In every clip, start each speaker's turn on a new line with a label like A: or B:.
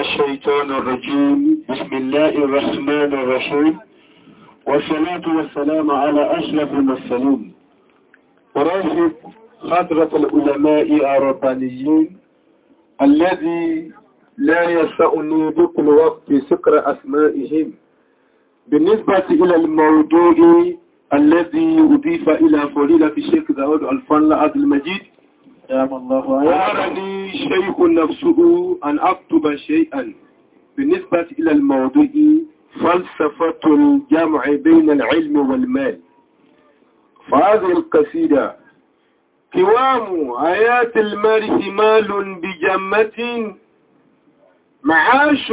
A: الشيطان الرجيم بسم الله الرحمن الرحيم والصلاة والسلام على أشرف المرسلين ورافق خضرة العلماء الربانيين الذي لا يسعني ذكر وقت سكر أسمائهم بالنسبة إلى الموضوع الذي أضيف إلى فضيلة الشيخ داود الفن عبد المجيد أمرني شيخ نفسه أن أكتب شيئا بالنسبة إلى الموضوع فلسفة الجمع بين العلم والمال فهذه القصيدة قوام آيات المرء مال بجمة معاش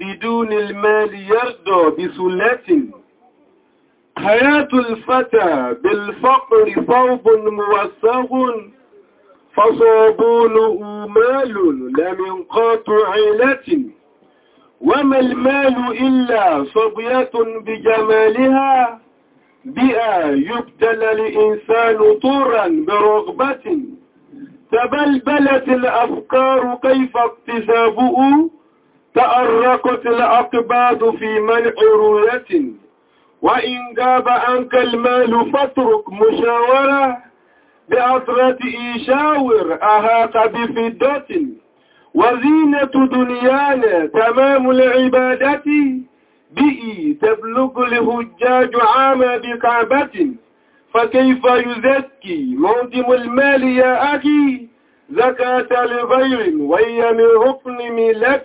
A: بدون المال يرضى بسلة حياة الفتى بالفقر فوض موسغ فصابونه مال من قاطع عيلة وما المال إلا صبية بجمالها بئا يبتل الإنسان طورا برغبة تبلبلت الأفكار كيف اكتسابه تأرقت الأقباد في منع رؤية وإن جاب عنك المال فاترك مشاورة بأسرة إيشاور أهاق بفدة وزينة دنيانا تمام العبادة بئي تبلغ لهجاج عام بكعبة فكيف يزكي موضم المال يا أخي زكاة لغير وهي من ركن ميلة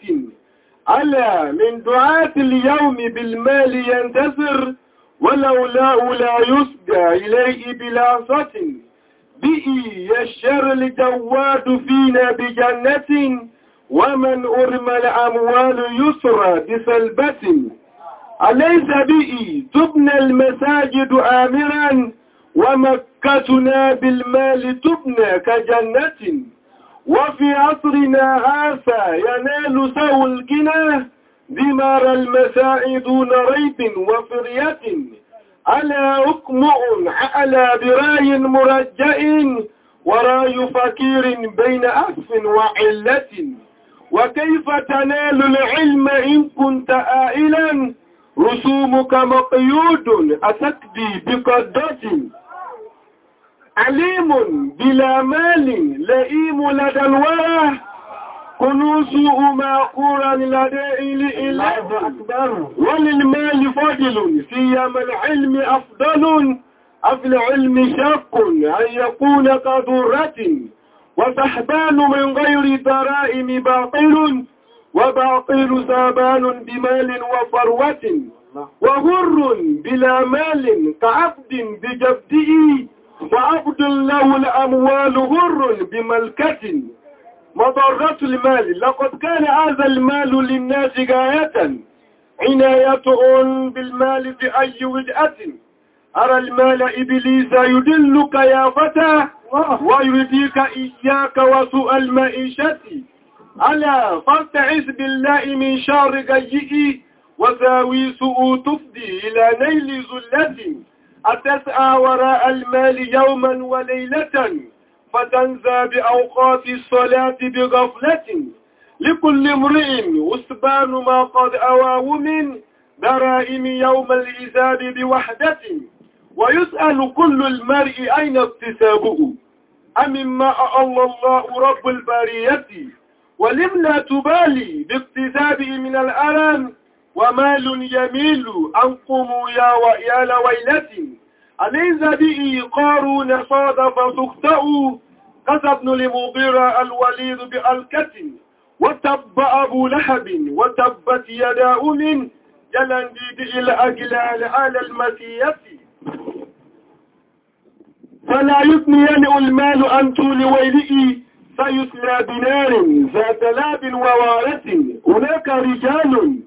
A: ألا من دعاة اليوم بالمال ينتصر ولولا لا يسجى إليه بلاصة به يشر الجواد فينا بجنة ومن أرمى الأموال يسرى بسلبة أليس به تبنى المساجد آمرا ومكتنا بالمال تبنى كجنة وفي عصرنا عاسى ينال سوى الجنة دمار المساعدون ريب وفرية ألا أكمع على براي مرجئ وراي فكير بين أف وعلة وكيف تنال العلم إن كنت آئلا رسومك مقيود أتكدي بقدة عليم بلا مال لئيم لدى الورى كنوزه ما قول لديه لإله وللمال فضل فيما العلم أفضل أفل علم شق أن يكون كذرة وسحبان من غير درائم باطل وباطل زابان بمال وفروة وغر بلا مال كعبد بجبده وعبد له الأموال غر بملكة مضرة المال لقد كان هذا المال للناس غاية عناية بالمال في أي وجهة أرى المال إبليس يدلك يا فتى ويديك إياك وسوء المعيشة ألا فارتعز بالله من شر جيئي وساوي سوء تفدي إلى نيل زلة أتسعى وراء المال يوما وليلة فتنزى بأوقات الصلاة بغفلة لكل امرئ وسبان ما قد أواه من برائم يوم الإزاب بوحدة ويسأل كل المرء أين اكتسابه أمما أعلى الله رب البرية ولم لا تبالي باكتسابه من الألم ومال يميل أنقم يا ويا لويلة أليس بي قارون صادف فسخته قذى ابن لمغيرة الوليد بألكة وتب أبو لهب وتبت يدا أم جلا ديد الأجلال على المسيئة فلا يثنين المال أن طول ويلئي فيثنى بنار ذات لاب ووارث هناك رجال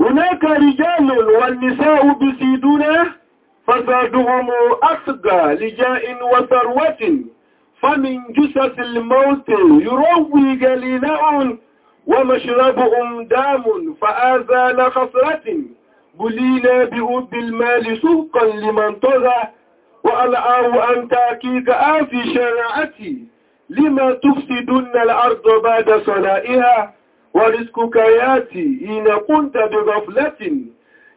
A: هناك رجال والنساء بسيدونه فزادهم أسقى لجاء وثروة فمن جثث الموت يروي جليلهم ومشربهم دام فآذى لخسرة بلينا بأب المال سوقا لمن طغى وألعاه أن تأكيد آفي شرعتي لما تفسدن الأرض بعد صلائها ورزقك ياتي إن كنت بغفلة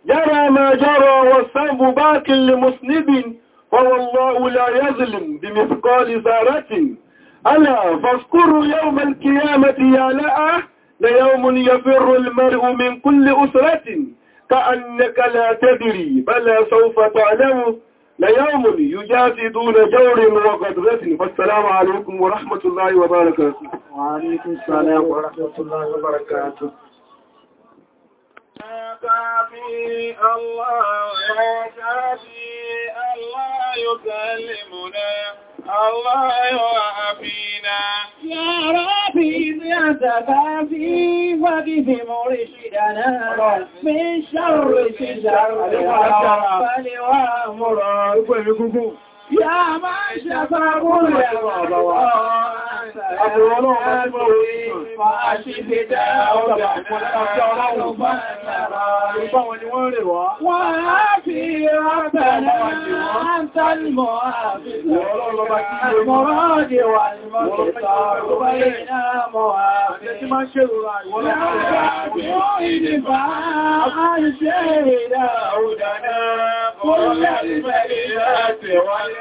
A: جرى ما جرى والذنب باك لمسند فوالله لا يظلم بمثقال ذرة ألا فاذكروا يوم القيامة يا لأه ليوم يفر المرء من كل أسرة كأنك لا تدري بل سوف تعلم ليوم يجاسدون جور وقدرة فالسلام عليكم ورحمة الله وبركاته وعليكم السلام ورحمة الله وبركاته شافي الله يا شافي الله يكلمنا الله يعافينا يا ربي يتكافي وقف مرشدنا من شر شجر فلوامر Yá máa ń ṣàfà múlẹ̀ àwọn àbàwà. Àbúrò náà máa ń mọ̀
B: orí, máa ṣe ṣe
A: dá ọgbà
B: ọjọ́ ọlọ́run bá ṣàrà. Ìgbà wọn ni wọ́n rè wá. Wọ́n á fi rábẹ̀ náà ń tálmọ̀ àfi. Àmọ̀rọ̀ ọdẹ wà ní mọ́kẹta ọgbà ìnámọ̀ àfi. Ìjẹ́ tí máa ń ṣe rúra ìwọ́lọ́ Kúlẹ̀ ìfẹ̀lẹ̀ láti
A: wọ́n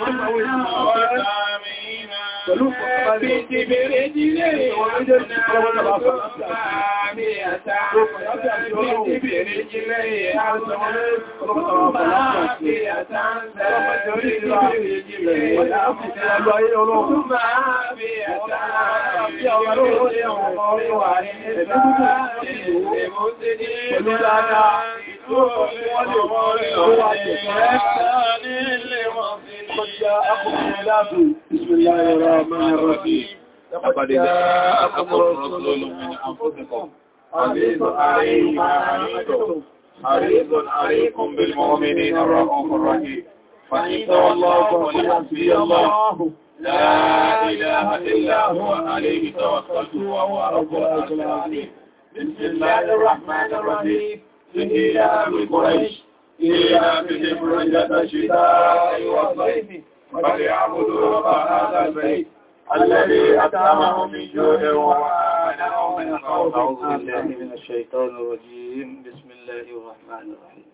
A: Àmín pẹ̀lú Kọjá akọ̀kọ̀
B: ìlàdùn بسم الله الرحمن الرحيم لقد
C: جاءكم رسول
A: من
B: أنفسكم عزيز عليه ما عنيتم حريص عليكم بالمؤمنين الرؤوف الرحيم فإن تولوا فقل حسبي الله لا إله إلا هو عليه توكلت
C: وهو رب العالمين بسم الله الرحمن الرحيم إياك قريش إياك بهم رجة الشتاء والصيف فليعبدوا رب هذا البيت الذي أطعمه من جوع وآمنه من خوف أعوذ بالله من الشيطان الرجيم بسم الله الرحمن الرحيم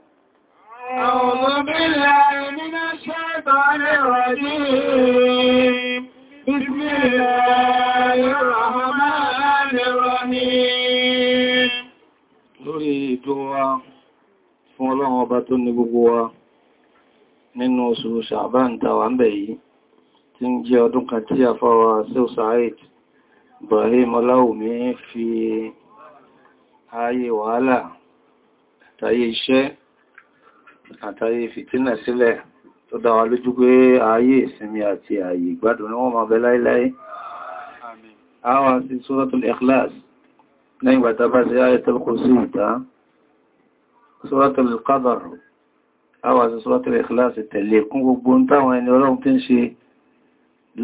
A: أعوذ بالله
B: من الشيطان الرجيم بسم الله الرحمن
D: الرحيم lórí ètò wa fún ọlọ́run ọba tó ní gbogbo wa nínú oṣù ṣàbán tàwà ń bẹ̀ yìí tí ń jẹ́ ọdún kan tí a fọ́wà sí Said Ibrahim Ọláwùmí fi ayé wàhálà àtàyé iṣẹ́ àtàyé fìtínà sílẹ̀ tó dáwà lójú pé ayé ìsinmi àti ayé ìgbádùn ni wọ́n máa bẹ láíláí àwọn sí Suratul Ikhlas lẹ́yìn bàtàbà sí ayatul kursi ìta Suratul Qadar àwọn àṣìṣọ́tẹ̀lẹ̀ ìkìláàsì tẹ̀lé kún gbogbo ń táwọn ẹni ọlọ́run tí ń ṣe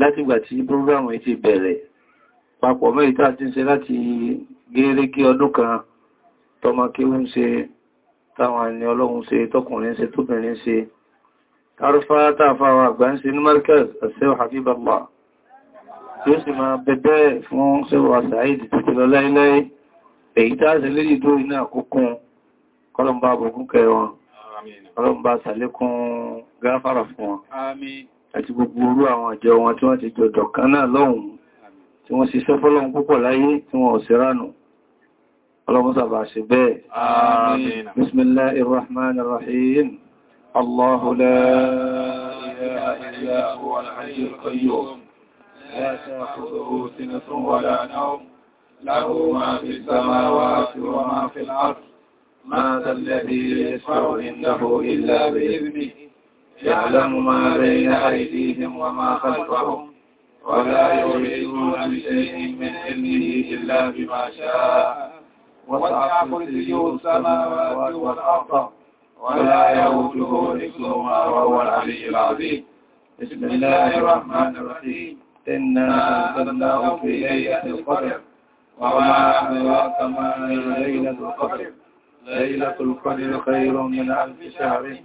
D: látìgbà tí prógrámù yìí ti bẹ̀rẹ̀ papọ̀ mẹ́rin tàà ti ń ṣe láti gẹ́rẹ́ kí ọdún kan tọmọ kí ó ń ṣe táwọn ẹni ọlọ́run ṣe tọkùnrin ṣe tóbìnrin ṣe arúfá tààfàwà àgbà ń ṣe ní markaz àṣẹ́wà habiballá tí ó sì máa bẹ̀bẹ̀ fún ṣẹ́wà sàáìdì títí lọ láíláí èyí tàà sí lórí ìdó iná àkókún kọlọmbà àbòkún kẹwọn ọlọ́mbà sàlékún gáfàrà fún wọn àti gbogbo orú àwọn àjọ wọn tí wọ́n ti jọ dọ̀kan náà lọ́hùn tí wọ́n sì sẹ́fọ́lọ́hun púpọ̀ láyé tí wọ́n ò sí ránù ọlọ́mọ́sà bá ṣe bẹ́ẹ̀ àmín bismillahir rahmanir
C: rahim Allahu la ilaha illa huwal hayyul qayyum la ما ذا الذي يشفع عنده إلا بإذنه يعلم ما بين أيديهم وما خلفهم ولا يريدون بشيء من علمه إلا بما شاء وسع كرسيه السماوات والأرض ولا يوجه حفظهما وهو العلي العظيم بسم الله الرحمن الرحيم إنا أنزلناه في ليلة القدر وما أدراك ما ليلة القدر ليلة القدر خير من ألف شهر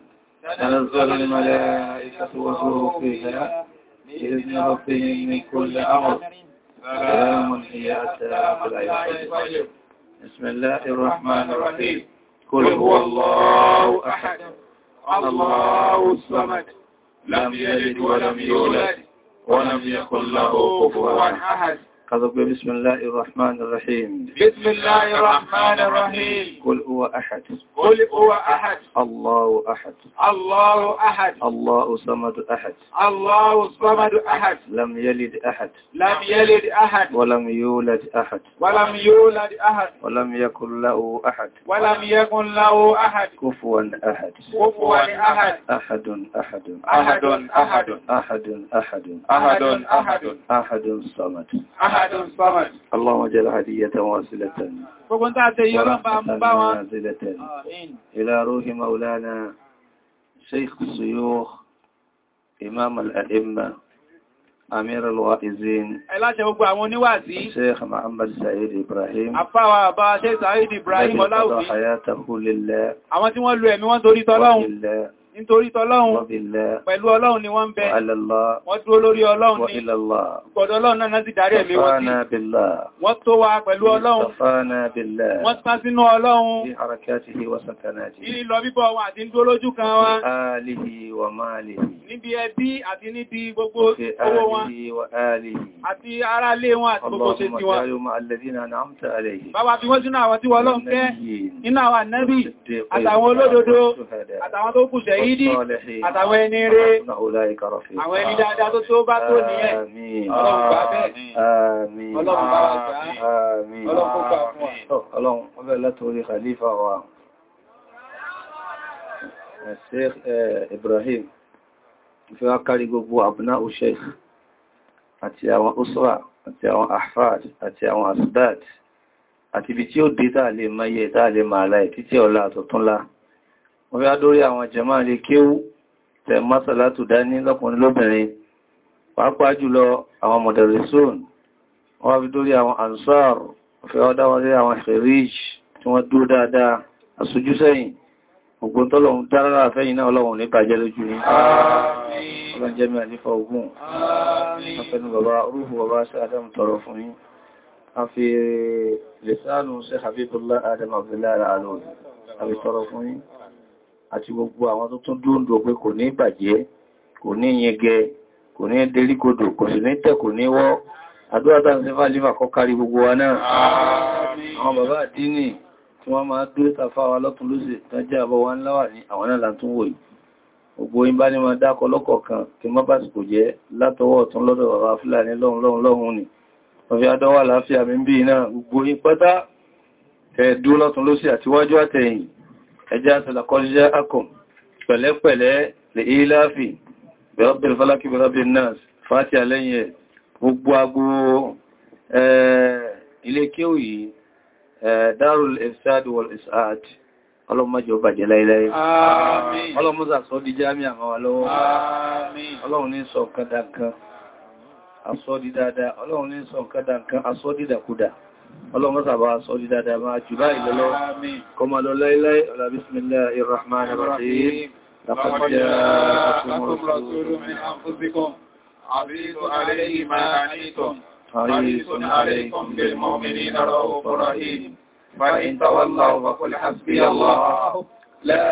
C: تنزل الملائكة وسوه فيها بإذن ربهم من كل أمر سلام هي السلام عليكم بسم الله الرحمن الرحيم قل هو الله أحد
D: الله الصمد
C: لم يلد ولم يولد
D: ولم يكن له كفوا أحد فذكر بسم الله الرحمن الرحيم بسم الله الرحمن الرحيم قل هو أحد قل
A: هو أحد
D: الله أحد
A: الله أحد
D: الله صمد أحد
A: الله صمد
D: أحد لم يلد أحد لم يلد أحد ولم يولد أحد ولم
A: يولد أحد
D: ولم يكن له أحد ولم
A: يكن له أحد كفوا أحد كفوا أحد
D: أحد أحد أحد أحد أحد أحد
A: أحد
D: أحد صمد
A: أحد أحد صمد
D: اللهم جل هدية واصلة
A: منازلة
D: إلى روح مولانا شيخ الشيوخ إمام الأئمة أمير الوائزين الشيخ محمد سعيد إبراهيم أفاوى
A: سعيد إبراهيم
D: حياته لله أما تقول له ولله nítorí tọ́lọ́run pẹ̀lú ọlọ́run ni wọ́n ń bẹ wọ́n dúró lórí ọlọ́run ni ìgbọ̀dọ̀
A: ọlọ́run náà ti darí ẹ̀mí wọ́n sí wọ́n tó wà pẹ̀lú ọlọ́run
D: wọ́n sá sínú ọlọ́run ìlọ bíbọ̀ wà àti dúró lójú kan wa
A: níbi ẹbí àti níbi gbogbo owó wọn àti ará ilé wọn àti gbogbo ṣe ti
D: wọn bàbá fi wọ́n sínú àwọn
A: tí ṣàhídì àtàwọn ẹni rẹ̀
D: àwọn ẹni dáadáa tó tó bá tó ní ẹ̀ ọlọ́run bá bẹ́ẹ̀ ọlọ́run bá wà gbá ọlọ́run kó gbà fún wa ọlọ́run ọbẹ̀ látòrí khalifa wa eh, Sheikh eh, Ibrahim fi wá kárí àti àwọn òṣòrà àti àwọn àfáàdì àti àwọn àsìdáàdì àti ibi tí ó dé tàà lè máa yẹ tàà lè máa láì títí ọ̀la àtọ̀túnlá wọ́n yá lórí àwọn jẹmọ́ lè kéwú tẹ mọ́sàlátù dání lọ́kùnrin lóbìnrin pàápàá jùlọ àwọn mọ̀dẹ̀rẹ̀sùn wọ́n fi dórí àwọn ansar fẹ́ ọdá wọn lé àwọn fẹ̀ríj tí wọ́n dúró dáadáa aṣojú sẹ́yìn ògbón tọ́lọ̀un dárára fẹ́yìn náà ọlọ́run ní bàjẹ́ lójú ní ọlọ́njẹ́mí àlífà ogun afẹ́nu bàbá orúfù bàbá sí adam tọrọ fún yí a fi lẹ́sánù sí habibullah adam abdullahi alóòrùn àbí tọrọ fún yí àti gbogbo àwọn tó tún dúndò pé kò ní bàjẹ́ kò ní yẹgẹ kò ní délíkodò kò sì ní tẹ̀ kò ní wọ́ àdúrà tá ń ṣe fàlífà kọ́ kárí gbogbo wa náà àwọn bàbá àdínì tí wọ́n máa dúró tàfà wa lọ́tún lóṣè tọ́jẹ́ àbọ̀ wa ńláwà ní àwọn náà látún wòyí gbogbo yín bá ni wọ́n fi adọ́wà láàfíà mi bí náà gbogbo yín pátá ẹ̀ẹ́dú lọ́tún lóṣè àtiwájú àtẹ̀yìn ẹjá tàlàkọ́já akùn pẹ̀lẹ́pẹ̀lẹ́ lè ìlàáfì bẹ̀rọ̀bẹ̀rẹ̀ fálákì bẹ̀rọ̀bẹ̀rẹ̀ náà fàtí àlẹ́yìn ẹ̀ gbogbo agbó ilé kéwù yìí Darul Ifsad wal Is'ad ọlọ́mọ́jọ bàjẹ́ láìláì ọlọ́mọ́sà sọ di jámí àmà wà lọ́wọ́ ọlọ́run ní sọ kádàkan asọ́dí dáadáa ọlọ́run ní sọ kádàkan asọ́dí dàkúdà اللهم صل صلي دادا ما جبا الى لو كما لو لا اله بسم الله الرحمن الرحيم لقد جاءكم رسول من انفسكم
C: عزيز عليه ما عنيتم حريص عليكم بالمؤمنين رؤوف رحيم فان تولوا فقل حسبي الله لا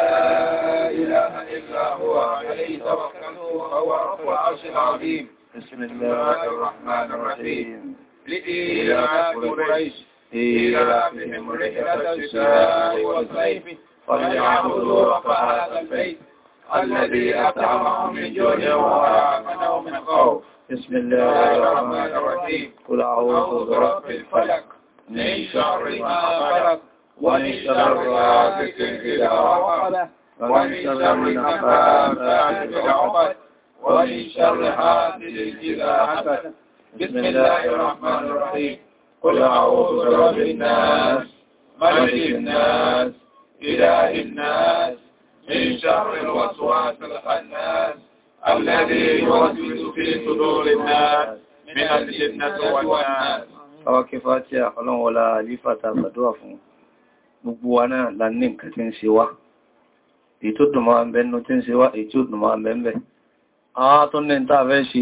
C: اله الا هو عليه توكلت وهو رب العرش العظيم بسم الله الرحمن الرحيم لإيلاف قريش إيلافهم رحلة الشتاء والصيف فليعبدوا رب هذا البيت
A: الذي أطعمهم من جوع وآمنهم
C: من خوف بسم الله الرحمن الرحيم قل أعوذ برب الفلق من شر ما خلق ومن شر غاسق إذا وقب ومن شر النفاثات في العقد ومن شر حاسد إذا حسد بسم الله الرحمن الرحيم قل أعوذ الناس ملك الناس إله الناس من شر الوسواس الخناس الذي يوسوس في صدور الناس من الجنة والناس
D: tí a ọlọ́run wọlá àlífà gbàdúwà fún gbogbo wa náà la nǹkan tí ń ṣe wá. Èyí tó dùn máa ń bẹ́nu tí ń ṣe wá, èyí tó dùn máa ń bẹ́ẹ̀ bẹ́ẹ̀. Àwọn tó ní ń tàà ṣe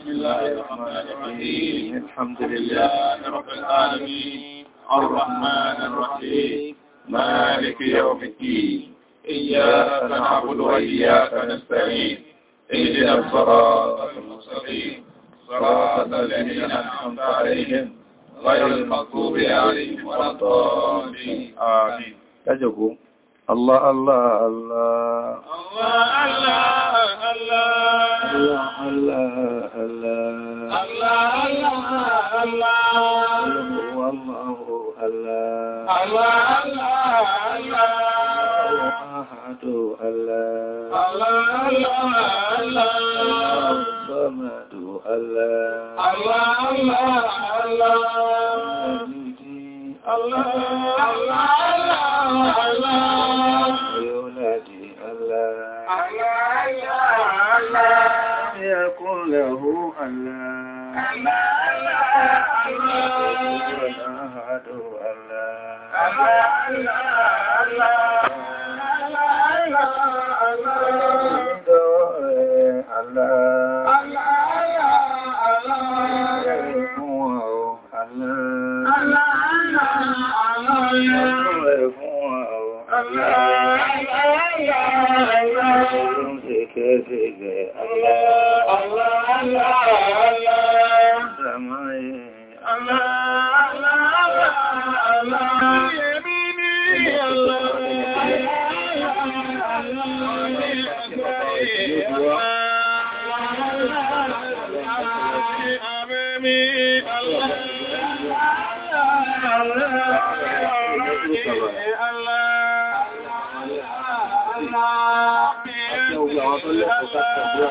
D: بسم الله الرحمن الرحيم الحمد لله
C: رب العالمين الرحمن الرحيم مالك يوم الدين إياك نعبد وإياك نستعين اهدنا الصراط المستقيم صراط الذين أنعمت عليهم غير المغضوب عليهم ولا الضالين
D: آمين الله الله الله
C: الله
B: الله
C: الله
B: الله الله الله والله الله الله الله الله أحد الله الله الله الله
C: الصمد
B: الله الله الله الله الله الله الله له ألا ألا ألا ألا أحد ألا ألا ألا ألا ألا ألا ألا Allah, Allah, Allah, Allah
D: kẹfẹ́ Allah, Allah, Allah,
B: Allah, Sàmáyé, Allah, Allah, Allah, Allah,
A: Yẹmí ní Allah, Allah, Allah,
B: Allah, Allah, gbogbo àwọn tó lẹ́kọ̀ọ́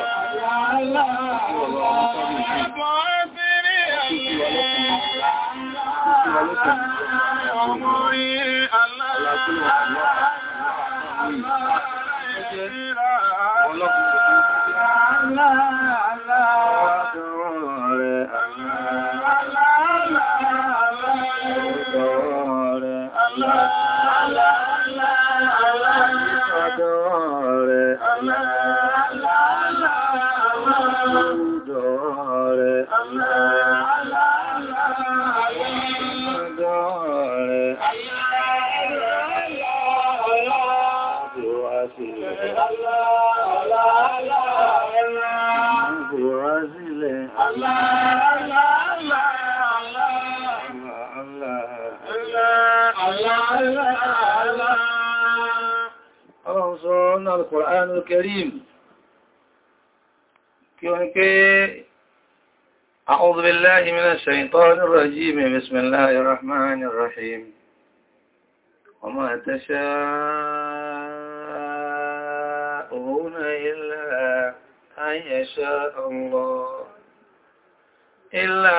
D: کیونکہ أعوذ بالله من الشيطان الرجيم بسم الله الرحمن الرحيم وما تشاءون إلا أن يشاء الله إلا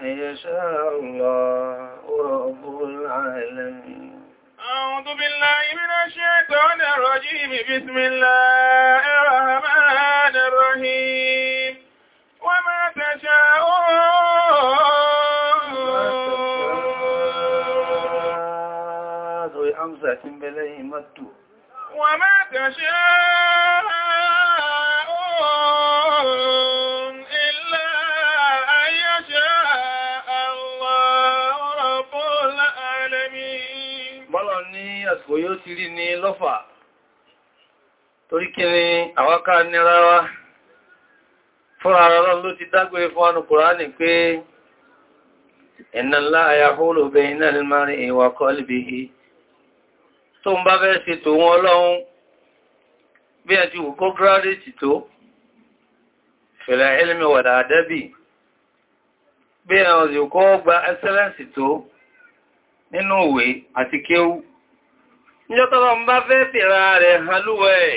D: أن يشاء الله رب العالمين
A: أعوذ بالله من الشيطان الرجيم بسم الله الرحمن we apica ụlọeleahịa jia
D: aụụlọl tkea fún ara lọ́n ló ti dágbé fún anù Kùránì pé innal laaha yahulu baynal mar'i wa qalbihi tó ń bá bẹ́ẹ̀ ṣe tó wọn lọ́hun bí ẹ̀ ti wù kó gírádìtì tó fil ilmi wal adabi bí ẹ̀ ọ̀sì kó gba excellence tó nínú òwe àti kéwú níjọ́ tọ́lọ́ ń bá fẹ́ fìra rẹ̀ halúwẹ̀ẹ́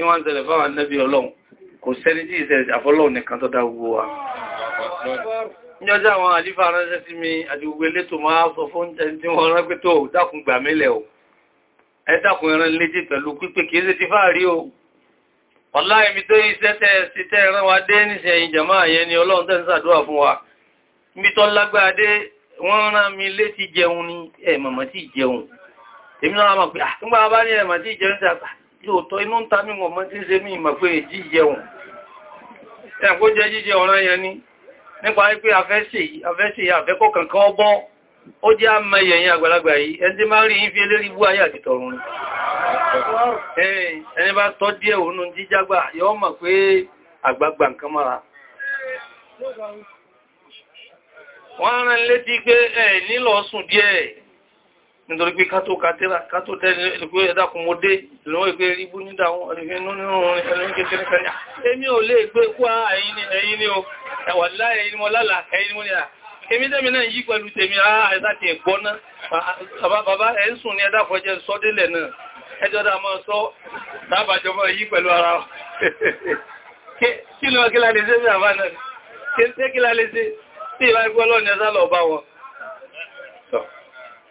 D: ní wọ́n ń tẹ̀lẹ̀ fáwọn anẹ́bí ọlọ́run kò sẹ́ni tí ìṣẹ́ àfọ́lọ́run nìkan tó dá gbogbo wa níjọ́jọ́ àwọn àlífà ránṣẹ́ sí mi àti gbogbo elétò máa sọ fún ẹni tí wọ́n rán pé tó dákun gbà mílẹ̀ o ẹ dákun ìran léjì pẹ̀lú pípé kìí ṣe ti fà rí o ọ̀lá èmi tó iṣẹ́ tẹ́ sí tẹ́ rán wa dé níṣẹ̀yìn jàmá yẹn ni ọlọ́run tẹ́ ń ṣàdúrà fún wa mi tọ́ lágbára dé wọ́n rán mi létí jẹun ni ẹ̀ màmá tí jẹun èmi náà mọ̀ pé àtúgbà ah, bá ní ẹ̀ tí jẹun ti àgbà lóòtọ́ inú ń ta mí wọ̀n mọ́ tí ń ṣe mí ìmọ̀ pé jíjẹun ẹ̀kó jẹ́ jíjẹ ọ̀ràn yẹn ni nípa wípé afẹ́sì àfẹ́kọ́ kankan ọbọ́ ó jẹ́ àmẹ́yẹ̀ yẹn àgbàlagbà yìí ẹni tí máa rí yín fi ayé àtìtọ̀run wọ́n rán létí pé ẹ̀ nítorí pé kátó kátẹ́rà kátó tẹ́lẹ̀ ẹ̀lùkú ẹ̀dàkùn mo dé lọ́wọ́ ìgbé ibú nídà àwọn ẹ̀lùfẹ́nú nínú ẹ̀lùfẹ́ kékeré kan yà èmi ò lè gbé kú ẹ̀yìn ni o ẹ̀wà láyé ni mo lálà ẹ̀yìn mo nìyà èmi tẹ́mi náà yí pẹ̀lú tèmi àìsàtì ẹ̀gbọ́ná bàbá ẹ̀sùn ni ẹ̀dàkùn ẹjẹ́ sọ́délẹ̀ náà ẹjọ́ dá mọ́ sọ dábàjọ́ mọ́ yí pẹ̀lú ara kí lọ kí lálẹ́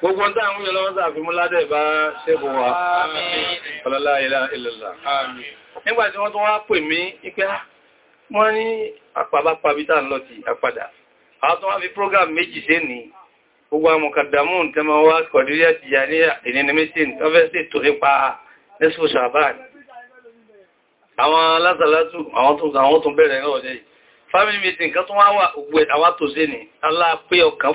D: gbogbo ọdá àwọn ìyẹn lọ́wọ́n sàfí mú ládẹ̀ bá ṣẹ́gun wa ọlọ́lá ilá ìlọ́lá nígbàtí wọ́n tó wá pè mí ipẹ́ wọ́n ní àpàbápàbítà lọ ti àpadà àwọn tó wá fi program méjì ṣe ní gbogbo àmọ̀kàdàmù tẹ́mọ wá kọ̀díríà ti yà ní ìnẹ́nẹ́mẹ́sìn tó fẹ́ sí tó nípa nẹ́sùn sàbáà àwọn alásàlátù àwọn tó bẹ̀rẹ̀ náà jẹ́ family meeting kan tó wá wà gbogbo àwọn àtòsí ni aláàpẹ́ ọkàn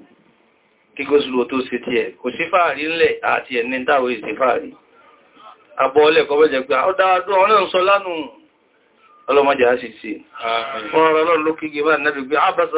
D: kí gósùlù tó ṣe tí ẹ̀ kò sí fàárí ńlẹ̀ àti ẹ̀ ní dáwò ìsẹ̀ fàárí àbọ̀ọ́lẹ̀ kọ́ bẹ́jẹ̀ pé ọdáadún ọ̀nà ń sọ lánù ọlọ́mọdé á sì sí wọ́n rọ lọ́rọ̀ ló kígbe bá nẹ́bí pé abasa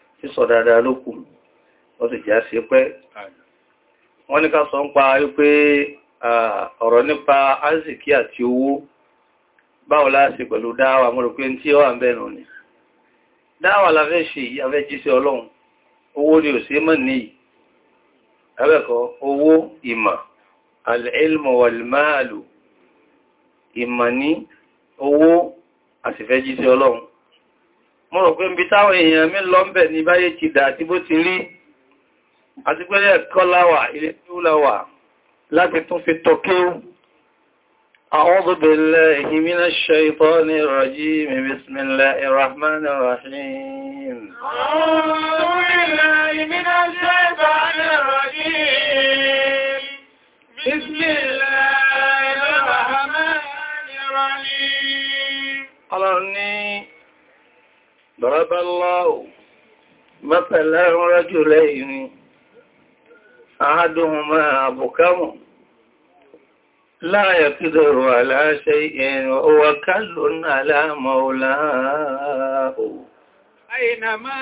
D: sísọ dáadáa ló kù ó sì já sí pẹ́ wọ́n ní ká sọ ń pa wípé ọ̀rọ̀ nípa azìkí àti owó báwo láti pẹ̀lú dáwà mo rò pé tí ó wà ń bẹ̀rù ni dáwà la fẹ́ ọlọ́run owó ni ò sí mọ̀ níyì ẹ̀bẹ̀kọ́ owó ìmọ̀ al ìmọ̀ ní owó àsìfẹ́ ọlọ́run mo rò pé ibi táwọn èèyàn mi lọ ń bẹ̀ ní báyé ti dà àti bó ti rí àti pé ẹ̀kọ́ láwà ilé tí ó láwà láti tún fi tọ́kéwù أعوذ بالله من الشيطان الرجيم بسم الله الرحمن الرحيم ضرب الله مثلا رجلين أحدهما بكم لا يقدر على شيء وهو كل على مولاه أينما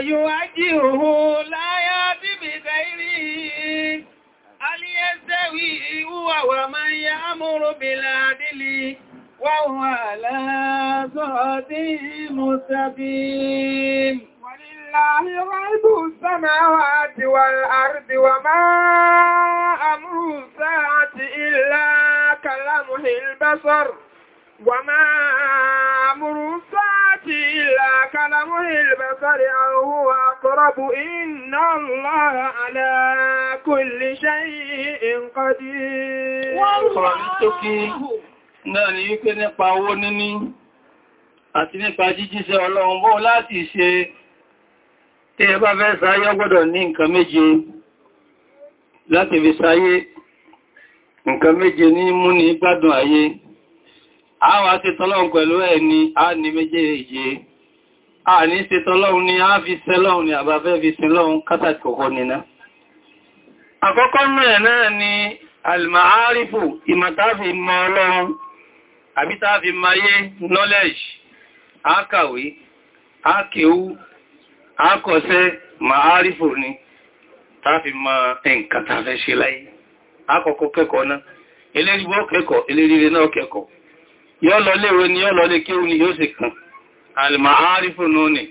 D: يوجهه لا يأتي بغيره هل يستوي هو ومن يأمر
A: بالعدل وهو على صراط مستقيم ولله غيب السماوات والأرض وما أمر الساعة إلا كلمه البصر وما أمر الساعة إلا كلمه البصر أو هو أقرب إن الله على كل شيء قدير
D: والله náà ni wípé nípa owó níní àti nípa jíjíṣẹ́ ọlọ́run bó láti ṣe tí ẹ bá fẹ́ sáyé gbọ́dọ̀ ní nǹkan méje láti fi sáyé nǹkan méje ní mú ní gbádùn ayé àwọn àti pẹ̀lú ẹni a ní méjèèje a ní ṣe tọ́lọ́run ni a fi sẹ́lọ́run ni àbáfẹ́ fi sẹ́lọ́run kátàkì kọ̀kọ́ nínú àkọ́kọ́ náà náà ni alìmọ̀ àárífù ìmọ̀táfì mọ́ ọlọ́run àbí tá fi mayé knowledge ákàwé ákèwú ákọ̀ọ́sẹ́ ma'árífò ni tá fi ma ẹnkà tá fẹ́ ṣe láyé ákọ̀ọ́kọ́ kẹ́kọ̀ọ́ náà eléribọ́ kẹ́kọ̀ọ́ elérire náà kẹ́kọ̀ọ́ yọ́ lọ léwe ni yọ́ lọ lé kéwú ni yóò sì kàn al-ma'árífò náà ni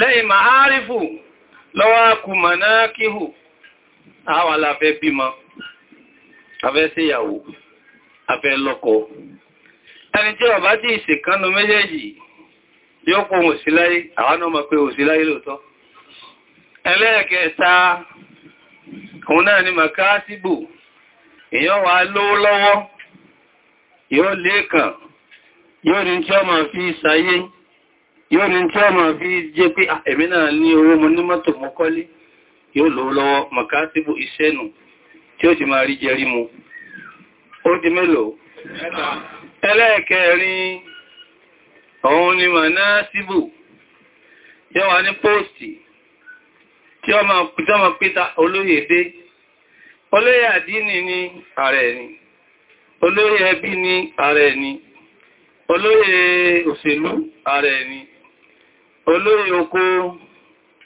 D: lẹ́yìn ma'árífò lọ́wọ́ kù mọ̀ná kíhù àwọn aláfẹ́ bímọ afẹ́ síyàwó afẹ́ lọ́kọ. Ẹni tí ọ̀bá tí ìṣèkánu méjèèjì yóò pọ̀ mò sí láyé, àwọn ọmọ pé ò sí Ẹlẹ́ẹ̀kẹta, òun náà ni Màkásíbù, èèyàn wà lówó lọ́wọ́, yóò léèkàn, yóò tí ọmọ fi saye yóò n'i tí ọmọ fi jẹ́ pé ah, èmi náà ní ó di mélòó ẹlẹ́ẹ̀kẹrin òun ni mọ̀ná síbù yẹ́wà ní póòsì tí ọmọ ọmọ pítà olóyè dé olóyè àdínì ni ààrẹ ni olóyè ẹbí ni ààrẹ ni olóyè òṣèlú ààrẹ ni olóyè oko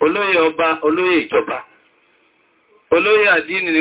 D: olóyè ọba olóyè ìjọba olóyè àdínì ni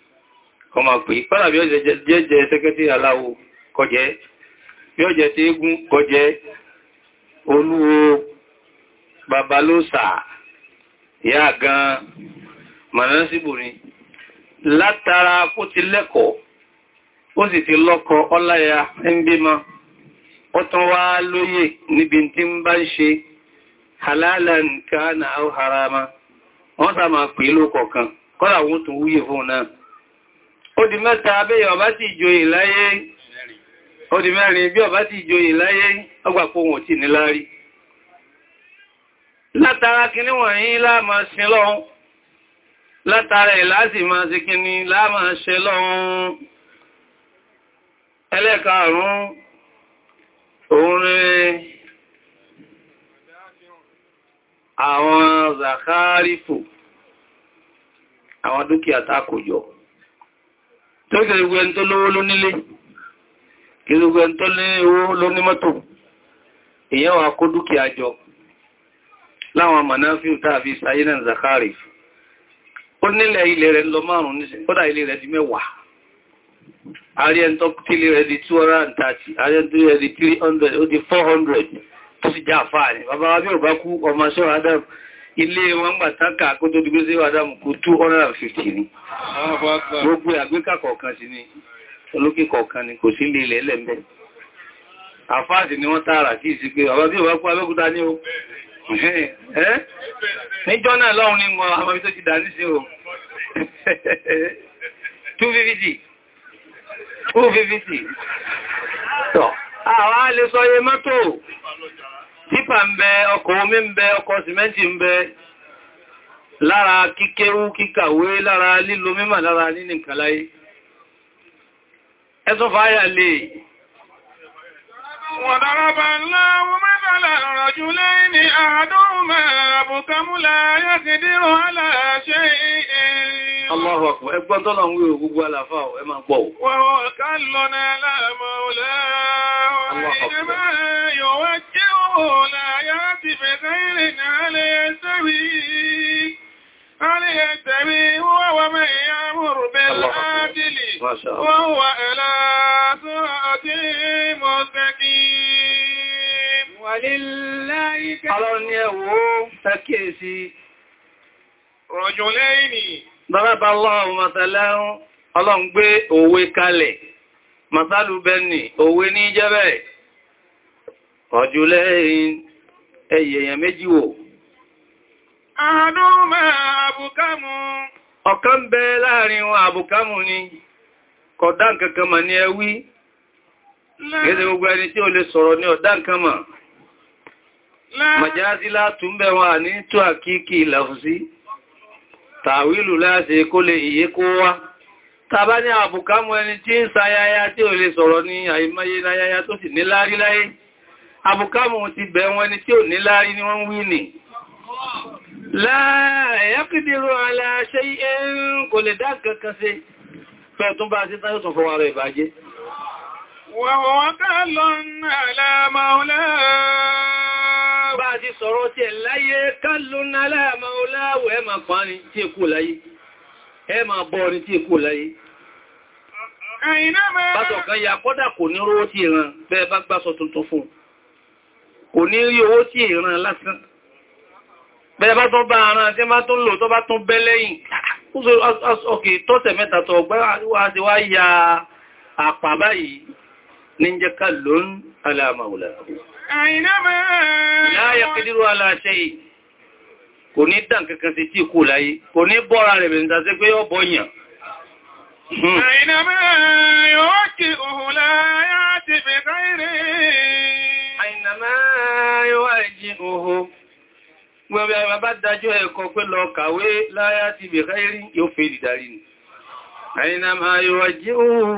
D: ọmọ pè kọ́nà bí ó jẹ́ jẹ́ sẹ́kẹ́tì aláwo kọjẹ́ bí ó jẹ́ tí égún kọjẹ́ olúwo babalósà ìyá gan mọ̀lẹ́sìbò látara kó ti lẹ́kọ̀ọ́ ó sì ti lọ́kọ ọláya ń ó tún wá lóyè níbi tí ń bá ń ṣe halalan kana aw harama wọ́n ó di mẹ́ta abẹ́ ọba ti ìjòyè láyé ó di mẹ́rin bí ọba ti ìjòyè láyé ọgbà pò wọ́n ti níláárí látara kíní wọ̀nyí láàmà sin lọ́hun látara ẹ̀ láti máa sí kíní láàmà ṣe lọ́hun ẹlẹ́karùn òun rẹ̀ àwọn dúkìá tá kò
A: tẹ́kẹ̀ gbogbo ẹni tó lówó
D: ló nílé kìí gbogbo ẹni tó lówó ló ní mọ́tò èyàn wà kó dúkìá jọ láwọn manáfíù tàbí sayé náà zakari ó nílẹ̀ ilẹ̀ rẹ̀ lọ márùn-ún ní kódà ilé rẹ̀ di mẹ́wàá ààrẹ ẹni tó tílé rẹ̀ di 230 ààrẹ ẹni tó rẹ̀ di 300 ó di 400 ilé wọn gbà tánkà kó tó dúgbé sí wádámù kú 250 ní gbogbo àgbékà kọ̀ọ̀kan sí ni olókè kọ̀ọ̀kan ni kò sí ilé ilẹ̀ lẹ́m̀bẹ̀ àfáàsì ni wọ́n tààrà kí sí pé bàbá tí ò kú Abẹ́òkúta ní o níjọ́ náà lọ́run ní mọ̀ àwọn tó ti dà ní sí o 250 250 tọ́ àwọn alẹ́sọ́yẹ mọ́tò Típà ń bẹ, ọkọ̀ omi ń bẹ, ọkọ̀ sìmẹ́ntì ń bẹ, lára kíkéwú, kíkàwé, lára lílo mímọ̀, lára nínú ìkàláyé. Ẹ tó fàáyà lè.
A: Wọ̀dọ̀rọ̀bà ńlá wọ́n mẹ́tàlá rọ̀jú lẹ́yìn ni àádọ́mà لا يأتي بخير هل يستوي هل يستوي هو ومن يأمر بالعدل وهو على صراط مستقيم ولله Ọlọ́run ni ẹ̀wọ́
D: ṣàkíyèsí
A: رجلين
D: ضرب الله مثلا Ọlọ́run gbé òwe kalẹ̀. Màsálù bẹ́ni, òwe ní jẹ́ bẹ́ẹ̀. ọjọ́ lẹ́yìn ẹyẹ èèyàn méjì wò.
A: Àánú àbùkámù.
D: Ọ̀kan ń bẹ láàrin wọn àbùkámù ni, kọ̀dá nǹkankan mà ní ẹwí. Gẹ́gẹ́ gbogbo ẹni tí ó lè sọ̀rọ̀ ní ọ̀dá wọn Tàbá ní àbùkámù ẹni tí ń tí ò lè sọ̀rọ̀ ní àìmáyé láyáyá àbùkámù ti bẹ̀ wọn ni tí ò ní láàrí ni wọ́n wí nì láàáyẹ́kìdìrò aláṣẹ́ ẹ̀rùn kò lè dá kankan sí fẹ́ tún bá sí tán yóò tún fọwọ́ rẹ̀ ìbàjẹ́ wọ́n ká lọ
A: aláàmàúlá
D: bá ti sọ̀rọ̀ tí ẹ̀ láyé ká lọ ya kọ́dà kò ní rówó tí ìran kò ní rí owó tí ìran lásán bẹ́ẹ̀ bá tún bá ara tí bá tún lò tó bá tún bẹ́ lẹ́yìn ọkè tọ́tẹ̀ mẹ́ta tọ́ ọgbẹ́ àti wá ya àpà báyìí ní jẹ́ ká lón aláàmàwòlà láyé Àìnàmẹ́
A: yóò kí òhùlá yá ti fi káìrì máa
D: yóò Gbogbo ẹ̀rọ bá dájọ́ ẹ̀kọ́ pé lọ kàwé láyá ti bèèrè rí yóò fẹ́ ìdìdarí ni. Àìyàn máa yóò jí oòrùn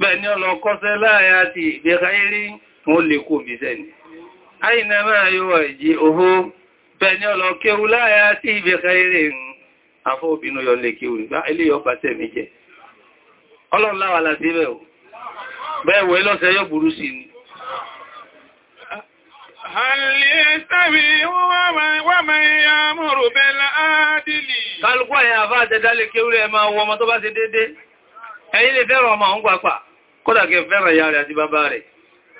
D: bẹ́ẹ̀ ni ọlọ́kọ́sẹ́ láyá ti bèèrè rí wọ́n lè kó bí sẹ́ni. Àìyàn máa yóò jí oòrùn bẹ́ẹ̀ ni ọlọ́kẹ́wú láyá ti bèèrè rí afọ́bìnrin yọ lè kí orí bá ilé yọ pàtẹ́ mi jẹ. Ọlọ́run láwà láti bẹ̀rẹ̀ bẹ́ẹ̀ wẹ́ lọ́sẹ̀ yọ burú sí ni.
A: Hàlì ìsẹ́wì wọ́mọ̀ ya múrù bẹ́lá ádìlì.
D: Kálùkù àyà àfá àtẹ́dálé kéwúrẹ́ ẹ máa wọ ọmọ tó bá ṣe dédé. Ẹ̀yin lè fẹ́ràn ọmọ òun pàpà, kódà kẹ fẹ́ràn ìyá rẹ̀ àti bàbá rẹ̀.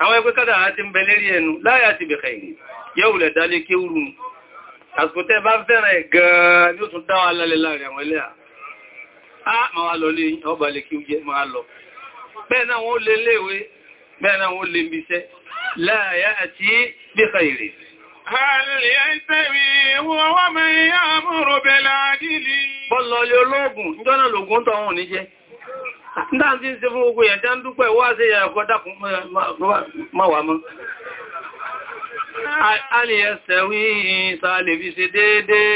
D: Àwọn ẹgbẹ́ kádà á ti ń bẹ lérí ẹnu láyà ti bẹ̀kẹ̀ ìrìn, yóò lẹ̀ dálé kéwúrú. Àsìkò tẹ́ لا
A: يأتي بخير هل يستوي هو ومن يأمر بالعدل bọ́lọ̀ ilé ológun jọ́nà lògún tọ́ wọn ní jẹ́ dáa tí ń ṣe fún ogun
D: ẹ̀dá ń dúpẹ́ wá sí ẹ̀kọ́ dákùn máa wà mọ́ alìyẹsẹ̀ wí ìsàlẹ̀ fi ṣe déédéé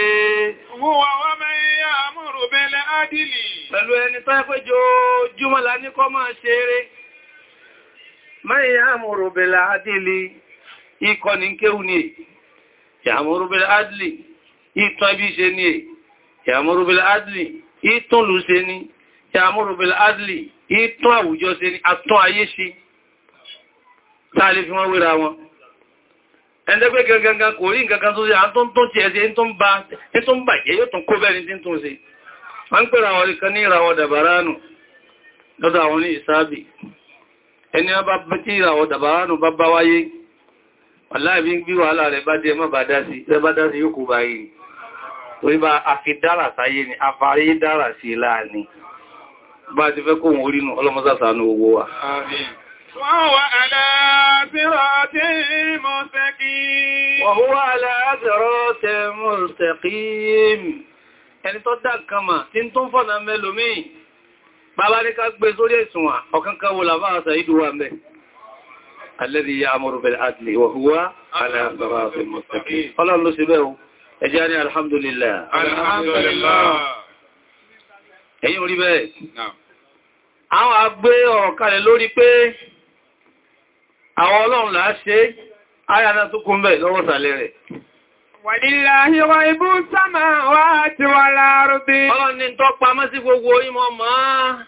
D: máa yàmùrù bèlà adìlì ikọ̀ ní kéhù ní è yàmùrù bèlà adìlì ìtàn ibi ṣe ní è yàmùrù bèlà adìlì ìtàn lù ṣe ní yàmùrù bèlà adìlì ìtàn àwùjọ ṣe ní àtàn ayé ṣe tààlé fi wọ́n wéra wọn ẹ̀ndẹ́gbẹ́ gangan kò rí nǹkan kan tó ṣe à ń tó ń tó ti ẹni a bá tí ìràwọ̀ dàbàránù bá bá wáyé aláìbí ń gbí wàhálà rẹ̀ bá dé mọ́ bá dá sí rẹ̀ dá sí yóò kú báyìí torí bá
A: a وهو على صراط مستقيم وهو على صراط
D: مستقيم ẹni tó dá kan mà tí tó ń fọ́nà mẹ́lòmíì bàbá ní ká gbé sórí ìsùnwà ọ̀kankan wò làbá àṣà ìdúwà mẹ́ alẹ́dì ya amuru bil adli wa huwa ala siratil mustaqim ọlọ́run ló sì bẹ́ẹ̀ ẹ jẹ́ ní alhamdulillah alhamdulillah ẹ̀yin orí bẹ́ẹ̀ àwọn agbé ọ̀rọ̀ kalẹ̀ lórí ọlọ́run làá ṣe áyà náà tó kún bẹ́ẹ̀ lọ́wọ́ sàlẹ̀ rẹ̀ Wàlíláhí
A: wa ibú sámà wá ti wà láàrùbí. Ọlọ́run ni
D: tó pamọ́ sí gbogbo ìmọ̀ máa.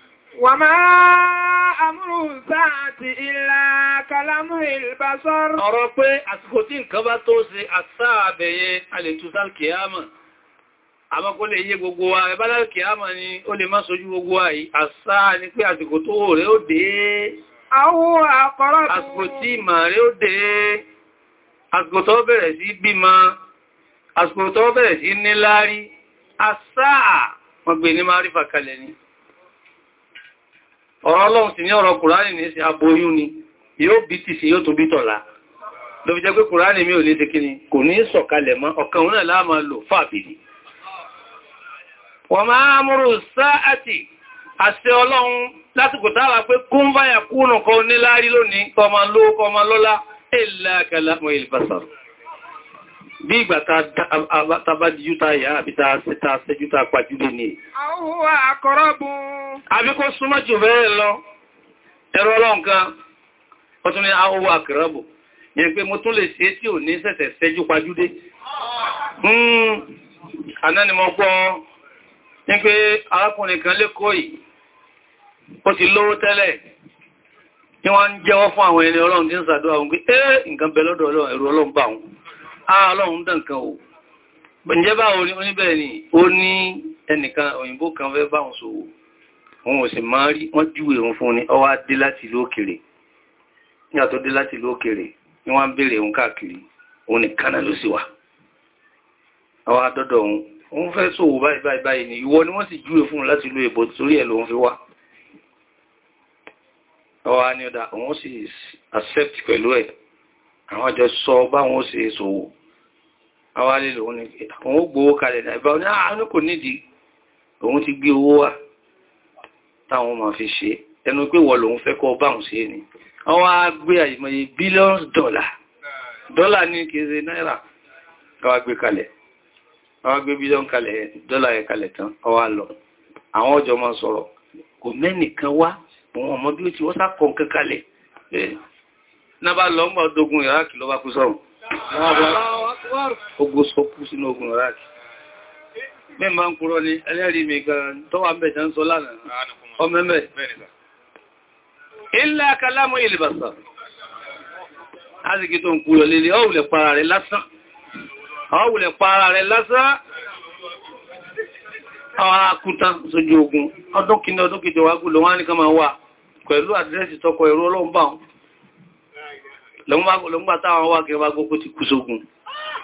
A: Wà máa àmúrù sáàtì ilá kalamu ìlbásọ́rù. Ọ̀rọ̀ pé àsìkò tí nǹkan
D: bá tó ṣe àtàbẹ̀yẹ alètúsàl kìámà. Àmọ́ kó lè yé gbogbo wa, ẹbálẹ̀ kìámà ni ó lè má sojú gbogbo wa yìí. Àṣà ni pé àsìkò tó rẹ̀ ó dé. Àwọn àkọ́rọ̀ àsìkò tí màá rẹ̀ ó dé. Àsìkò tó bẹ̀rẹ̀ sí bímọ àsìkò tó bẹ̀rẹ̀ sí ní láárí asáà wọ́n gbé ní máa rí fàkalẹ̀ ni ọ̀rọ̀ ọlọ́run sì ní ọ̀rọ̀ kùránì ní sí aboyún ni yóò bí ti sí yóò tó bí tọ̀lá ló fi jẹ́ pé kùránì mi ò lè tẹ́kíní kò ní sọ̀kalẹ̀ mọ́ ọ̀kan òun náà láàmà lò fàbìdì wọ́n máa múrù sáàtì àṣẹ ọlọ́run lásìkò táwà pé kún báyà kúnnù kan níláárí lónìí kọmọ lówó kọmọ lọ́lá èlà kàlámọ̀ ìlbàsàrù bí ìgbà ta bá di yúta yà àbí ta síta sẹ́júta pàjúlé ní
A: àwọ́ àkọ́rọ́bùn
D: àbí kó súnmọ́ jù lọ ẹ̀rọ ọlọ́nkan ó tún ní àwọ́ àkọ́rọ́bùn yẹn pé mo tún lè ṣe tí ò ní sẹ̀sẹ̀ sẹ́jú pàjúlé hmm, Ah, Ọlọ́run dán kan o ǹjẹ́ bá orí oníbẹ̀ ni ó ní ẹnìkan òyìnbó kan fẹ́ bá wọn ṣòwò wọn ò sì máa rí wọ́n júwe òun fún ni ọwá dé láti ìlú òkèrè nígbà dé láti ìlú òkèrè ni wọ́n ń bèèrè òun káàkiri òun nìkan náà ló sì wà àwọn àdọ́dọ̀ òun òun fẹ́ ṣòwò báyìí báyìí báyìí ni ìwọ ni wọ́n sì júwe fún láti ìlú èbò torí ẹ̀ lòun fi wá ọwá ní ọ̀dà òun sì accept pẹ̀lú ẹ̀ àwọn àjọ sọ báwọn ó ṣe ṣòwò àwa lílò òun ni àwọn ó gbowó kalẹ̀ dàbà ah, ní àánú kò nídìí òun ti gbé owó wà táwọn ma fi ṣe ẹnu pé wọ́n lòun fẹ́ kọ́ báhùn sí ni àwọn á gbé àìmọye billions dollar dọ́là ní kèrè náírà àwọn gbé kalẹ̀ àwọn gbé bílíọ̀n kalẹ̀ dọ́là yẹ kalẹ̀ tán àwọn lọ àwọn ọjọ́ máa sọ̀rọ̀ kò mẹ́nìkan wá wọn ọmọ bí ó ti wọ́n sákọ̀ nǹkan kalẹ̀ náà bá lọ́gbọ̀n dogun ogun sọpú sínú ogun iraq mẹ́mà ń kúrọ ní ẹlẹ́rìí mi kan tó wà mẹ́ta ń sọ lánàá ọmẹ́mẹ́ ilẹ̀ akalámù ìlìbàsà azìkí tó ń kúrọ lílé ọwùlẹ̀ para rẹ̀ lásán ọwùlẹ̀ para rẹ̀ lásán àwọn akúta sójú ogun ọdún kìíní ọdún kìíní wágú lọ wá ní kama wà pẹ̀lú àdírẹ́sì tọkọ ẹ̀rọ ọlọ́mbà lọ́gbàtà àwọn wákẹ̀ẹ́wà gbogbo ti kú sógun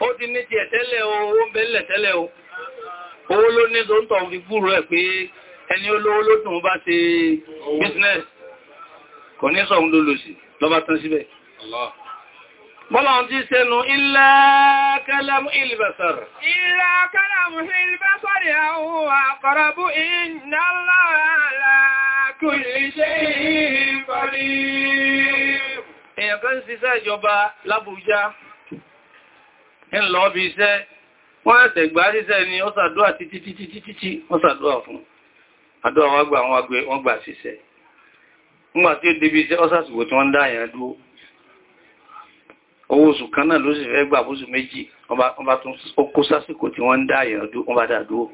D: ó ti ní ti ẹ̀tẹ́lẹ̀ owó ń bẹ́lẹ̀ tẹ́lẹ̀ o owó ló ní tó ń tọ̀ fi gbúrò ẹ̀ pé ẹni olówó ló tún bá ti business kò ní sọ̀hún ló lòsì lọ́bá tán síbẹ̀ èèyàn kan ń ṣiṣẹ́ ìjọba l'Ábùjá ń lọ bí iṣẹ́ wọ́n ẹ̀sẹ̀ gbá ṣiṣẹ́ ni ó ṣàdúrà títí títí títí wọ́n ṣàdúrà fún àdúrà wọ́n gbà wọ́n gbà ṣiṣẹ́ nígbà tí ó débi iṣẹ́ ọ́sàsìwò tí wọ́n ń dáyàn dúró owó oṣù kan náà ló sì fẹ́ gbà fóṣù méjì wọ́n bá tún kó sásìkò tí wọ́n ń dáyàn dúró wọ́n bá dà dúró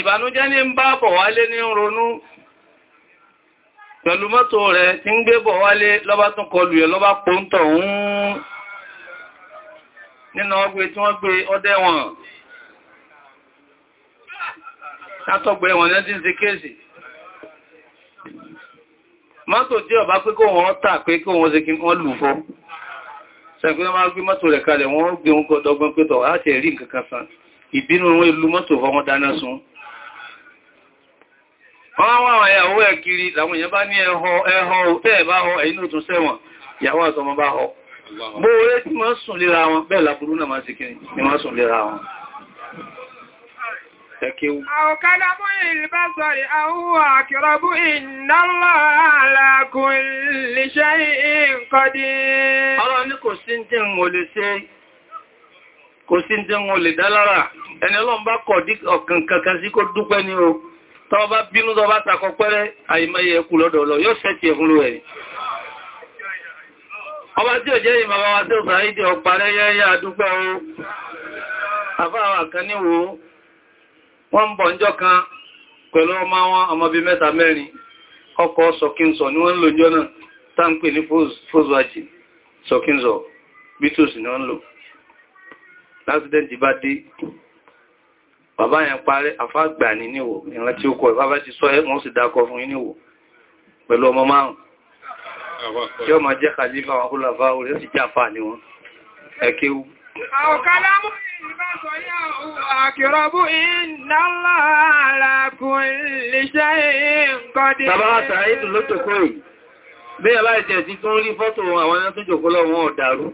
D: ìbànújẹ́ ní ń bá bọ̀ wálé ní ronú pẹ̀lú mọ́tò rẹ̀ tí ń gbé bọ̀ wálé lọ́bá tún kọlù ẹ̀ lọ́bá pọ́ntọ̀ ń nínú ọgbẹ̀ tí wọ́n gbé ọdẹ wọn látọ̀gbẹ̀ wọn ní ọdún sí kéèsì mọ́tò tí ọba pé kó wọ́n tà pé kó wọ́n sí kí wọ́n lù fọ́ sẹ́gbẹ́ wọ́n gbé mọ́tò rẹ̀ kalẹ̀ wọ́n gbé wọn kọ́dọ̀gbọ́n pẹ́tọ̀ láti ẹ̀rí nǹkan kan san ìbínú wọn ìlú bó oré tí wọ́n sùn lera wọn bẹ́ẹ̀ làbúrú náà máa sí kí ni wọ́n sùn lera wọn ẹ̀kíwú.
A: àwọ̀kálàbú ìlbásọ̀rì àwọ̀ àkìrọ̀bú ìnàlọ́ àlàkùn lèṣẹ́ ìkọdí. ọ̀rọ̀ ní kò sí tí mo
D: lè ṣe kò sí tí mo lè dá lára ẹni ọlọ́run bá kọ̀ dí ọ̀kan kankan sí kó dúpẹ́ ní o tọ́ bá bínú tọ́ bá takọ pẹ́rẹ́ àìmọye ẹkù lọ́dọ̀ lọ yóò sẹ́tì ẹ̀fún lóẹ̀ ọba tí ò jẹ́ ìmọ̀bá wa tí ó sàá ìdí ọ̀pá rẹ́yẹ́yẹ́ àdúgbò ohun àfáàwà kan níwò wọ́n ń bọ̀ kan pẹ̀lú ọmọ wọn ọmọ mẹ́ta mẹ́rin ọkọ̀ sọ̀kínsọ̀ ni wọ́n lò jọ náà ní fóòsùwájì pẹ̀lú ọmọ márùn tí ó máa jẹ́ kàlífà wọn kúlà bá orí ó sì já fà ní wọn ẹkéwú
A: àwọ̀kálámù ìbáṣọ yá àkìrọ̀bù ìnáńlá àlàkùn lè ṣe ìkọdí bàbá àtàrídù ló tòkó
D: yìí bí ẹ̀bá ìtẹ̀ sí tó ń rí fọ́tò àwọn ẹ̀yán tó jòkó lọ wọn ọ̀dàrú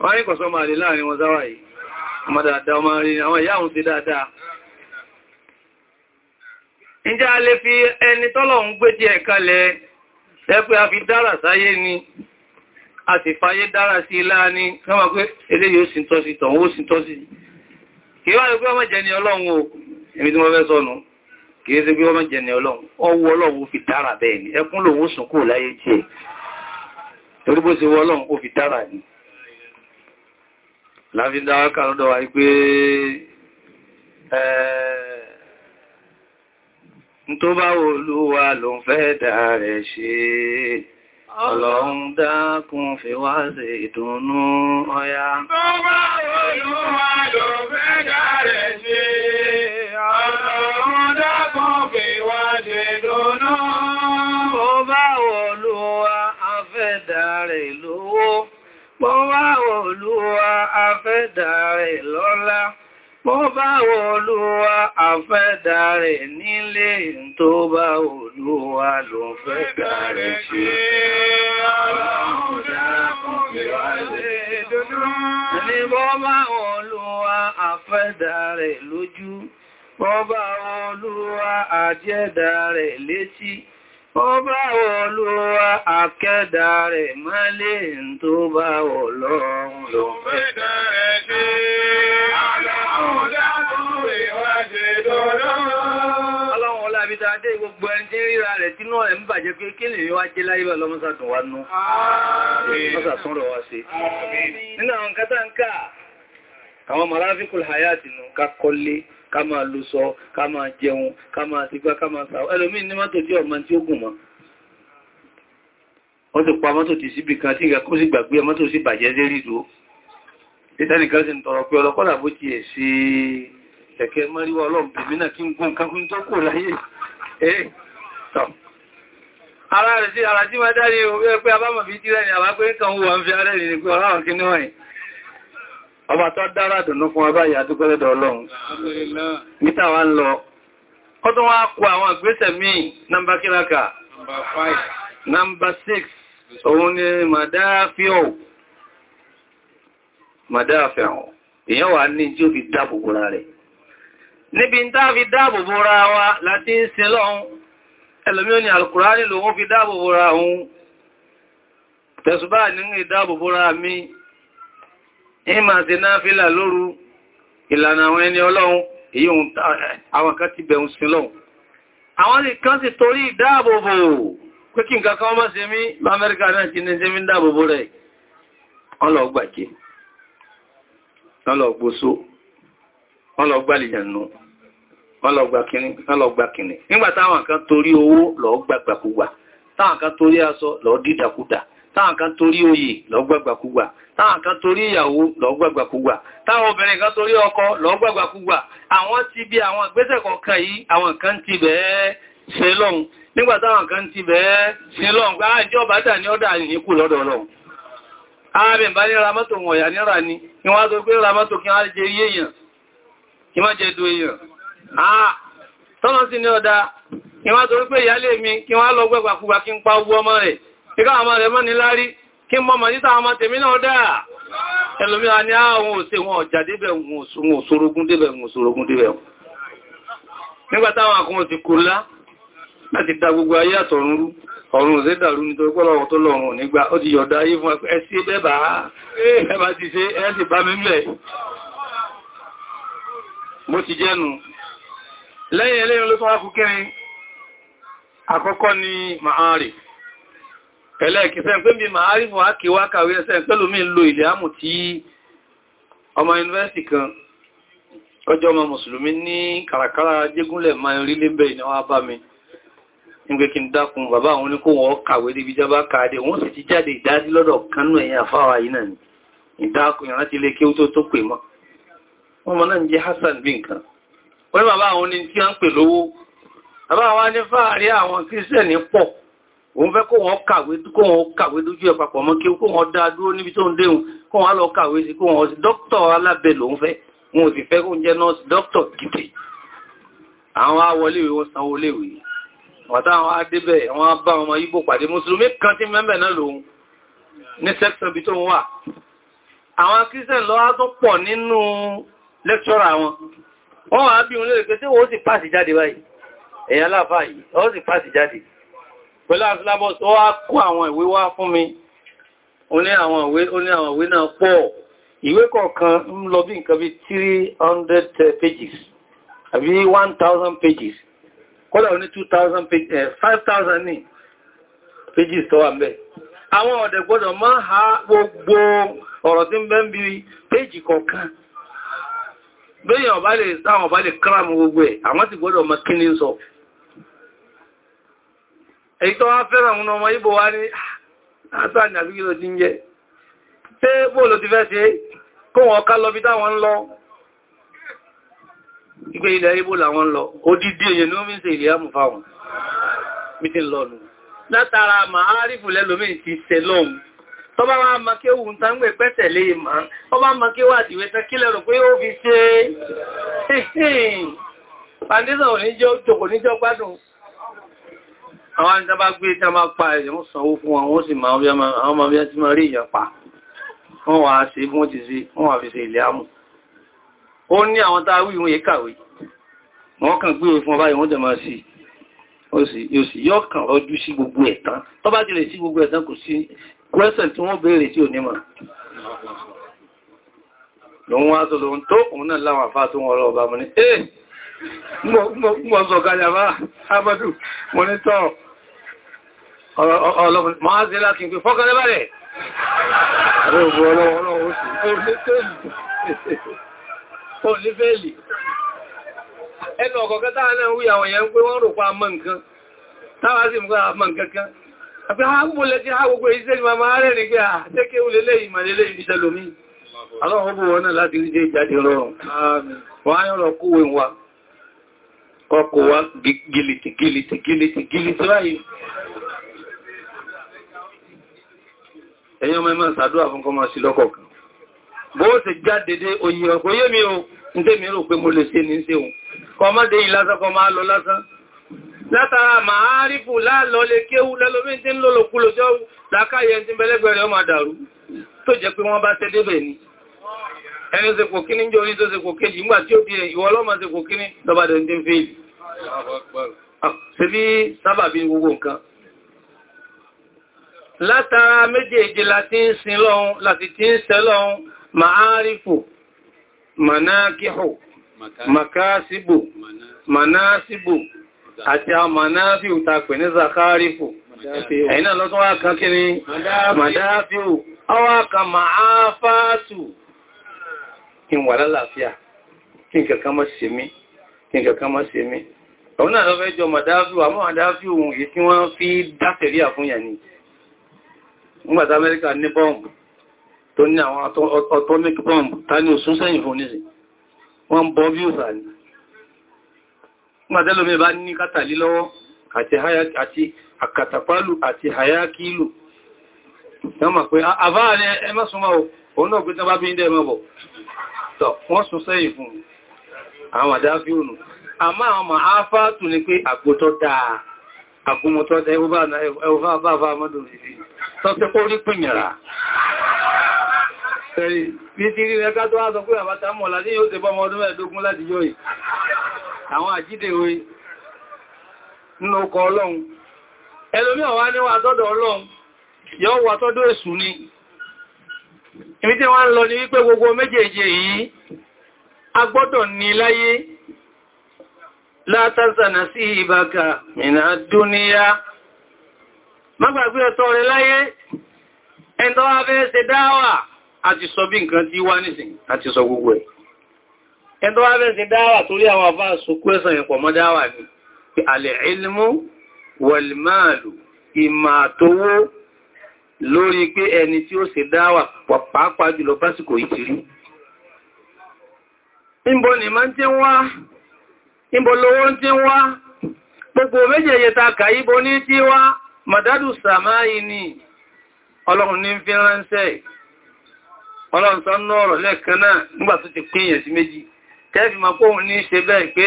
D: wọ́n ní kọ̀sọ́ máa lè láàrin wọn sáwà yìí ọmọ dáadáa ọmọ rí àwọn ìyá òun ti dáadáa ǹjẹ́ a Ẹgbẹ́ a fi dára sáyé ni, a sì fayé dára sí ilá ni, kọ́mà pé eléyìí ó síntọ́ sí tọ̀hún ó síntọ́ sí. Kìí wá ẹgbẹ́ ọmọ jẹ ni ọlọ́run o, èmi tí mo fẹ́ sọnù, kìí ṣe gbé ọmọ jẹ ni ọlọ́run, ọwọ́ ọlọ́run fi dára bẹ́ẹ̀ ni, ẹkún lòun ẹ̀ẹ́ tó bá olúwa ló ń fẹ́ dà rẹ̀ ṣe ọlọ́run dákun fi wá ṣe ìdùnnú ọya
A: tó bá olúwa ló ń fẹ́ dà rẹ̀ ṣe
B: ọlọ́run dákun fi wá ṣe ìdùnnú tó bá
D: olúwa a fẹ́ dà rẹ̀ lówó tó olúwa a fẹ́ dà rẹ̀ lọ́lá Bó bá olúwa àfẹ́dà rẹ̀ nílé tó bá olúwa ló fẹ́dà rẹ̀ ṣe. Ní bó bá olúwa àfẹ́dà rẹ̀ lójú, bó bá olúwa létí, bó bá dé gbogbo ẹni ẹ̀ ń bàjẹ́ pé kí lè wá jẹ́ láyé wà lọ́mọ́sà tún wá nú. Mọ́sàtún rọ̀ wá sí. Nínú àwọn kátà àwọn marafikul hayati nù ká kọ́lé, ká máa lò sọ, ká máa jẹun, ká máa sígbá, ká máa sàwọ́. Ẹlòmíì ní mọ́tò tí ọmọ tí ó gùn mọ́. Wọ́n ti pa mọ́tò tí síbì kan tí ìgbà kó gbàgbé mọ́tò sì bàjẹ́ sí rí ìtẹ́nìkan sí tọrọ pé ọlọ́pọ̀lá bó ti ẹ̀ sí kẹ̀kẹ́ mọ́ríwá ọlọ́pìnmínà kí n gún kankún tó kò láyé ara rẹ̀ sí ara tí máa dárí pé abámọ̀ fi jíra ní àwágbé kan wọ́n fi ara rẹ̀ ní pé ọlọ́run kí ní wọ́n ọba tó dára dùnú fún ọba ìyà tó kọ́lẹ́dọ̀ ọlọ́run níta wá ń lọ kọ́ tó wá kọ àwọn ìgbésẹ̀ míì nọmbà kíláka nọmbà 6 òun ni màdá fíọ̀wù madáàfẹ́ àwọn èèyàn wà ní tí ó fi dáàbò bóra rẹ̀ níbi ń táà fi dáàbò bóra wa láti ń sin lọ́hun ẹlòmí ò ní alkùránì lòun fi dáàbò bóra òun tẹ̀sùbá ní ìdáàbò bóra mi ìmà sí náà fílà lóru ìlànà àwọn ẹni ọlọ́run èyí àwọn kan ti bẹ̀rún sin lọ́hun àwọn nìkan sì torí ìdáàbò bò pé kí nǹkan kan mọ́ sí mi bá Amẹ́ríkà náà ọlọ́gbóso ọlọ́gbàlìjànú ọlọ́gbàkìní nígbà táwọn kan torí owó lọ́gbàgbàkúgbà táwọn kan torí aṣọ táwọn kan torí oyè lọ́gbàgbàkúgbà táwọn kan torí ìyàwó lọ́gbàgbàkúgbà táwọn obìnrin kan torí ọkọ lọ́gbàgbàkúgbà àwọn ti bí àwọn ìgbésẹ̀ kọ̀ọ̀kan yìí àwọn kan ti bẹ̀ẹ́ ṣe lọ́hun nígbà táwọn kan ti bẹ̀ẹ́ ṣe lọ́hun ní ọ́dà lọ́dọ̀ ààbẹ̀ bá ní ramọ́tò wọ̀nyà níra ni ni wọ́n tó gbé ramọ́tò kí wọ́n jẹ iye èèyàn kí wọ́n jẹ dùn èèyàn àà tọ́nà sí ní ọ̀dá ni wọ́n tó gbé ìyálé mi kí wọ́n lọ gbẹ́gbàkúgbà kí ń pa owó ọmọ rẹ̀ kí ká ọmọ rẹ̀ mọ́ ní lárí kí mọ́ mọ̀ níta ọmọ tèmi láti dá gbogbo ayé àtọ̀run rú ọ̀run òsè dàrú nítorí pọ́lọ̀wọ̀ tó lọ́run nígbà ó ti yọ̀dá ayé fún ẹsí bẹ́bà ẹbà ti ṣe ẹ́sì bá mímẹ̀ mo ti jẹ́nu lẹ́yìn ẹlẹ́yìn ló fọ́wá kúkẹ́rin àkọ́kọ́ ni ma'ari ẹlẹ́ẹ̀kìsẹ́ pé mi ma'ari fún ọjọ́ ọmọ mùsùlùmí ní kàràkàrà jégúnlẹ̀ máa rí lébẹ̀ ìnáwó abá mi nígbé kí n dákun bàbá àwọn ní kó wọ́n kàwé débi jábá káàdé wọ́n sì ti jáde ìdádí lọ́dọ̀ kanú ẹ̀yìn àfáwà yìí náà ni ìdákun ìrántí ilé kí ó tó tó pè mọ́ wọ́n mọ́ náà ń jẹ́ Hassan bí nǹkan wọ́n ní bàbá àwọn ní tí a ń pè lówó bàbá wa ní fáàrí àwọn kírísẹ̀nì pọ̀ òun fẹ́ kó wọ́n kàwé kó wọ́n kàwé lójú ẹ̀ papọ̀ mọ́ kí kó wọ́n dá dúró níbi tó ń déhùn kó wọ́n lọ kàwé sí kó wọ́n sí dókítọ̀ alábẹ́ lòun fẹ́ wọn ò sì fẹ́ kó ń jẹ́ nọ́ọ̀sì dókítọ̀ gidi àwọn awọléwé wọn sanwó léwé wàtá àwọn adébẹ̀ wọ́n bá ọmọ Ìgbò pàdé mùsùlùmí kan tí mẹ́mẹ́ náà lòun ní sẹ́kṣọ̀n bí tó ń wà àwọn kírísẹ̀n lọ á tún pọ̀ nínú lẹ́kṣọ́rà wọn wọ́n wà bí wọn lè pé tí wọ́n sì pàṣì jáde báyìí ẹ̀yà láàfà yìí wọ́n sì pàṣì jáde pẹ̀lú àfilabọ́s ó wá kó àwọn ìwé wá fún mi ó ní àwọn ìwé ó ní àwọn ìwé náà pọ̀ ìwé kọ̀ọ̀kan ń lọ bí kọ́lá oní 2,000 pages 5,000 ní pages tó wà mẹ́ àwọn ọ̀dẹ̀ gbọ́dọ̀ máa ha gbogbo ọ̀rọ̀ tí ń bẹ́ ń bí péjì kọ̀ọ̀kan béèyàn bá lè sáwọn bá lè kíràmù gbogbo ẹ̀ àwọn ah, ti gbọ́dọ̀ mọ̀ kí ní sọ lọ ìgbé ilẹ̀ ibò làwọn lọ odidi èyàn ní omi ń ṣe ilẹ̀ àmù fáwọn mítìn lọ́nu látara màárìfù lẹ́lómí ti sẹlọ́m tó bá máa makẹ́ ohun tán gbé pẹ́tẹ̀ lè máa ó bá makẹ́ wà dìwẹ́ tán kílẹ̀ rò pé ó fi ṣe pàndésà ò níjọ́ jòkó níjọ́ gbádùn àwọn àjọba gbé tí a máa pa èèyàn sanwó fún àwọn sì máa a ti máa rí èèyàn pa wọ́n wà á ṣe bí wọ́n ti ṣe wọ́n wà fi ṣe ó ní àwọn tàà wí ìwọ̀n yẹ kàwé wọ́n kàn gbé fún ọba ìwọ̀n jẹmọ́ sí yóò sì yọ́ kàn rọjú sí gbogbo ẹ̀tàn tó bá jẹ́lẹ̀ sí gbogbo ẹ̀tàn kò sí kwẹ́sẹ̀ tí wọ́n béèrè sí onímọ̀ lòun wá sọ lòun tó òun náà láwọn àfá tó wọ́n ọlọ́ọ̀bá mọ́ ní eh mọ́ sọ gájà bá ábádù mọ́ ní tọ́ ọlọ́pìn máa ń ṣe láti pé fọ́kànlẹ́bàrẹ̀ ò ní fẹ́ẹ̀lì ẹnu ọ̀kọ̀ọ̀kẹ́ táà náà wí àwọn èèyàn pé wọ́n rò pa mọ́ nǹkan táwà sí mú káà mọ́ nǹkan kan
A: àpé àgbòlẹ̀ a ah, ah, gbogbo
D: ah, iṣẹ́ ni máa rẹ̀ ní pé à tẹ́kẹ́ ulẹ̀lẹ́ ìmọ̀lẹ́lẹ́ ìṣẹ́lómi wa wa mẹ́mọ́ fún kọmọ̀ sí lọ́kọ̀ọ̀kan bó ti jáde dé oyin ọ̀pọ̀ yé mi o ń tẹ́ mi rò pé mo lè ṣe ní ṣe o kọmọ́dé yìí lásán kọ máa lọ lásán látara màá rífù láàlọ́ lè kéwú lẹ́lómí tí ń lòlòkú lójọ́ lákáyẹ tí bẹ́lẹ́gbẹ̀rẹ̀ ọmọ dàrú tó jẹ́ pé wọ́n bá tẹ́ ah, látara méjèèjì láti ń sin lọ́hun láti ti ń sẹ́ lọ́hun ma'arifu manakihu makasibu manasibu àti àwọn manáfíù ta pè ní zakarifu ẹ̀yìn náà lọ́tún wá kan madáfíù ọwá ma'áfáàtù kí n wà lálàáfíà kí n kankan má ṣe mí kí n kankan má ṣe mí ọ̀hún náà lọ́fẹ́ jọ madáfíù àmọ́ madáfíù tí wọ́n fi dátẹ̀rí àfúnyà ni nígbàtà Amẹ́ríkà ní bọ́ọ̀mù tó ní àwọn atomic bomb ta ní òsún sẹ́yìn fún wọ́n bọ́ bí òsà ní mọ́tẹ́lómi bá ní kátàlí lọ́wọ́ àti àkàtàpálù àti hayakílù wọ́n pé àbáàrẹ ẹmọ́súnmọ́ òun náà pín bá bí ń mọ́bọ̀ wọ́n sún sẹ́yìn fún àwọn àmá tún ní pé àgbótọ́ dáa àgbómọ́tọ́ dáa bá mọ́dún sí tọ́tẹ́ kó Ẹ̀rí, bí ti rí ẹka tó wá sọ pé àbátà mọ̀lá ní yóò ṣe bọ́ ọdún mẹ́ẹ̀dógún láti yọ́ yìí. Àwọn àjídè oye nínú ọkọ̀ Ọlọ́run. Ẹlòmí ọ̀wá ní wà tọ́dọ̀ Ọlọ́run, yọ́ wà tọ́dọ̀ èṣù gbogbo a láyé. ẹ̀ntọ́ wá ṣe a ti sọ bí nǹkan tí wá nìsìn a ti sọ gbogbo ẹ̀ ẹ̀tọ́ wá fẹ́ sí dáwà torí àwọn àfá sókú ẹ̀sàn ìpọ̀ mọ́ dáwà ní alẹ̀ ilmú wọlmáàlù ìmà àtọwó lórí pé ẹni tí ó sì dáwà pàápàá jùlọ básìkò ìtìrí ọlọ́run ní fi ránṣẹ́ ọlọ́run tán lọ́rọ̀ lẹ́ẹ̀kan náà nígbà tó ti pín yẹ̀ sí méjì tẹ́fì ma kóhun ní ṣe bẹ́ẹ̀ pé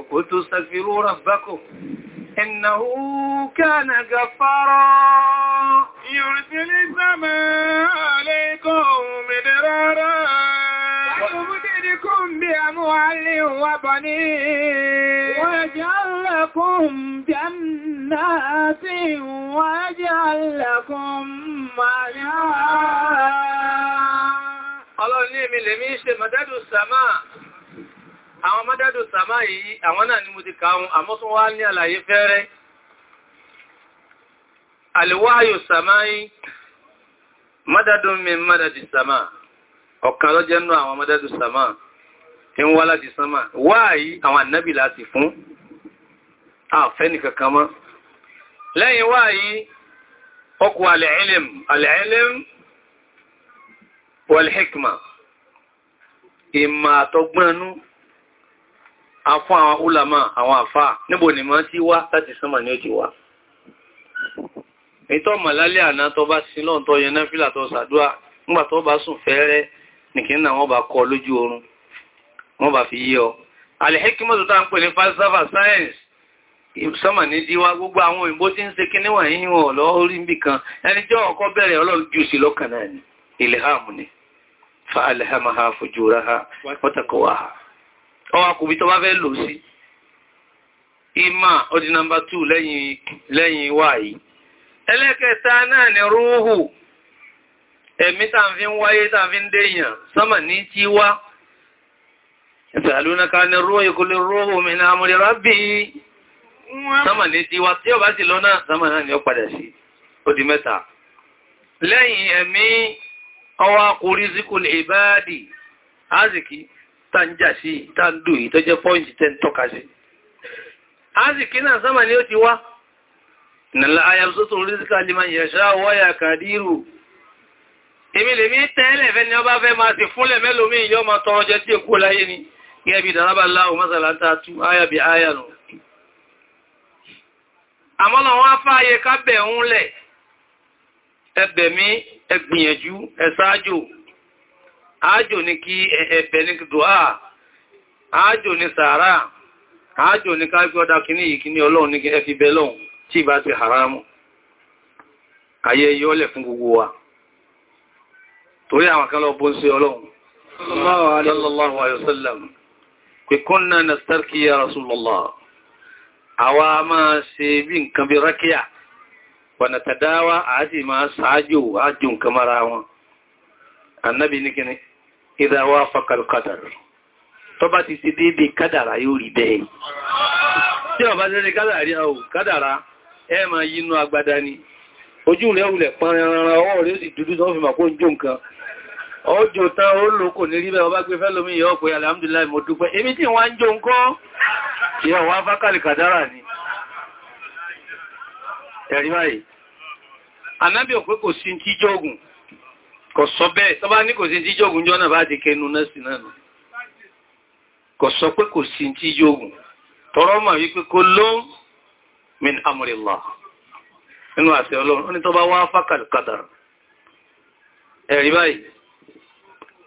D: òkútù sàfirú rabbakum
A: innahu kana ghaffara بأموال وبنين ويجعل لكم جنات ويجعل
B: لكم مجال
D: Ọlọ́run ní èmi lèmi ṣe mọ̀dádù sàmà. Àwọn mọ̀dádù sàmà yìí, àwọn náà ni mo ti kàún, àmọ́ wá ní àlàyé fẹ́rẹ́. Àlèwáyò sàmà yìí, mọ̀dádù mi mọ̀dádù sàmà. Ọ̀kan ló jẹ́ nú àwọn mọ̀dádù sàmà ń wá láti sánmà wáàyí àwọn ànábì láti fún àfẹ́ni kankan mọ́ lẹ́yìn wáàyí ọkù al-ilm al-ilm wal-hikma ìmọ̀ àtọgbọ́nú afún àwọn ulama àwọn àfá níbo ni mọ́ sí wá láti sánmà ní ó wá ìtọ́ màlálẹ́ àná tó bá sí yẹn náà fílà sàdúà nígbà tó bá sùn fẹ́rẹ́ nìkínà wọ́n bá kọ lójú oorun wọ́n bá fi yí ọ. alìhẹ́kímọ́tò tá ń pè ní falsafa science sọ́mà ní díwá gbogbo àwọn òyìnbó tí ń ṣe kí níwọ̀n yí lọ orí ń bí kan ẹni jẹ́ ọkọ́ bẹ̀rẹ̀ ọlọ́run jù sí lọ́kàn ni ilham fa alhamaha fujuraha wataqwaha ọwọ́ akùnbí tó bá fẹ́ lò sí ima ọdí nàmbà 2 lẹ́yìn lẹ́yìn wáyí ẹlẹ́kẹta náà ni rúhù ẹ̀mí tàbí ń wáyé tàbí ń ìsàlúnáka ní rúwọ́ ìkúlé rúwọ́ mi náà mọ̀rẹ̀ rábí sámà ní ti wá tí ó bá ti lọ náà sámà náà ni ó padà sí ó di mẹ́ta lẹ́yìn ẹ̀mí ọwá kúrí síkúlé ìbáàdì áàzìkí tá ń jà sí tá ń dù tó jẹ́ pọ́ǹtì tẹ́ ń tọ́ka sí áàzìkí náà sámà ni ó tẹ́lẹ̀ fẹ́ ni ọba fẹ́ máa ti fúnlẹ̀ mẹ́lòmí ìyọ́ máa tọrọ jẹ tí èkó láyé ni gẹ́gẹ́ bí ìdàrábà láwọ̀ mọ́sàlátà tú áyà bí áyà nù. àmọ́nà wọ́n á fáyé kábẹ̀ ń lẹ̀ ẹbẹ̀mí ẹgbìyànjú ẹsáájò ájò ní kí ẹ̀ẹ̀bẹ̀ ní dùá ájò ní sàárà ájò ní kágbọ́dá kíní yìí kíní ọlọ́run ní ẹfi bẹ́lọ́run tí ìbá ti haramu ayé yọ́lẹ̀ fún gbogbo wa torí àwọn kan lọ bó ń sí ọlọ́run pé kúnnà na starki ya Rasulullah àwa máa ṣe bí nǹkan bí rákíyà wọ̀nà tàdáwà àti máa sáájò ájò nǹkan mara wọn annabi ní kíni ìdáwà fakalkatar tó bá ti ṣe déédé kádàrà yóò rí bẹ́ẹ̀ tí ọba ṣe ní kádàrà ẹ máa yínú agbádá ni ojú rẹ̀ wulẹ̀ pọ̀nrẹ̀rẹ̀ ọwọ́ rẹ̀ ó sì dúdú tó fi màkó ń jó nǹkan ọjọ́ ta ó lò kò ní rí bẹ́ ọba gbé fẹ́lómi yọ pé alhamdulillah mo dúpẹ́ èmi tí wọ́n ń jò ń kọ́ yẹ wọ́n fákàlì kàdárà ni ẹ̀rí báyìí anábì òpé kò sí tíjọ́gùn kò sọ bẹ́ẹ̀ tó bá ní kò sí tíjọ́gùn jọ́nà bá ti kẹnu nẹ́sì náà kò sọ pé kò sí tíjọ́gùn tọrọ mà wípé kó ló min amrillah nínú àṣẹ ọlọ́run ó ní tó bá wá fákàlì ẹ̀rí báyìí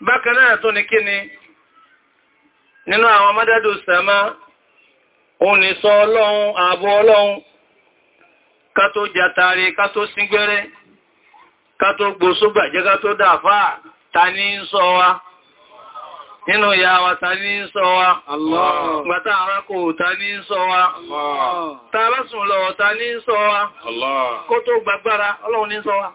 D: bákan náà tó ní nínú àwọn mọ́dádù sẹ́má onísọ ọlọ́run ààbò ọlọ́run ká tó jàtàrí ká tó síngbẹ́rẹ́ ká tó gbòsúgbà jẹ́ ká tó dàfà ta ní ń wa nínú ìyá ta ní ń sọ wa gbàtà àrákò ta ní ń sọ wa ta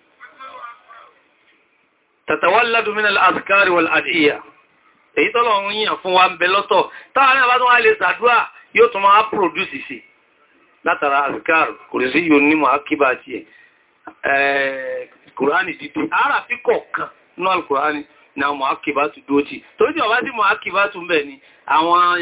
D: tàtàwàládù mínà àzùkárì wal àdìyà èyí tọ́lọ̀ ń yàn fún wa ń bẹ lọ́tọ̀ táwọn àbá tó wá lè sàdúà yóò tún máa pòdúsì sí látara àzùkárì kò lè sí yóò nímọ̀ akíbà àti ẹ̀ kùránì dídú ara fi kọ̀ọ̀kan ní alkùránì na mọ̀ akíbà tó dúó ti torí ọba tí mọ̀ akíbà tó bẹ̀ ni àwọn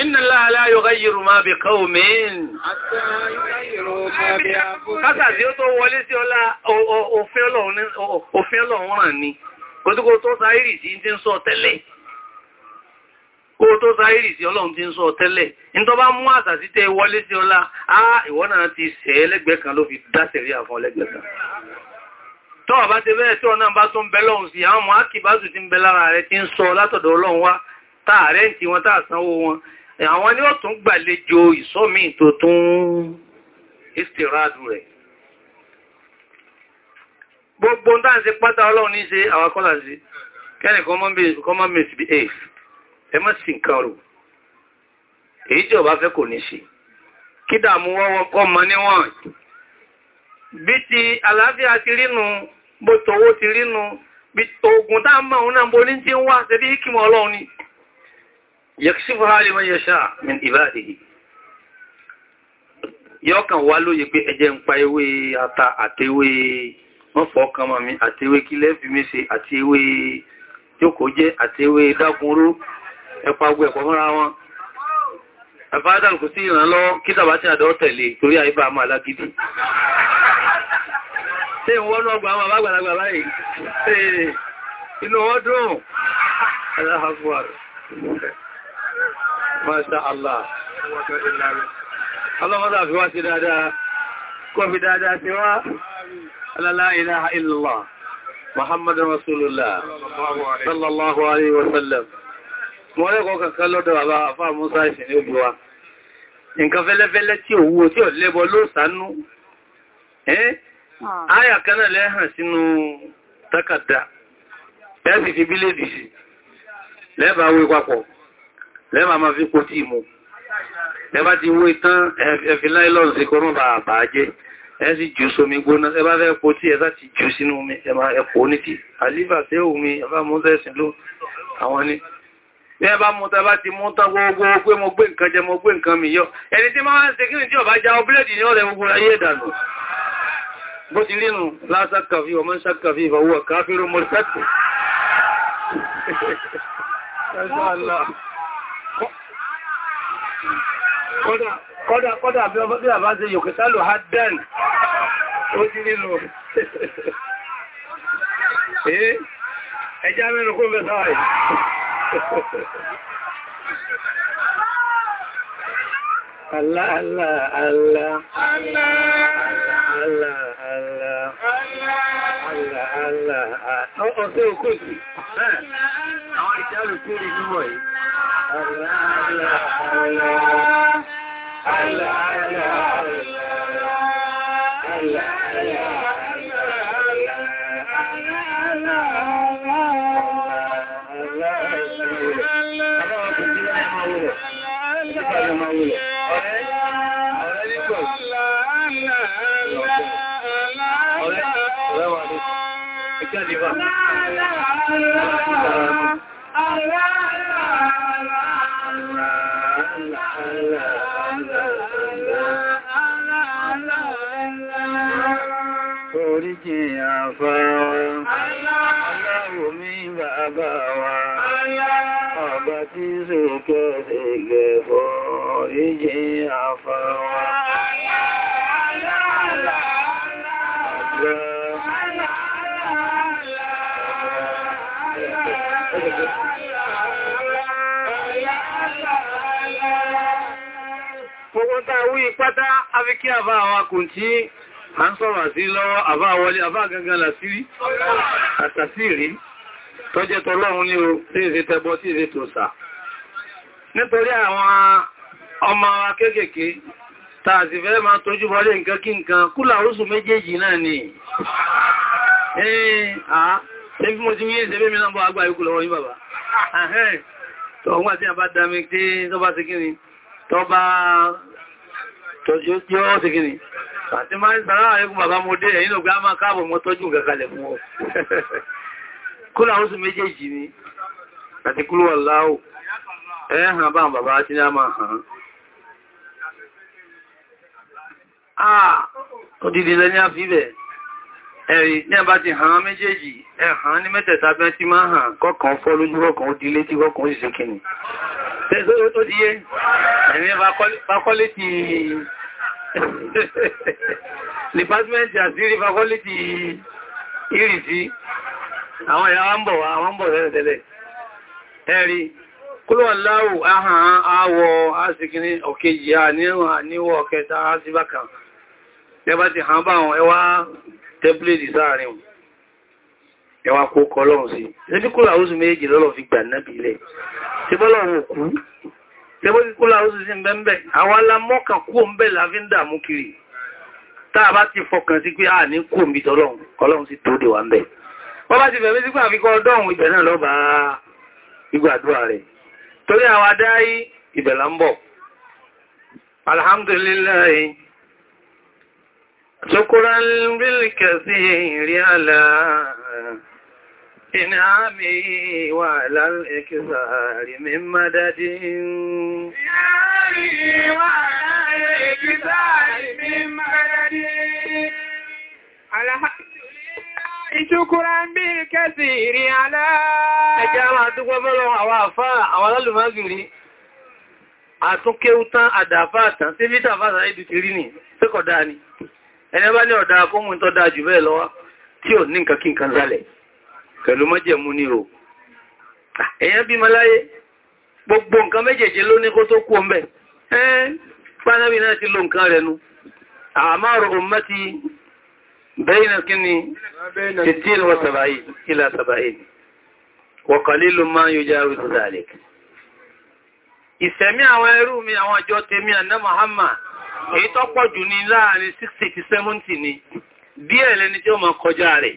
D: Inna Allah la yughayyiru ma bi qaumin. Kásà tí ó tó wọlé sí ọlá òfin Ọlọ́run ràn ni. Kò tí kò tó sáírì sí ti ń sọ tẹ́lẹ̀. Kò tó sáírì sí Ọlọ́run ti ń sọ tẹ́lẹ̀. In tó bá mú àṣà sí tẹ́ wọlé sí ọlá, á ìwọ náà ti sẹ́ lẹ́gbẹ̀ẹ́ kan ló fi dáṣẹ̀rí àfọn lẹ́gbẹ̀ẹ́ kan. Tọ́wà bá ti bẹ́ẹ̀ tí ọ̀nà bá tún bẹ lọ́hùn sí, àwọn mọ̀ á kì bá tún ti ń bẹ àwọn ni ó tún gbàlejò ìsọ́mí tó tún ìstìrádù rẹ̀ gbogbo ń dáǹsí pátá ọlọ́run ní ṣe àwọn kọ́lá sí kẹ́ni common mate bí a ẹ mọ́ sí nǹkan rò èyí tí ọba fẹ́ kò ní ṣe kí dàmú wọ́wọ́ kọ́ mọ́ níwọ̀n bí ti àlàáfíà ti rínú bó tọwọ́ ti rínú bí ogun tá mọ́ yẹ̀kṣífúhá lè wọ́n yẹ̀ṣá min ìbáàdìí yọ́ kan wá lóye pé ẹjẹ́ ń pa ewé ata àtewé wọ́n fọ́ kan mọ́ mi àtewé kí lẹ́fì mése àti ewé jókòójẹ́ àti ewé dákunró ẹpagbó ẹ̀pọ̀ mọ́ra wọn àfádà kò sí ìrànlọ́wọ́ kí tàbá tí àdọ́ tẹ̀lé torí àyíbá máa lágídí tí wọ́n náà gbà àwọn àbágbàlagbà Masha Allah. Ọlọ́mọ́dá fi wá sí dáadáa, kó fi dáadáa sí wá, la ilaha illallah, Muhammadu Rasulullah, sallallahu alaihi wasallam. Wọ́n rẹ́kọ̀ọ́ kankan lọ́dọ̀ bàbá àfá Musa ìṣẹ̀ ní ojú wa. Nǹkan fẹ́lẹ́fẹ́lẹ́ tí ò wúwo tí ò lẹ́bọ ló sánú. Ẹ́ áyà kan náà lẹ́hàn sínú lẹ́mà máa fi kó tí mú ẹbá ti wó ìtán ẹfì láìlọ́n sí kọrún bá àbájẹ́ ẹ sì jù sómi gbóná ẹbá fẹ́ kó tí ẹzá ti jù sínú omi ẹmà ẹ̀pọ̀ ní tí àlífà sí omi ẹbá mú sẹ́sìn ló àwọn ní bẹ́ẹ̀ bá mú tàbá ti mú tán gbogbo pé mo gbé nǹkan jẹ mo gbé nǹkan mi yọ ẹni tí máa ń ṣe kíni tí ọba já ọbílẹ̀dì ní ọ̀rẹ́ gbogbo ayé ìdànù bó ti rínú lásàkàfí ọmọ sàkàfí ìfọwọ́ káfíró mọ́sákì Kọ́dà kọ́dà bí ọmọ bí àbá ṣe yòkè sálò Hadden, ó ti nílò. Èé, ẹjá mẹ́rin kó mẹ́ta àì.
B: Allah, Allah, Allah. Allah, Allah, Allah. Allah, Allah. Ọ̀pọ̀
A: sí òkú sí.
B: Àwọn ìjálù tí ó rí níwọ̀ yìí. Allah, Allah, Allah. Allah foríjì àfá wa aláwọ̀ mi bàbá wa ọba tí sókè sílẹ̀ foríjì àfá wa
D: Gbogbo ta wí pátá, a fi kí àbá àwọn akùn tí a ń sọ̀rọ̀ àti lọ́wọ́ àbá wọlé àbá gangan làtírí àtàsírí tọ́jẹ́ tọ́lọ́run ní o tí èsè tẹbọ tí èsè tó sà nítorí àwọn ọmọ akékèké tàà sì fẹ́ máa tójú bọ́lé nǹkan kí nǹkan kúlà oṣù méjèèjì ni ṣe bí mo ti yíyẹ ìṣẹ́bẹ́ mi náà bọ́ agbá ikú lọ́wọ́ yí bàbá tọ́wọ́n àti àbá dámi tí tọ́bá sí kíni tọ́bá àti máa ń sàárá àríkún bàbá mo dé ẹ̀yìn ògbà máa káàbọ̀ mọ́ tọ́jú gàkalẹ̀ fún ọ kúrò àwọn oṣù méjèèjì ni àti kúrò aláwò ẹ̀hàn bá bàbá tí ní a máa hàn áà odidi lẹ ní àfíbẹ̀ ẹ̀rì ní ẹ̀bá ti hàn méjèèjì ẹ̀hàn ní mẹ́tẹ̀ẹ̀ta bẹ́ tí máa hàn kọ́kàn fọ́ lójú kọ́kàn ó Department àti River College ìrìsí, àwọn ìyàwó ń bọ̀ wá, àwọn ń bọ̀ tẹ́lẹ̀tẹ́lẹ̀. Ẹ̀rí, kúrò láwò áhàn àwọ̀ àṣìkiri ọ̀kejì àníwọ̀ àníwọ̀ kẹta àṣìbákan. Ẹbá ti hàn bá wọn ẹwà tẹ́bílèdì sáàrin wọn ẹwà kó kọlọ́run sí. Ṣébí kúrò àwúsù méjì lọ́lọ́ fi gbà náà bí ilẹ̀. Ṣébọ́lọ́run òkú tẹbọ́ kíkó láàrùn sí sí ń bẹ́m̀bẹ̀ àwọn alámọ́kà kó ń bẹ̀ láàfin dàmú kiri táà bá ti fọkàn sí pé a ní kó ń bí tọ́lọ́run kọlọ́run sí tó dè wà ń bẹ̀ wọ́n bá ti bẹ̀rẹ̀ sí pé àfikọ́ ọdọ́run ibẹ̀ náà lọ́ba igbàdúrà rẹ̀ torí àwọn adáyí إنعامي وعلى الإكثار من مدد إنعامي وعلى
B: الإكثار من مدد
A: الحمد لله شكرا بالكثير على ẹjẹ́
D: máa dúpẹ́ mọ́lọ́wọ́ àwọn àfáà àwọn alálùmọ́gbìnrin àtúnkéwú tán àdàfáà tán tí vítà fásà ìdù ti rí nì tí kọ̀ dáa ni ẹni bá ní ọ̀dá akóhun tó dáa jù bẹ́ẹ̀ lọ́wọ́ tí ò ní nǹkan kí nǹkan zálẹ̀ pẹ̀lú mọ́jẹ̀mú ni o èyàn ah, bí maláyé gbogbo nǹkan méjèèjì ló ní kó tó kú ọmọ ẹ́ pánábì náà ti lo nǹkan rẹ̀ nu àmárò ummati bẹ́yìn kí ni títí wọ sàbáyì ilá sàbáyì wa qalilun ma yujawizu zalik ìsẹ̀mí àwọn ẹrú mi àwọn àjọ díẹ̀ lẹni tí ó mọ̀ kọjá rẹ̀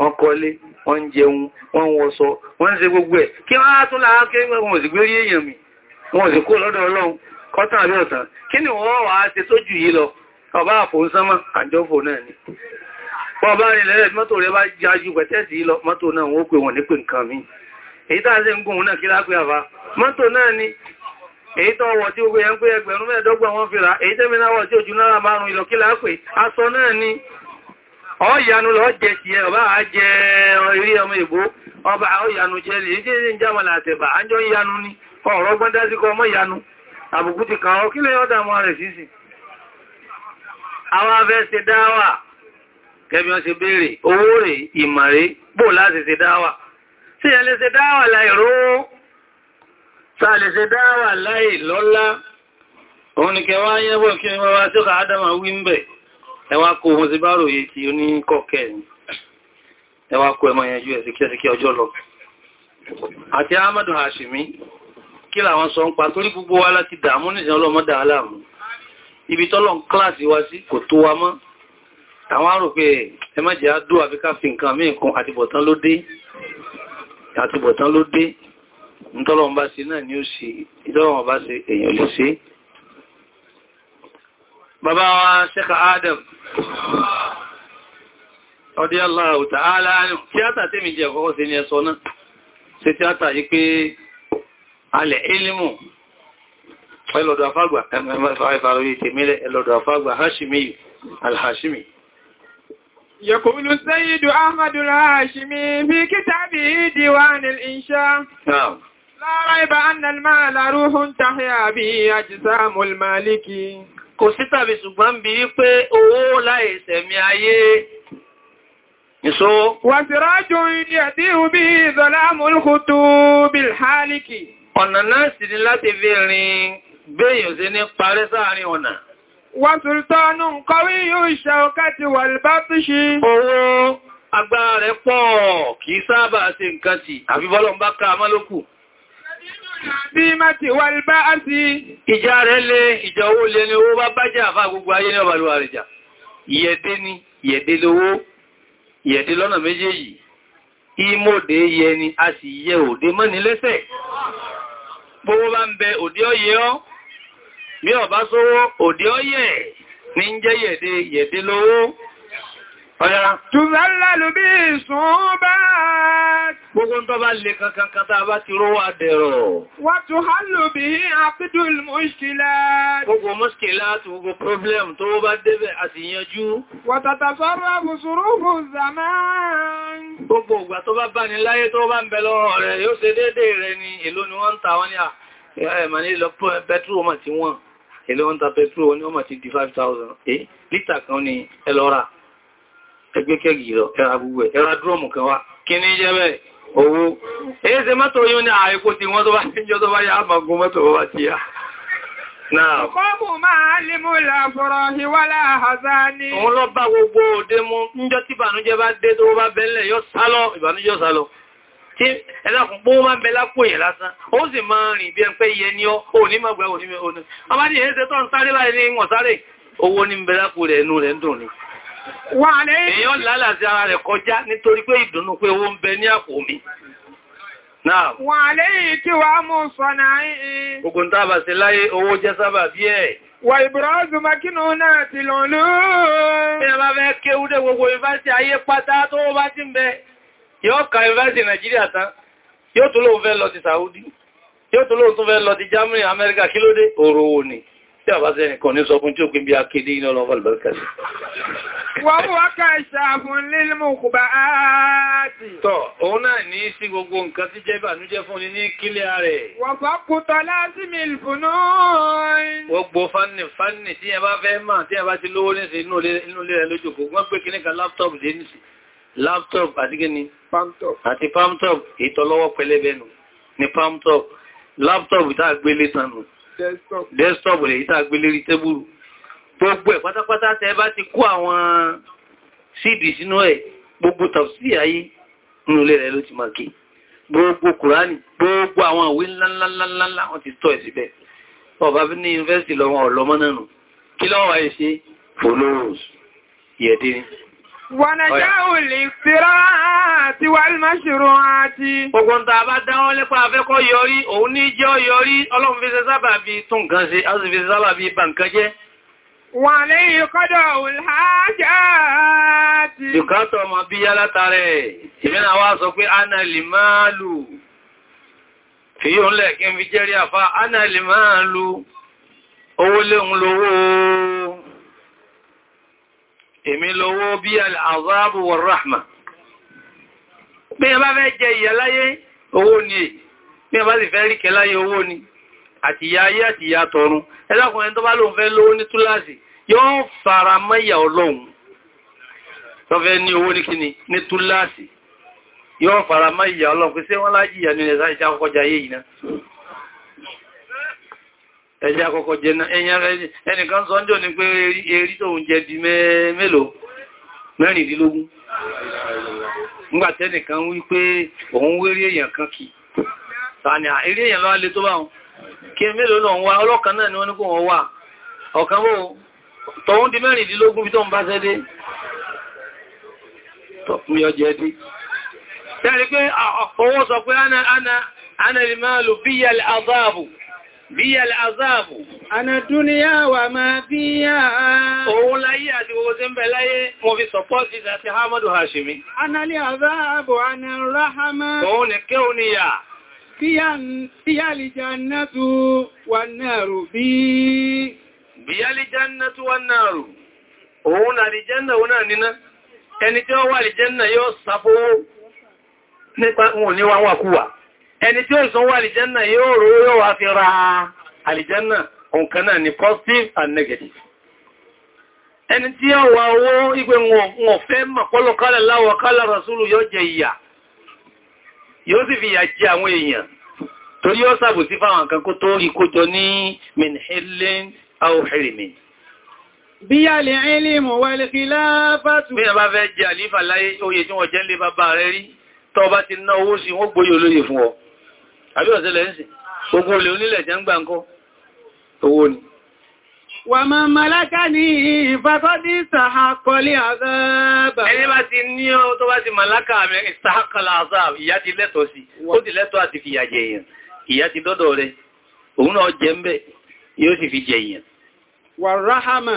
D: wọ́n kọ́lé wọ́n jẹun wọ́n wọṣọ wọ́n ṣe gbogbo ẹ̀ kí wọ́n á tún láàá kí wọ́n sì gbé orí èèyàn mi wọ́n sì kó lọ́dọ̀ Ọlọ́run kọ́tàn àbí ọ̀tàn kí ni wọ́n wà á ṣe tó jù yìí lọ ọba àfòúnsánmá àjọ́fò náà ni bọ́ bá rìn ọ̀yànú lọ jẹ ẹ ọba àjẹ orí ọmọ ìgbó ọba ọ̀yànú jẹ lè jẹ́ ní jámàlà àtẹ̀bà àjọ ìyanu ní ọ̀rọ̀ gbọ́ndá sí kọ ọmọ ìyanu àbùkù ti kàn ọ́ kí lè ọ́dà mọ́ rẹ̀ sí òun ni kẹwàá yẹ́bọ̀ kí ni wọ́n wá sí ọkà ẹwà kó wọn sí bá ròyè tí ó ní kọ́kẹ́ ni ẹwà kó ẹmọ yẹn us kíẹsíkí ọjọ́ lọ àti ahmadu hashimi kí làwọn sọ ń pa torí gbogbo wa láti dààmú nìṣẹ́ ọlọ́mọdà aláàmù ibi tọ́lọ̀ ń kíláàsì wá sí kò tó wa mọ́ àwọn arò pé ẹ má jẹ́ àdó àfi ká fi nǹkan míì kan àtibọ̀tán ló dé àtibọ̀tán ló dé bàbá wa Sheikh Adam radiyallahu ta'ala anhu tíátà tí mi jẹ́ ọkọ́kọ́ sí ni ẹsọ náà sí tíátà yí pé alẹ̀ ilmù ẹlọ́dọ̀ afágbà ẹmẹ́fàáfàárí tèmílẹ̀ ẹlọ́dọ̀ afágbà hashimi alhashimi
A: yẹkùnlù sayyidu ahmadu alhashimi fi kitabihi diwan al-insha la rayba anna al-mala ruhun tahya
D: bihi ajsamul maliki kò sí tàbí ṣùgbọ́n bí i pé owó láì sẹ̀mí ayé
A: ìṣó. wà sí rájò ilé àti ìhùbí ìzọ̀lá múlùkútù
D: bilhaliki. ọ̀nà náà sì ni láti fi rin béèyàn sí ní parẹ́ sáàrin ọ̀nà.
A: wà sùltánù kọwí yóò ṣẹ́ ọkàtí wà lbátíṣì. owó agbára
D: nǹkan tì àbíbọ́lọ̀ Bímátì wà ní bá á sí. Ìjà rẹ̀ lé ìjà owó lé ní owó bá bájá àfá gbogbo ayé ní ọbàlúwà rẹ̀ jà. Ìyẹ̀dé ni, ìyẹ̀dé lówó, ìyẹ̀dé lọ́nà méjèèjì. Ìmòdé yẹ ni a sì yẹ òdé mọ́ ní lẹ́sẹ̀. Gbogbo bá ń bẹ òdé ọyẹ ọ́,
A: bí ọ̀bá sówó òdé ọyẹ ní ń jẹ́ yẹ̀dé yẹ̀dé lówó. Ọ̀yá. Tùzálàlù bí ìsùn bá. Gbogbo tó bá lè kankan kata bá ti rówà dẹ̀rọ̀. Wà tó hálò bí i àpídùl
D: Gbogbo mọ́ṣkìlá tó gbogbo problem tó bá débẹ̀ àti yanjú.
A: Wà tàtà sọ́rọ̀ mùsùrùfù zaman.
D: Gbogbo ìgbà tó ni èló ni wọ́n ń ta wọ́n ní à ah, ẹ̀mà ní lọ pẹ́trú ọmọ tí wọ́n èló wọ́n ta pẹ́trú ọmọ ti di eh, ni ẹlọ́ra ẹgbẹ́kẹ́gì lọ ẹra gbogbo ẹ̀ ẹra dúrọ̀mù kan wá kí ní jẹ́ bẹ́ẹ̀ owó èyí ṣe mọ́tò yóò ní àìkó tí wọ́n tó bá ní jọ tó bá yá àmàgún mọ́tò bá ti yá
A: Ọkọ́bù máa lè mú ìlàgbọ̀rọ̀ ìwálà àzá ní. Òun lọ bá
D: gbogbo òde mú, níjọ́ tí ìbànújẹ́ bá dé tó bá bẹ́lẹ̀ yóò sálọ, ìbànújẹ́ yóò sálọ. Tí ẹlàkùn pó máa ń bẹ lápò èèyàn lásán, ó sì máa rìn èèyàn ní lálà ara rẹ̀ kọjá nítorí pé ìdùnnú pé owó ń bẹ ní àpò mi wà lẹ́yìn kí wà mú ogun tàbà sí láyé owó jẹ́ sábà bí ẹ̀
A: wà ìbúrọ́zù makínú náà ti lọ bí ẹ
D: bá fẹ́ kéwúdé gbogbo ìfásitì ayé pátá tó ti ń bẹ ka tí a bá sẹ́ nìkan ní sọ fún tí ó pín bí a kéde iná lọ fàlùbẹ́ríkà sí.
A: wọ́n wá ká ìṣàfún lílmù kùbà áàtì.
D: tọ́ òun náà ní sí gbogbo nǹkan tí jẹ́ ìbànújẹ́ fún ni ní kílẹ̀ rẹ̀.
A: wọ́n bá kútọ láti mi ìfúnú.
D: gbogbo fánì fánì tí ẹ bá fẹ́ mà tí ẹ bá ti lówó nísìn inú
A: desktop
D: lè yíta gbé lérí tébùrù gbogbo ẹ̀ pátápátá tẹ́ bá
A: ti kó àwọn
D: sídì sínú ẹ̀ gbogbo tafsir ayé nínú ilé rẹ̀ ló ti máa kí gbogbo kùránì gbogbo àwọn ìwé ńláńláńláńlá wọn ti tọ́ ẹ̀ síbẹ̀ ọba bí ní yunifásitì lọ́wọ́ ọ̀lọ́mọ́ náà nù kí lọ́wọ́ ayé ṣe follows yẹ̀dínrín
A: Wọ̀nàjá ò lè fẹ́rá àti wà ní máṣèrò àti.
D: Ogun tàà bá dáwọn lépa afẹ́kọ́ yọrí, òun ní jẹ́ yọrí, ọlọ́run fi ṣe sábà bí tún kan ṣe, a sì fi ṣe sábà bí bà nǹkan jẹ́.
A: Wọ́n lè kọ́dọ̀
D: èmi lówó bí àzáàbù wọ ráhmà bí ẹ bá fẹ́ jẹ ìyà láyé owó ni bí ẹ bá sì fẹ́ rí kẹ láyé owó ni àti ìyà ayé àti ìyà tọ̀run ẹlákùnrin tó bá lóun fẹ́ lówó ní túláàsì yóò fara mẹ́yà ọlọ́run tó ní ẹjẹ́ àkọ́kọ́ jẹ ẹnìkan sọ ń jò ní pé erí tó ń jẹ di mẹ́rìnlélógún mẹ́rìndínlógún nìkan wí pé òun wérí èyàn kan kì tàní àìrí èèyàn lọ́wọ́ lè tó bá wọn kí mélòó náà wá ọlọ́kan náà ni wọ́n ní kò wọ́n wà ọ̀kan bó tọ́hún di bá sẹ́dé Bí al'azáàbù. Àna dúníyà wà máa bí yá. Òun láyé àti owó tí ń bẹ láyé, mo fi sọpọ́sì àti Hamadu Hashimi.
A: Àna lè àzáàbù, àna ráhámá. Òun ni kí o níyà. Bí alìjannatu wà náàrù
D: bí. Bí alìjannatu wà náàrù. Òun àlìjanna òun náà níná. Ẹni tí ó wà àlìjanna yóò sàfowó nípa òun ní wà wà kúwà ẹni tí ó ìsanwó àlìjẹ́nà yóò rò yóò wá fi ra àlìjẹ́nà òǹkan náà ni positive and negative ẹni tí ó wà owó igbe wọn fẹ́ mọ̀pọ́lọ̀ kálẹ̀ láwọ̀ kálẹ̀ rasúlù yóò jẹ ìyà yóò sì fi ìyà jẹ àwọn èèyàn torí ó sàbòsí fáwọn kan kó tó rí kójọ ní minhelen aoherimin
A: bí a lè ilé-ìmọ̀ wà lè fi
D: láàpàtù. bí a bá fẹ́ jẹ àlífà láyé oyè tí wọ́n jẹ́ lé bàbá rẹ̀ rí tọ́ bá ti ná owó sí wọ́n gbóyè olóyè fún ọ àbí ọ̀sẹ̀lẹ̀ ń sì gbogbo olè onílẹ̀ jẹ́ ń gbà ń kọ́ owó ni
A: wà máa maláká ní ìfàkọ́dí ìsàhàkọlé
D: àzáàbà ẹni bá ti ní ọ tó bá ti maláká mẹ́rin ìsàhàkọlá àzáàbà ìyá ti lẹ́tọ̀ sí ó ti lẹ́tọ̀ àti fi yàjẹ̀ èèyàn ìyá ti dọ́dọ̀ rẹ̀ òun náà jẹ́ ń yóò sì fi jẹ èèyàn
A: wà ráhámà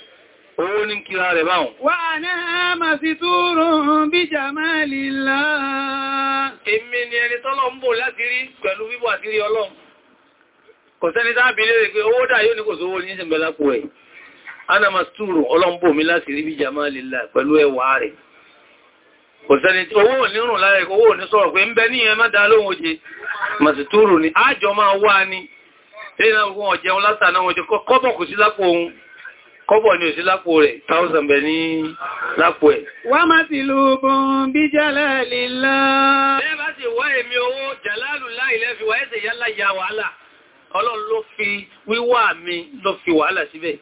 D: owó ní kíra rẹ̀ báhùn. Wà
A: náà máa fi túrò bí jàmálìlá.
D: Èmi ni ẹni tọ́lọ ń bò láti rí pẹ̀lú bíbò àti rí ọlọ́run. Kò sẹ́ni tábí lè pé owó dà yóò ní kò sówó ní ṣẹ̀mẹ̀ lápò ẹ̀. Ana máa túrò ọlọ́mbò mi láti rí bí jàmálìlá pẹ̀lú ẹwà rẹ̀. Kò sẹ́ni tí owó ní rùn lára owó ní sọ̀rọ̀ pé ń bẹ ní ẹ má dá lóhun oje. Màsìtúrù ni, ájọ máa wá ni. Ṣé ìlànà ọjẹun látà náà wọ́n jẹ kọ́bọ̀ kò sí lápò ohun kọ́bọ̀ ni òsí lápò rẹ̀ thousand bẹ̀ ní lápò ẹ̀. wá má ti lò bọ̀n bí jálálìlá. bẹ́ẹ̀ bá ti wá èmi owó jàlálùlá ilẹ̀ fi wà yálà ya wàhálà ọlọ́run ló fi wíwà mi ló fi wàhálà síbẹ̀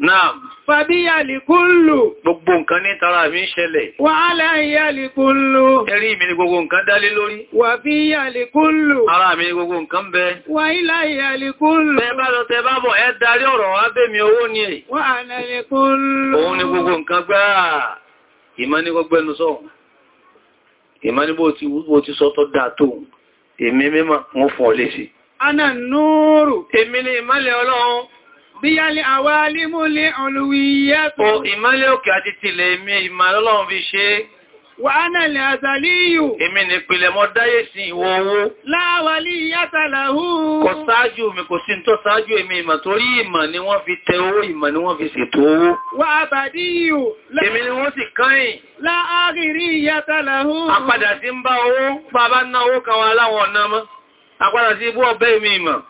D: Naam. Fàbí yàlìkúnlù. Gbogbo nǹkan ní tara mi ń ṣẹlẹ̀.
A: Wà á láì yàlìkúnlù.
D: Ẹ̀rí mi ni gbogbo nǹkan dálé lórí. Wà bí yàlìkúnlù. Ara mi ni gbogbo nǹkan bẹ. Wà ilá yàlìkúnlù. Tẹ bá lọ tẹ bá bọ̀ ẹ darí ọ̀rọ̀ wá owó ni ẹ̀. Wà á láìkúnlù. Òun ni gbogbo nǹkan gbá. Ìmọ́ ní gbogbo ẹnu sọ. Ìmọ́ ní bó ti sọ tọ́ dáa tó. Èmi mímọ̀ wọ́n fọ́ lé sí. Ana núrù. Èmi ni ìmọ́lẹ̀ Ọlọ́run bí yálé àwálímú lé olùwìyẹ́ tó. O ìmọ́lẹ̀ òkè àti tilẹ̀ mi ìmọ̀ lọ́lọ́run fi ṣe é. Wà ánà lè àzàlíyù. Èmi ni ìpìlẹ̀ mọ́ dáyé sí ìwọ
A: owó. Láàwàlí yátàlàhú. Kò
D: sáájú mi kò sí tó sáájú èmi ìmọ̀ torí ìmọ̀ ń bá owó,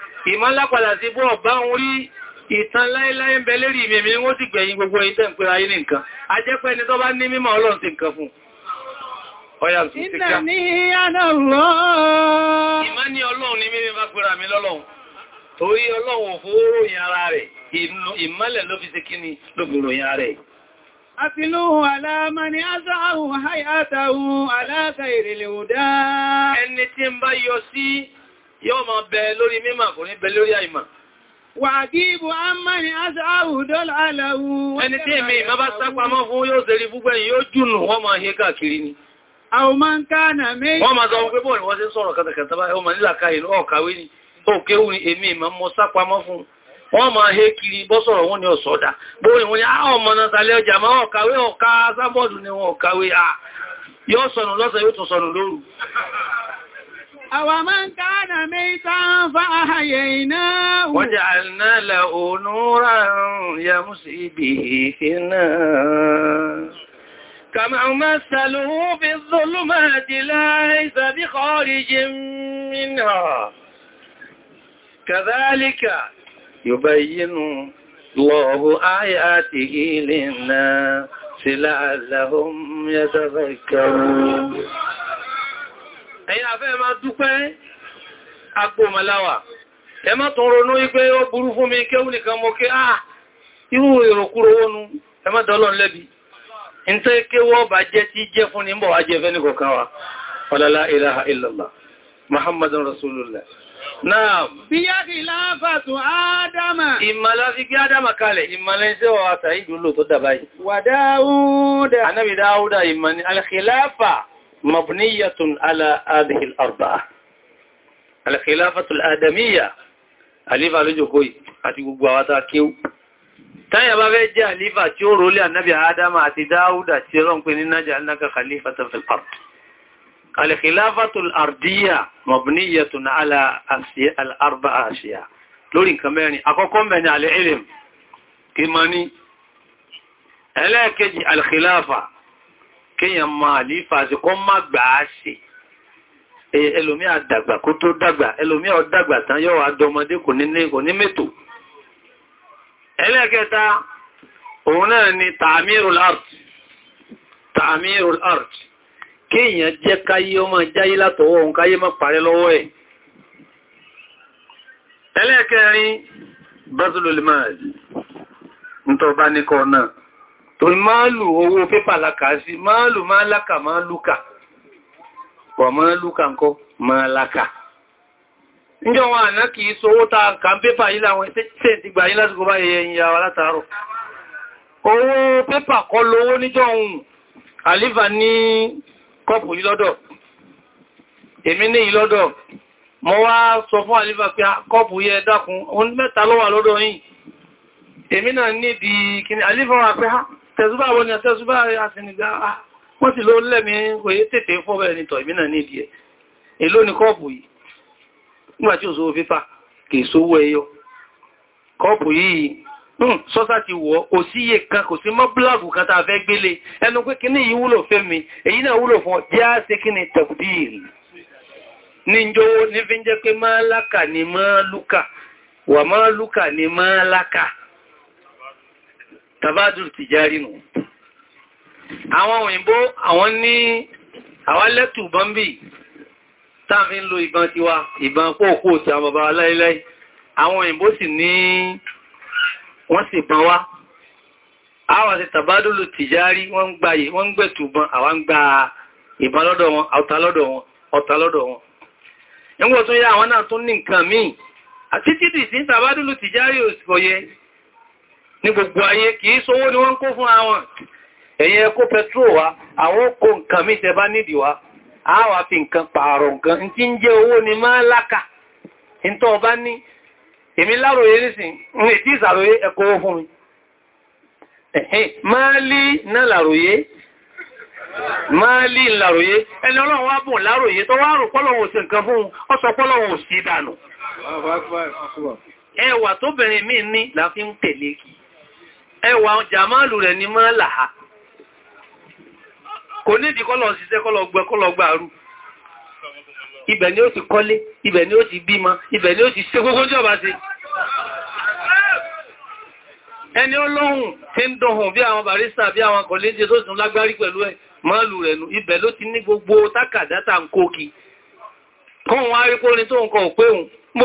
D: ìmọ́lápàdà sí bọ́ ọ̀bá ń rí ìtàn láíláí ń bẹ lérí ìmẹ̀mí wọ́n ti gbẹ̀yìn gbogbo ìtẹ́ ń pèrà ayé nǹkan ajẹ́pẹ́ ni tó bá ní mímọ̀ ọlọ́run ti nǹkan fún torí ọlọ́run fòóròyìn ara rẹ̀ ìmọ́lẹ̀ ló fi ṣe kíni lóbìnròyìn ara rẹ̀ Ẹni tí ń bá yọ sí yóò máa bẹ lórí mímọ̀ kò ní bẹ lórí àìmọ̀
A: wàgíbù àmàrí aṣáàrù dọ́là aláwù ẹni tí èmì
D: ìmá bá sápamọ́ fún yóò zèrí fúgbẹ̀yìn yóò jùnù wọ́n máa hẹ káàkiri ni
A: àwọn máa ń méjì wọ́n máa
D: kiri bọ́sọ̀rọ̀ wọ́n ni ọ̀sọ̀dá bóyìn wọ́n ni a ọmọ náà ọjà máa ọ̀kàwé
A: أو كان ميتا فأحييناه وجعلنا
D: له نورا يمسي به في الناس كما مثله في الظلمات ليس بخارج منها كذلك يبين الله آياته للناس لعلهم يتذكرون ẹ̀yin afẹ́ máa dúpẹ́ àpò màláwà ẹ má tún ronú wípé ó burú fún mi kéhù nìkan mọ́ kí áà ah, irú èròkúrò wónú ẹ má dọ́lọ́n lẹ́bi ń tẹ́ kéwọ́ bà jẹ́ tí jẹ́ fún ní mbọ̀ wá jẹ́ wa ọlọ́lá ilaha illallah muhammadun rasulullah náà bí yá kì láàfàtún ádámà ìmàlá fi gbé ádámà kalẹ̀ ìmàlá iṣẹ́ wà sàídùú lò tó dàbáyìí wà dáúdà anábì dáúdà ìmàní مبنية على هذه الأربعة الخلافة الآدمية àlífà lójòkó yìí àti gbogbo àwátá kíw táyà bá fẹ́ jẹ́ àlífà tí ó rólé ànábì Ádámà àti Dáúdà tí ọlọ́n pè ní nájà annaka khalifatan fil ard al-khilafatul ardiyya mabniyatun ala al-arba'a ashiya lórí nǹkan mẹ́rin àkọ́kọ́ mẹ́rin al-ilm kí mani ẹlẹ́ẹ̀kejì al-khilafa kéèyàn máa àlífà sí kọ́ má gbà á sí ẹlòmí àdàgbà kó tó dàgbà ẹlòmí ọ̀dàgbà tán yọ́ àdọmọdé kò ní mẹ́tò ẹlẹ́kẹta òun náà ni tààmírùl art tààmírùl art kéèyàn jẹ́ káyé ọmọ jáyé látọwọ́ òun káyé má parẹ́ lọ́wọ́ ẹ̀ ẹlẹ́kẹrin bazulul maal ń tọ́ bá ní kọ́ náà torí máàlù owó pépà lákà sí máàlù máa lákà máa lúkà pọ̀ máa lúkà ń kọ́ máa lákà níjọ́ wọn àná kì í sówó yìí láwọn gbà
A: owó pépà kọ́ lówó níjọ ohun
D: àlífà ní kọ́pù yìí lọ́dọ̀ èmi ní lọ́dọ̀ wá sọ fún àlífà pé ah, kọ́pù yẹ dákun tẹ̀sùbá ah, wọ́n ni tẹ̀sùbá àṣìnìgbà wọ́n ti ló lẹ́mí kò yé tètè fọ́bẹ̀ ní tọ̀ ìbínà ní ìdí ẹ̀ èló ni kọ́ọ̀pù yìí nígbà tí ò sówó fífà kì í sówó ẹyọ kọ́ọ̀pù yìí hmm, sọ́sá ti wọ́ kò sí iye kan kò sí mọ́ búlọ́ọ̀gù kan tàà fẹ́ gbélé ẹnu pé kíní yìí wúlò fẹ́ mi èyí náà wúlò fún jẹ́ á kíní tẹ̀kùdíìrì ní jọ̀wọ́ ní fi ń jẹ́ pé máa lákà ni máa lúkà wà máa lúkà ni máa lákà tàbádùn ti járí nù àwọn òyìnbó àwọn ní àwọn lẹ́tù bọ́m̀bì táàfí ń lo ìbọn tiwa ìbọn kóòkó ti àwọn bàbá aláìláì àwọn òyìnbó sì ní wọ́n sì bọ́n wá àwọn àti tàbádùlù tìjárí wọ́n ń gbáyé wọ́n ń gbẹ̀tù bọ́n àwọn gba ìbọn lọ́dọ̀ wọn ọ̀tà lọ́dọ̀ wọn ọ̀tà lọ́dọ̀ wọn nígbà tó yá àwọn náà tún ní nǹkan míì àti títì sí tàbádùlù tìjárí òsìkọ̀yẹ ní gbogbo ayé kìí owó ni wọ́n kó fún àwọn ẹ̀yẹ kó pẹtrò wa àwọn kó nǹkan mí tẹba nídìí wa a wà fi nǹkan pààrọ̀ nǹkan n tí ń jẹ owó ni máa láka ìntọ́ ọba ní èmi láròyé nísìn ní ètí ìsàròyé ẹ̀kọ́ owó fún mi máa lí náà láròyé máa lí láròyé ẹni ọlọ́run wá bùn láròyé tó wá rò pọ́lọ̀wọ̀ sí nǹkan fún ọ sọ pọ́lọ̀wọ̀ sí dànù ẹwà tóbìnrin míì ní la fi ń tẹ̀lé kìí ẹwà jàmáàlù rẹ̀ ni máa làá kò nídìí kọ́lọ̀ ṣiṣẹ́ kọ́lọ̀ gbẹ kọ́lọ̀ gbàrú ibẹ̀ ni ó ti kọ́lé ibẹ̀ ni ó ti ma ibẹ̀ ni ó ti ṣe gbogbo jọba sí ẹni olóhùn tí ń dọ̀hùn bí àwọn barista bí àwọn kọ̀lẹ́jẹ́ tó tún lágbárí pẹ̀lú máàlù rẹ̀ nù ibẹ̀ ló ti ní gbogbo tákàdátà gbogbo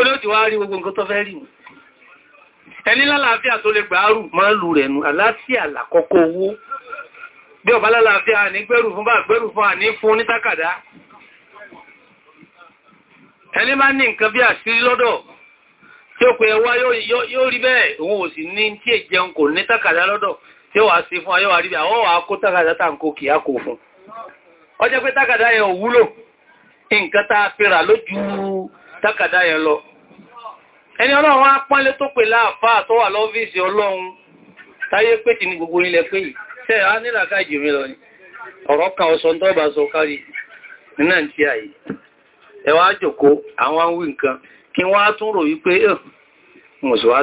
D: nǹkan tó fẹ́ ẹni lálàáfíà tó lè gbàárù máa lù rẹ̀ nù àlàáfíà làkọ́kọ́ owó bí ọ̀bá lálàáfíà ní gbẹ́rù fún bá fún àní fún ní ẹni máa ní nǹkan bí àṣírí lọ́dọ̀ tí ó pè ẹwà yóò rí bẹ́ẹ̀ òun ò sì ní tí ní lọ́dọ̀ tí ó wà sí fún ayọ́wà rí bí ẹni ọlọ́run wá pọ́nlé tó pè láàfáà tó wà lọ́fíìsì ọlọ́run táyé ní gbogbo ilẹ̀ pé tẹ́ a nílà káàkiri mi lọ ni ọ̀rọ̀ kan ọsọ tó bá sọ kárí nínà tí a yìí ẹwà àjòkó àwọn nǹkan kí wọ́n á tún rò wípé wá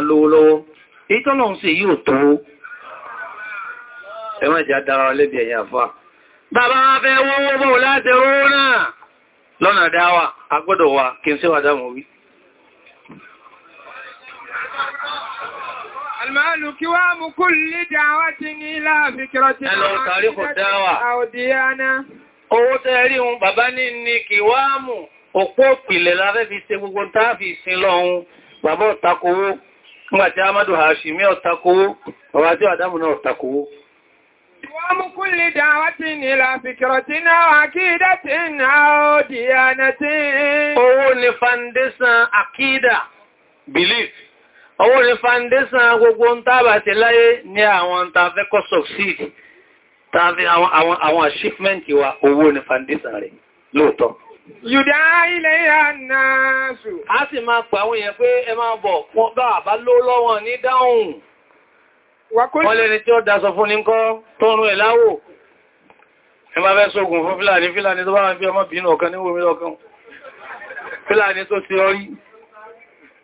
D: lówó lọ́wọ́
A: المال كوام كل دعوة إلى فكرة أنا أو ديانة owó tẹ́rí ohun bàbá
D: ní ní kí wá mú òpó òpìlẹ̀ láfẹ́ fi ṣe gbogbo táàfì ìsin lọ́hun bàbá ọ̀takowó nígbàtí amadu hashimi ọ̀takowó bàbá tí àdámù náà ọ̀takowó
A: wọ́n mú kúlì tí ní láfikìrọ̀ náà àkídà tí náà
D: owó ni foundation gbogbo ń tábà ti láyé ní àwọn tafẹ́kọ́ succeed tàbí àwọn achievement wa owó ni foundation rẹ̀ lóòtọ́ yùdá ilẹ̀ ànáṣù a sì máa pẹ̀ àwọn èèyàn pé ẹ máa bọ̀ wọ́n bá àbá ló lọ́wọ́n ní dáhùn wọ́n lẹ́ni tí ó dasọ fún ní kọ́ tọ́rún ẹ̀ láwò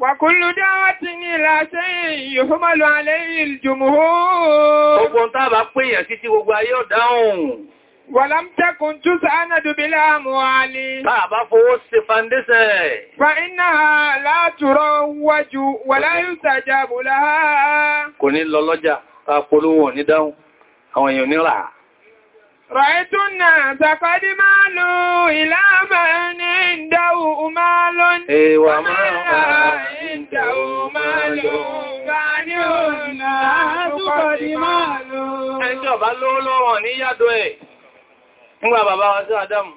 A: وكل دعوة إلى شيء
D: يحمل عليه الجمهور Ogun tá bá pè yàn títí gbogbo ayé ó dáhùn.
A: Wàlám tẹ́kùn tún sánàdù bí láàmù àlè. Táà bá fowó sí fàndẹ́sẹ̀. Fa iná látùrọ wájú wà
D: Kò ní lọ lọ́jà, ta polówó ní dáhùn, àwọn èèyàn ní ràá.
A: Rọ̀ẹ́tún náà sàkọ́dí máa lò ìlàmà ní ìdáwò máa
D: lò ní ìwà máa ìdáwò máa lò bá ní òun àtúkọ́dí máa lò. Ẹjọ́ bá lówó lọ́wọ́ ní yàdọ̀ ẹ̀. Nígbà bàbá wa sí Ádámù,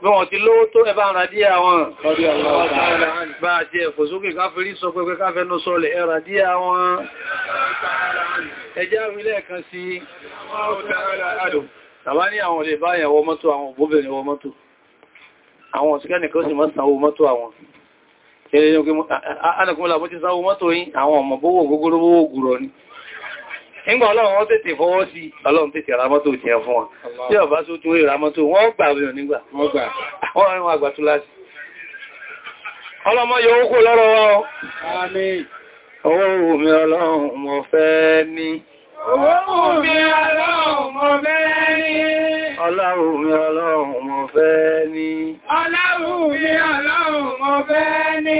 D: bí wọ́n ti lówó tó ẹbá ń radíà wọn. Bá àti ẹ̀fò sókè káfẹ́rí sọ pé káfẹ́ ló sọlẹ̀ ẹ radíà wọn tàbá ní àwọn olè bá ìyàwó mọ́tò àwọn òbóbìnrin wọ mọ́tò àwọn òsìkẹ́ nìkan sì mọ́sàn owó mọ́tò àwọn anàkúnlá bó ti sáwó mọ́tò yí àwọn ọmọ bówó gógóró
A: owó gùrọ̀ ni
D: nígbà ọlọ́run wọ́n Owó mi ọlọ́run mọ̀ bẹ́ẹ̀ ni. Ọlọ́run mi ọlọ́run mọ̀ bẹ́ẹ̀ ni.
A: mi ọlọ́run
B: mọ̀ bẹ́ẹ̀ ni.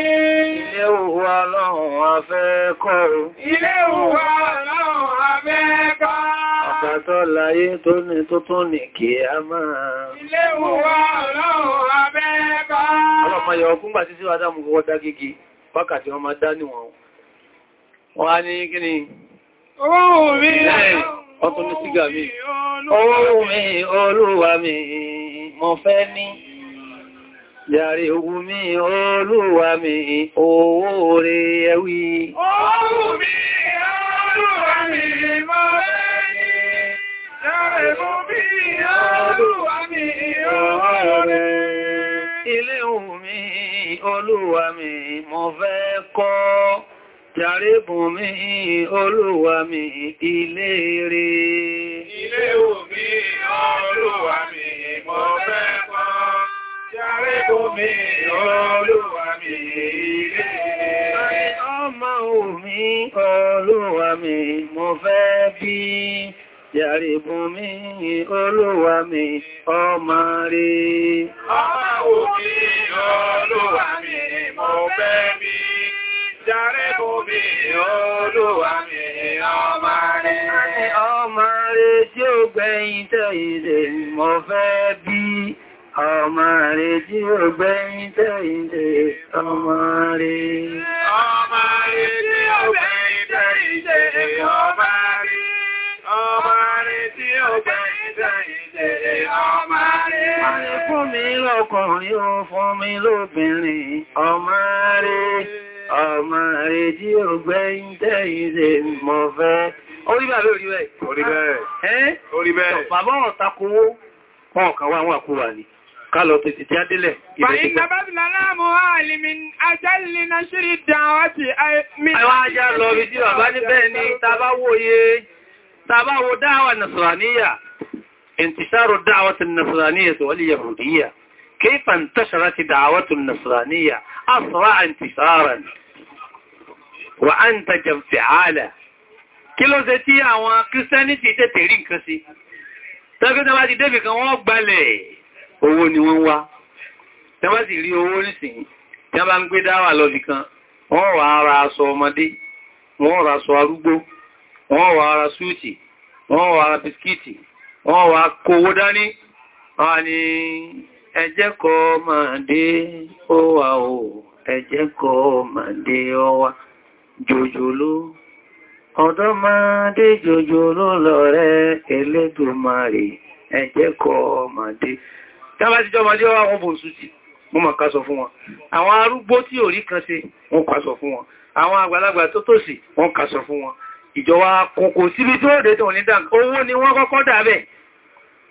B: Ilé òwúwa ọlọ́run a fẹ́ kọ́ o.
D: Ilé òwúwa
A: ọlọ́run a fẹ́ kọ́.
D: Àpàtọ́ láyé tó ní tó tún ní kí a máa. Ilé òwúwa ọlọ́run a fẹ́ kọ́.
A: Ọlọ́mọ yọ ọkúngbà
D: títí wájá mú wọ́dá gígí, wákàtí wọ́n máa dá níwọ̀n. Wọ́n á ní kíni Ọwọ́ mi ọkùn mi. Ọwọ́ mi olúwa mi mo fẹ́ ní. Yàrí ogun mi olúwa mi owó rẹ̀ ẹwí. mi olúwa
A: mi mo fẹ́ ní. Yàrí ogun mi
B: olúwa mi
D: owó rẹ̀. Ilé ohun mi olúwa mi mo fẹ́ kọ́. Yàrí bùn mí olúwa mi ilé rí. Ilé wù
B: mí olúwa mi
A: mo fẹ́ kọ́. Yàrí bùn mí olúwa mi ilé rí.
D: Ọmọ wù mí olúwa mi mo fẹ́ bí. Yàrí bùn mí olúwa mi ọmọ rí. Ọmọ wù mí olúwa
B: mi mo fẹ́ bí jàre bómi
C: olúwa
B: mi ọmọ
C: rẹ̀.
D: Ọmọ rẹ̀ tí ó gbẹ̀yìn tẹ́ ilé mọ̀ fẹ́ bí. Ọmọ rẹ̀ tí ó gbẹ̀yìn tẹ́ ilé ọmọ rẹ̀. Ọmọ rẹ̀
B: tí ó gbẹ̀yìn tẹ́ ilé ọmọ rẹ̀. Ọmọ rẹ̀ tí ó gbẹ̀yìn tẹ́ ilé ọmọ rẹ̀. Ọmọ rẹ̀
D: fún mi lọ́kùnrin, ó fún mi lóbìnrin, ọmọ rẹ̀ ọmọ rẹ̀ tí ó gbẹ́yìn tẹ́yìn ṣe mọ̀ fẹ́. Orí bẹ́ẹ̀ lórí bẹ́ẹ̀. Orí bẹ́ẹ̀. Ẹ́ orí bẹ́ẹ̀. Bàbá wọn takowó, wọn kàn wá wọn àkúwà ni. Ká lọ tètè tí á délẹ̀. Fàyínà
A: bábìlá náà mú ààlì mi ajálì náà ṣírí dáwà ti mi. Àwọn ajá lọ
D: Nasraniya, intisharu dáwà ti Nasraniya tó wal Yahudiyya. أسرع انتشارا وأنتج انفعالا kí ló ala. tí àwọn kírísítẹ́nì ti tètè rí nǹkan sí tẹ́gbẹ́ta bá ti débì kan ni wọ́n wá tẹ́ bá sì rí owó nìsìn tẹ́ bá ń gbé dáwà lọ́bì kan wọ́n ara aṣọ ọmọdé wọ́n wà aṣọ arúgbó ara ara ẹjẹ́ kọ màdé ó wà ó ẹjẹ́ kọ màdé ó wà jòjòló ọ̀dọ́ máa dé jòjòló lọ rẹ Elédùmarè ẹjẹ́ kọ màdé tábà tíjọ́ màdé ó wà wọn bò sùtì mo máa kásọ fún wọn àwọn arúgbó tí ò rí kan ṣe wọ́n kásọ fún wọn àwọn àgbàlagbà tó tòsí wọ́n kásọ fún wọn ìjọba kòkò síbi tó dé tó ní dáńkà owó ni wọ́n kọ́kọ́ dà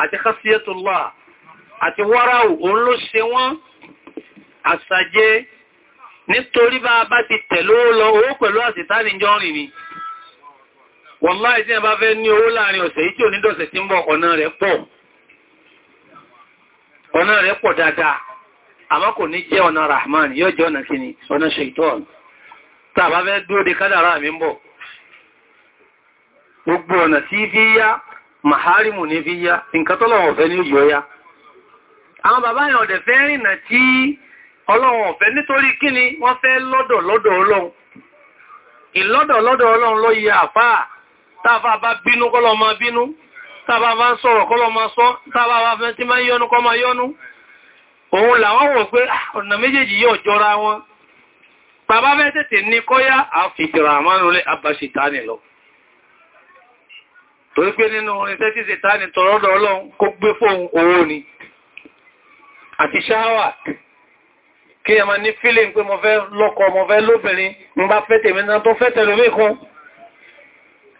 D: àti kásíyẹ́tùlá àti wáráwù òun ló ṣe wọ́n àṣàjẹ́ nítorí bá bá ti tẹ̀lé lọ owó pẹ̀lú àṣìtáni jọ ni wọ́nláì tí ẹ bá fẹ́ ní owó láàrin ọ̀sẹ̀ yìí tí ò ní dọ̀sẹ̀ tí ń bọ̀ ọ̀nà rẹ̀ pọ̀ ọ̀nà rẹ̀ ọna dáadáa àmọ́ kò ní jẹ́ ọ̀nà rahman yóò jẹ́ ọ̀nà maharimu ní fi yá nǹkan tọ́lọ̀wọ̀ ọ̀fẹ́ ní ojú ọya àwọn bàbá yàn ọ̀dẹ̀ fẹ́ rìnà tí ọlọ́run ọ̀fẹ́ nítorí kíni wọ́n fẹ́ lọ́dọ̀ lọ́dọ̀ ọlọ́run ìlọ́dọ̀ lọ́dọ̀ ọlọ́run ló yẹ àfáà táàfà bá bínú kọ́lọ́ máa bínú táàfà bá ń sọ̀rọ̀ kọ́lọ́ máa sọ táàfà bá fẹ́ tí máa ń yọnu kọ́ máa yọnu òun làwọn wò pé ah, ọ̀nà méjèèjì yóò jọra lọ torí pé nínú orin tẹ́tí sí tání tọrọ́dọ̀ ọlọ́run
A: kó gbé fóun owó
D: ni àti ṣáwà kí ẹ ma ní fílìn pé mo fẹ́ lọ́kọ mo fẹ́ lóbìnrin mo bá fẹ́ tèmi náà tó fẹ́ tẹ̀lómí kan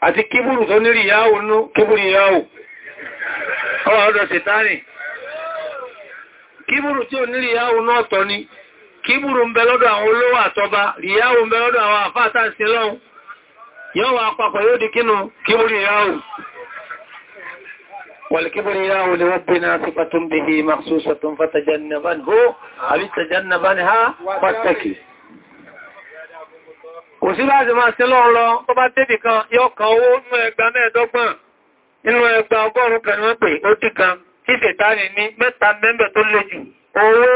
D: àti kíbùrù tó nírí ìyáwó nú kíbùrù ìyáwó ọwọ́ ọdọ̀ sẹ̀tánì kíbùrù tí ò nírí ìyáwó náà tọ́ ni kíbùrù ń bẹ lọ́dọ̀ àwọn olówó àtọba ìyáwó ń bẹ lọ́dọ̀ àwọn àfáà tàṣílọ́hun yóò wà papọ̀ yóò di kínú kíbùrì yáwù والكبر إله لربنا صفة به مخصوصة فتجنبنه أو تجنبنها فاتكي kò sí láti máa sí lọ́rọ̀ lọ tó bá débì kan yóò kan owó inú ẹgbà mẹ́ẹ̀dọ́gbọ̀n inú ẹgbà ọgọ́rùn kan ni wọ́n pè ó dì kan tí sẹ̀tàrí ní mẹ́ta mẹ́mẹ́ tó lè jù
A: owó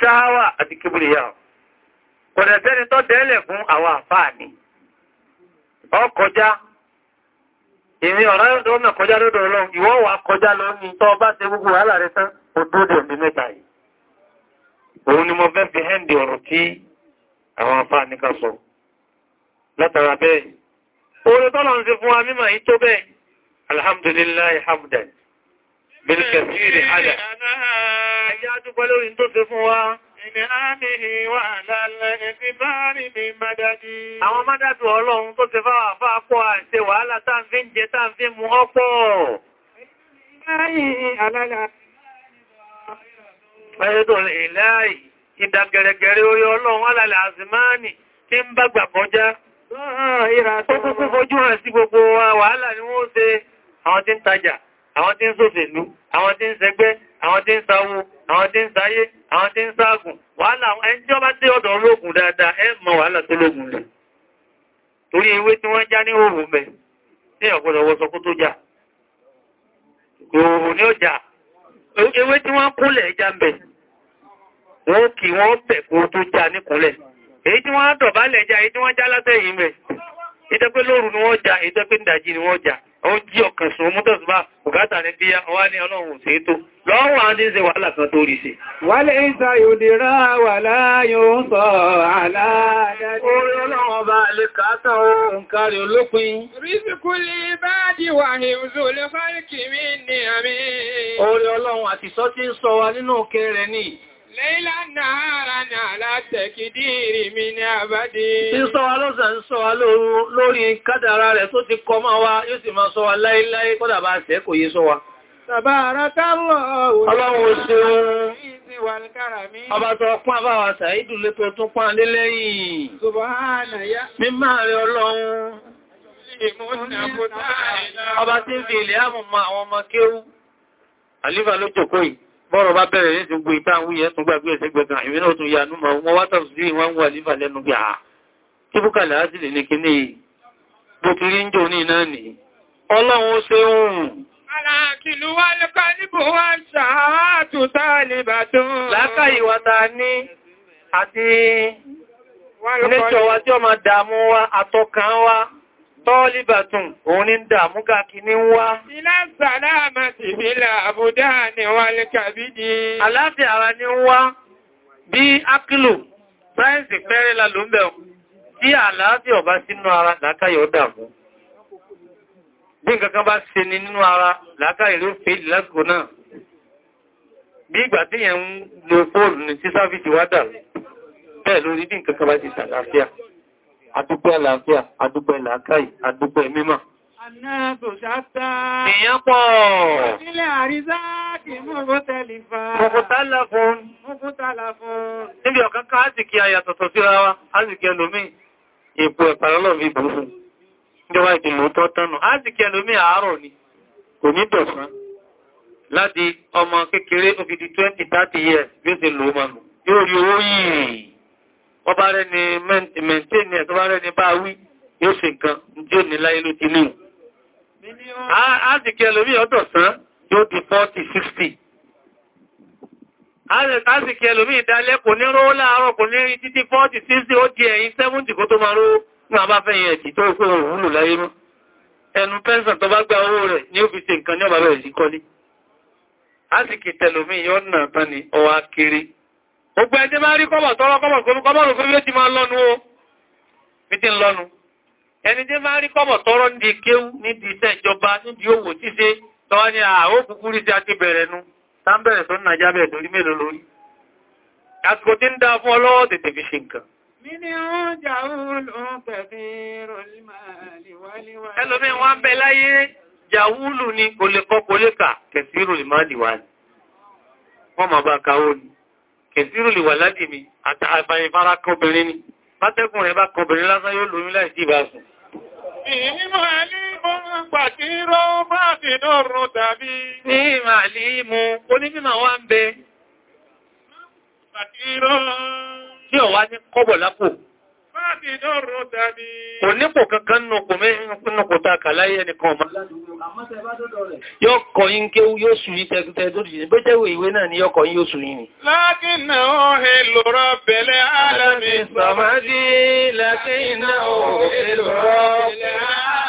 A: sáwà àti kíbùrìyà
D: kò dẹ̀ sẹ́ni tó dẹ́lẹ̀ fún àwọn àfáà ni ọkọjá ìrìn ọ̀rọ̀ ọ̀nà kọjá lọ́dọ̀ ọlọ́run ìwọ́ wà kọjá lọ ní tọ́ bá ṣe gbogbo wàhálà rẹ̀ tán
C: òdúdó ọ̀dẹ́ mẹ́ta yìí
D: òun ni mo fẹ́ fi hẹ́ndì ọ̀rọ̀ tí àwọn afá níka sọ látara bẹ́ẹ̀ oore tọ́lọ̀ ń ṣe fún wa mímọ̀ yìí tó bẹ́ẹ̀ alhamdulillahi hamdan bil kathiri ẹ̀yà dúpẹ́ lórí tó ṣe fún wa min àmìhì wà lálẹ́ Àwọn mádádù ọlọ́run tó ti fáwà fáà àìṣe wàhálà tá fi ń jẹ tá fi mú ọpọ̀. ìdàgẹ̀rẹ̀gẹ̀rẹ̀ orí ọlọ́run alàlẹ̀ àzìmáàni tí ń bá gbà kọjá.
B: Ó kúkú fojú hàn sí gbogbo
D: àwọn tí ń sáwó àwọn tí ń sáyé àwọn tí ń sáàgùn wàhálà ẹjọ́ bá tí ọ̀dọ̀ ológun dáadáa ẹ mọ̀ wàhálà tó lè torí ewé tí wọ́n já ní òhùn mẹ́ ní ọ̀gbọ̀dọ̀ wọ́sọ kó tó já òhùn ní ọjà ewé tí wọ́n já wọ́n kì wọ́n kó tó já níkúnlẹ̀ èyí tí wọ́n dọ̀bálẹ̀ já èyí tí wọ́n já látẹ̀yìn mẹ́ ìtẹ́pẹ́ ó jí ọ̀kan sùn mútọ̀sùnmá bùkátà ní bí wá ní ọlọ́run sí tó lọ́wọ́ àdí ṣe wàhálà kan tó rí sí
A: wálé ìta ìdírá wà láyò ń sọ àláàdájú orí ọlọ́run bá lè ń
D: sọ Léílá náàrà ní alátẹ̀kìdìrì mi ní àbádé. Tí sọ wa lọ́sàn ń sọ wa lórí re rẹ̀ ti kọ máa wa, yóò sì máa sọ wa láíláí kọ́dà bá ṣẹ́ kò yé sọ wa. Ọba tó pán báwa sàídù lé tó tún Ọba tí ń fi ọmọ bọ́rọ̀ bá bẹ̀rẹ̀ ní ti gbé ìta àwọn ìyẹn tún gbàgbé ẹ̀sẹ̀ gbẹ̀gàn ìwé náà tún yanu mọ̀ wọ́n wá tàbí sí ìwọ̀n wà nífà lẹ́nu gbà á ah, kí búkàlẹ̀ á sì lè ní kíní bó ti rí ń jò ní iná nì ọlọ́run ṣe ohun Tọ́líbàtún, òun ní dàmú káàkì ní wá.
A: Ilá sàlámà ti fílà àbúdá ni wà lè kàbídì. Aláfíà ara ní wá bí ákìlù,
D: sáyẹ̀nsì pẹ́rẹ́ la ló ń bẹ̀ tí àlàáfíà ọba sínú ara làákàyọ̀ dàmú. Bí nǹkankan bá ṣe ni nínú ara làákàyọ̀ ló fèé lásìkò náà. Bí ìgbà tí yẹn ń lo fóònù ní sí sáfíìsì wá dàrú, bẹ́ẹ̀ lórí bí nǹkankan bá ti sàlàáfíà adúpẹ́ àlàáfíà, adúpẹ́ làákàì, adúpẹ́ mímọ̀.
B: Èèyàn pọ̀. Ìpínlẹ̀ àrízá kì mú ọgbọ́ tẹ́lì fà. Mọ̀kútálà fún. Mọ̀kútálà fún.
D: Níbi ọ̀kan ká ázìkí ayàtọ̀tọ̀ sí ra wa, ázìkí ẹlòmí, èpo ẹ̀pàrọ́lọ̀ mi bú fún. Ìjọba ìdìlò tọ́ tánu, ázìkí ẹlòmí àárọ̀ ni, kò ní dọ̀sán. Láti ọmọ kékeré ó fi di 20-30 years bí ó ti lò ó mọ̀. Yóò rí owó yìí wọ́n bá rẹ̀ ni mẹ́ntẹ́ni ẹ̀ tó bá rẹ̀ ni bá wí yóò ṣe nǹkan tí ó ní láyé ló ti níhùn. a ti kí ẹlòmí ọdọ̀ sán yóò di 40-60 a ti kí ẹlòmí ìdálẹ́ kò ní rówó láàárọ̀ kò ní rí títí 40-60 ó di ẹ̀yìn 70 kó tó máa ró ní àbáfẹ́yìn ẹ̀jì tó fẹ́ òhúnlù láyé mú ẹnu pẹ́nsàn tó bá gba owó rẹ̀ ní Gbogbo ẹjẹ́ máa rí kọ́bọ̀ tọ́rọ kọ́bọ̀ tó kọ́bọ̀ rò fún ti máa lọ́nu o, fi ti ń lọ́nu. Ẹni máa rí kọ́bọ̀ tọ́rọ ní kéwú níbi iṣẹ́ ìjọba níbi owó ṣíṣe tọ́wọ́ ni àwọ́ kúkúrú sí àti bẹ̀rẹ̀ nu, tá tó nàjá bẹ̀ torí mélòó lórí. Àsìkò tí ń dá fún ọlọ́wọ́ tètè fi ṣe nǹkan. Ẹlòmí wọn bẹ láyé jàwúlù ni kò lè kẹ̀sí rò kẹ̀sírù lè wà láti mi àtàfàyè fara kọbìnrin ni bátẹ́kùn rẹ̀ bá kọbìnrin lásán yóò lóyún láì sí ìbásun.
A: Ìmọ̀ àlímú pàtíró bá ti dọ̀rùn tàbí. Ní ìmọ̀ àlímú, onímọ̀ wá ń bẹ.
D: Kò nípò kankan nùkù mẹ́rinukú ta kàláyé ẹnìkan ọmọ. Yóò kọ̀ yí ń ké yóò sùn tẹ́gbẹ́ tó dìde. Bó jẹ́ ìwé náà ni yóò kọ̀ yí yóò sùn ni.
A: Lákínà òhe lòrọ̀ bẹ̀lẹ̀ alami sọmọ́dí. Lákínà òhe lòrọ̀ bẹ̀lẹ̀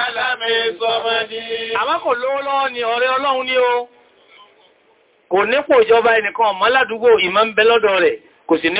D: alami sọmọ́dí. Àmọ́ kò lówó lọ́wọ́ ni ọ̀rẹ́ Ọlọ́run ni ó. Kò ní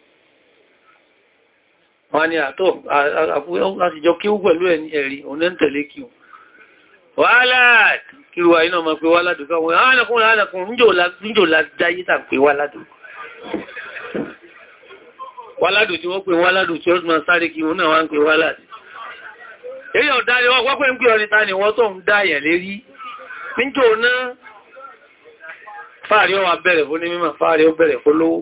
D: wọ́n ni àtọ́ láti jọ kí ó pẹ̀lú ẹ̀rí onẹ́ntẹ̀lé kí wálàd kí wà iná ma pé wálàdù káwọn ánàkùnrin ah, ánàkùnrin níjò lájáyé tà pé wálàdù wálàdù tí wọ́n pè wálàdù tí ọ́sùn sáré kí wọ́n náà wá ń pè wálàdù èyí ọ̀dá ni wọ́n pẹ́ ń pè ọ̀rìn tani wọ́n tó ń dá àyà lérí níjò náà fáàrí ọ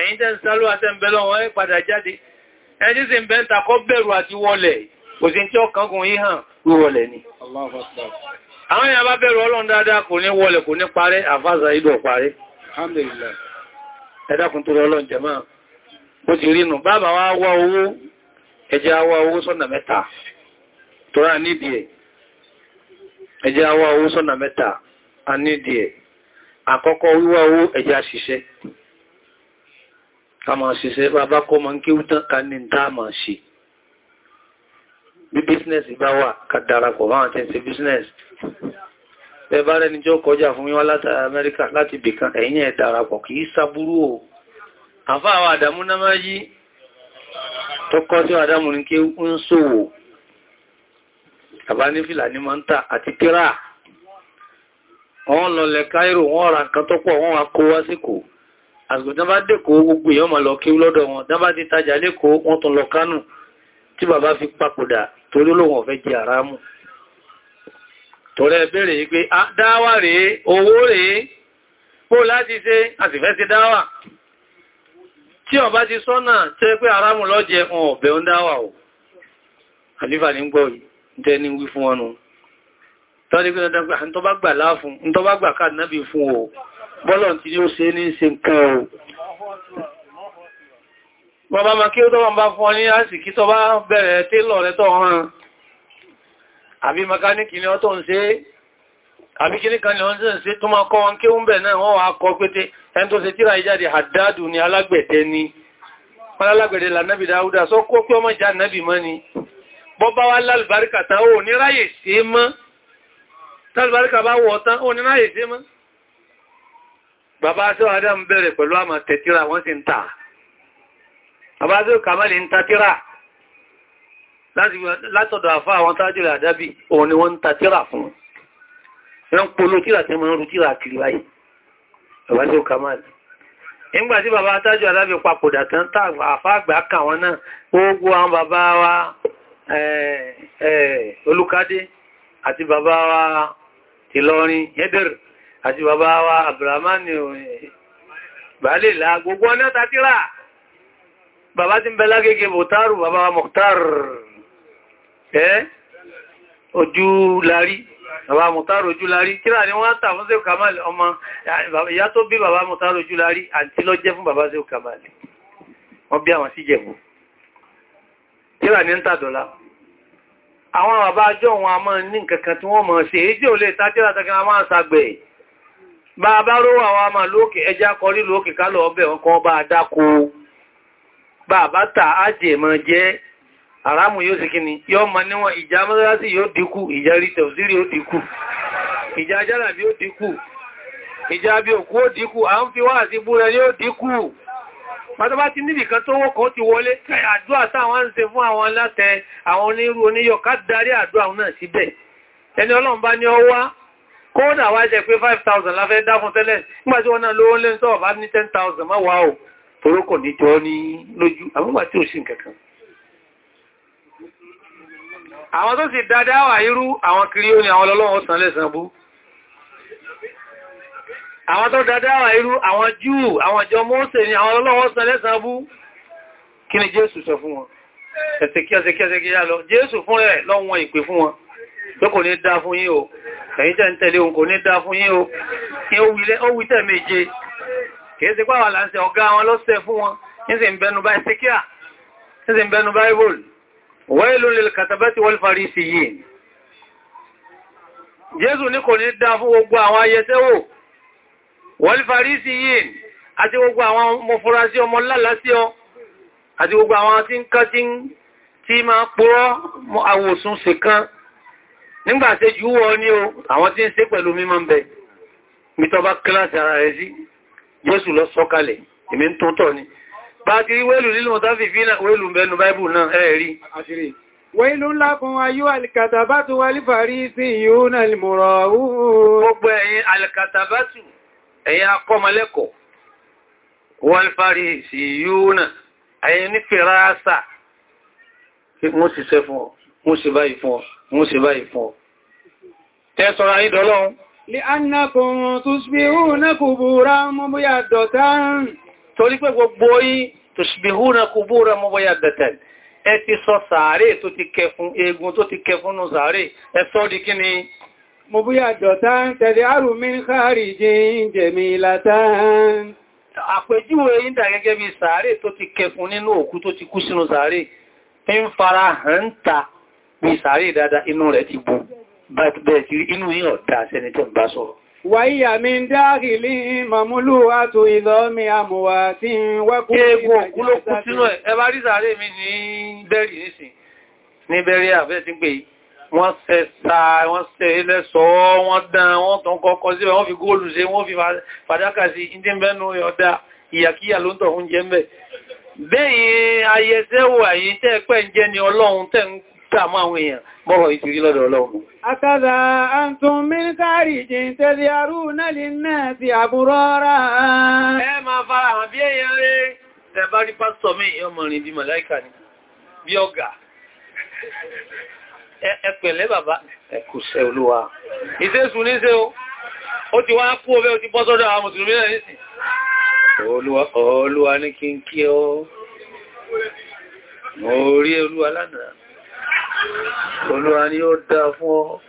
D: ẹ̀yin tẹ́ ń sálú àtẹ́m̀bẹ́lọ́ wọn padà jáde ẹni sì ń bẹ́ kọ́ àti wọlẹ̀ kò sí tí ọkànkùn yí hàn wíwọlẹ̀ ni àwọn èèyàn bá bẹ̀rù ọlọ́run dáadáa kò ní wọlẹ̀ kò ní parẹ́ àfáàzà ìdọ̀ parẹ́ alhamdulillah rí ká máa ṣiṣẹ́ bàbá kọ́ máa ń kí ó tán ká ní tá máa ṣe bí bísínẹ̀sì bá wà ká darapọ̀ báwọn tẹ́ ṣe bísínẹ̀sì bẹ́bá rẹ̀ níjọ́ kọjá fún yíwá láti Amẹ́ríkà láti bìkan ẹ̀yìn ẹ̀ darapọ̀ kì í sábúrú o àfá àwọn àdámú náà máa yí tọ́kọ́ tí àdámú ní kí ń ṣòwò àbá ní Fìlàní máa ń àti kíra wọ́n lọ Káírò wọ́n ra nǹkan tọ́pọ̀ wọ́n wá kó wá síkòó àsìkò tán bá dẹ́kọ̀ọ́ gbogbo èèyàn máa lọ kí lọ́dọ̀ wọn tán bá ti tajà lẹ́kọ̀ọ́ wọ́n tún lọ kánù tí bàbá fi papòdà torí olóhun ọ̀fẹ́ jẹ àrámù tọ̀rẹ́ bẹ̀rẹ̀ yìí pé dáwà rèé owó rèé pó láti ṣe àsìfẹ́ ti dáwà tí wọ́n bá ti sọ́nà tẹ́ pé àrámù lọ́jẹ wọn ọ̀bẹ̀ bọ́lọ̀ tí ó ṣe ní ṣe nǹkan ẹ̀ bàbá ma kí ó tọ́wọ́n bá fún ọ ní àsìkí tọ́ bá bẹ̀rẹ̀ télọ̀ rẹ tọ́ hàn àbí makáníkì ni ọ tó ń ṣe àbí kí níkan ni ọ ń ṣe tó máa kọ́ wọn kí ó ń bẹ̀ náà wọ́n wà kọ́ pété ẹni tó ṣe tíra ìjáde àdádù ni alágbẹ̀dẹ ni wọ́n alágbẹ̀dẹ lànàbì dáúdà sọ kó pé ọmọ ìjà nàbì mọ́ ni bọ́bá wá lálùbáríkà tán ó ní ráyè sí mọ́ bàbá tó adam bẹ̀rẹ̀ pẹ̀lú àmà tẹ̀tíra wọ́n sì ń tà bàbá tó kàmàlì ń tàtíra látọ̀dọ̀ àfá àwọn tájú rẹ̀ àdábì òun ni wọ́n ń tàtíra fún wọ́n polo tíra tí wọ́n rú tíra kiri báyìí bàbá tó kàmàlì nígbà tí bàbá tájú àdábì papòdà tán wa olùkádé àti àti bàbá wa abdulhamani bàálè là gbogbo ọ̀nà tàtírà bàbá ti ń bẹ lágége bòtárù bàbá wa Mukhtar ẹ́ ojú larí bàbá Mukhtar ojú larí tírà ni wọ́n tà fún Sheikh Kamal ọmọ ìyá tó bí bàbá Mukhtar ojú larí àti lọ jẹ́ fún bàbá Sheikh Kamal wọ́n bí àwọn sí jẹ̀bù tírà ní ń tàdọ̀lá àwọn bàbá ajọ́ wọn a bá bá rówà wa máa lókè ẹjá kọrí lókè kálọ̀ ọbẹ̀ ọkọ̀ bá dákó bá bá tà ájẹ̀ mọ́ jẹ́ àrámù yóò sì kí ni yóò ma níwọ̀n ìjà mọ́sálásí yóò dínkù ìjà rítẹ̀ òsírí ó dínkù ìjà jálàbí ó dínkù ìjà bí òkú ó dínkù à ń fi wá àti búrẹ́ yóò dínkù pàtàbá ti níbi kan tó wọ́kọ́ ti wọlé àdúrà táwọn ń ṣe fún àwọn alátẹ àwọn onírú oníyọ̀ ká darí àdúrà náà síbẹ̀ ẹni ọlọ́run bá ní ọwá kódà wá jẹ́ pé 5,000 láfẹ́ dákun tẹ́lẹ̀ nígbàtí wọ́n náà lówó lẹ́n sọ́ọ̀bá ní 10,000 má wá ò torókò ní jọ ní lójú àmúgbà tí ò sí nǹkankan àwọn tó sì dáadáa wà irú àwọn kiri ó ní àwọn ọlọ́wọ́ san lẹ́san bú àwọn tó dáadáa wà irú àwọn júù àwọn jọ mọ́ọ̀sẹ̀ ní àwọn ọlọ́wọ́ san lẹ́san bú kí pé kò ní dá fún yín o ẹ̀yin tẹ́ ń tẹ̀lé òun kò ní dá fún yín o ó wí tẹ́ méje kìí sí pàwà láti ọ̀gá wọn lọ́sẹ̀ fún wọn ní sí ń bẹnu bá ìsíkíà ní sí ń bẹnu Bible wailun lil katabati wal farisiyin Jésù ní kò ní dá fún gbogbo àwọn ayẹsẹ́wò wal farisiyin àti gbogbo àwọn mọ̀fúrasí ọmọ lálásí ọ àti gbogbo àwọn tí ń ká tí máa pòrọ́ àwòsùn sèkán nígbà tí jù wọ́ ní o àwọn tí ń ṣe pẹ̀lú mímọ́ ń bẹ mítọba kíláàsì ara rẹ̀ sí Jésù lọ sọ́kalẹ̀ èmi ń tóntọ̀ ni bá ti rí wẹ́lù nínú tàbí fínà wẹ́lù mẹ́nu báìbù náà ẹ̀ rí
A: wẹ́lù lákun ayú alìkàtàbátù wálífàrí sí ìhún alìmọ̀rọ̀ gbogbo
D: ẹ̀yin alìkàtàbátù
A: ẹ̀yin akọ́mọlẹ́kọ̀ọ́
D: wálífàrí sí ìhún ẹ̀yin nífẹ̀ẹ́ rásà mo sì ṣe fún ọ mo sì báyìí fún ọ mú sí báyìí fún ọ. Tẹ́sọ̀rọ̀
A: ayé dọ́lọ́run. Lé annákùn tó ṣbíhú náà kùbúra mọ́ bóyá dọ̀tán.
D: Torí pé gbogbo yí tó ṣbíhú náà kùbúra mọ́ bóyá dọ̀tán. Ẹ ti sọ sàárè tó ti kẹ fún eegun tó ti kẹ fún nù sàárè. Ẹ sọ di kí ni?
A: Mo bóyá dọ̀tán tẹ̀lé àrùmí káàrì jẹ́mi látán.
D: Àpèjúwe yí dà gẹ́gẹ́ bí sàárè tó ti kẹ fún nínú òkú tó ti kú sínú sàárè. Ń fara hàn ta pé sàárè dáadáa inú rẹ̀ ti bú bẹ́ẹ̀ tí inú yíò dá sẹ́ni tó ń bá sọ̀rọ̀
A: wàíyà mi ń dáàkì lè mọ̀múlù àtò ìzọ́mí
D: àmùwà tí ń wẹ́kú egbò òkúlókú sínú ẹ̀ ẹbá rí sàárè mi ní bẹ́rì nísìn ní bẹ́rì àfẹ́ sí pé wọ́n sẹ́ sáà wọ́n sẹ́ ilẹ̀ sọ wọ́n dán wọ́n tán kọ́kọ́ síbẹ̀ wọ́n fi góòlù ṣe wọ́n fi fàdákà sí ìdí mẹ́nu ọ̀dá ìyàkíyà ló ń tọ̀ oúnjẹ mẹ́ bẹ́yìn ayẹsẹ́wò àyíntẹ́ pẹ́ ń jẹ́ ni ọlọ́run tẹ́ ń dàmú àwọn èèyàn bọ́rọ̀ ìtìrí lọ́dọ̀ ọlọ́run. Akádà àǹtún mílítàrí jìntẹ́ di arú náà náà ti àbúrọ́rà. Ẹ máa fara hàn bí èèyàn rẹ̀ tẹ̀bá rí pásítọ̀ mí ọmọrin bí màláìkà ni, bí ọ̀gá. Ẹ pẹ̀lẹ́ bàbá, ẹ kò olúwa. ní ṣe o, ó ti wá kú ọbẹ̀ ti bọ́ sọ́dọ̀ àwọn mùsùlùmí náà nísìn. Olúwa ní kí n kí ọ. Mo rí olúwa lánàá. olúwa ni ó dá fún ọ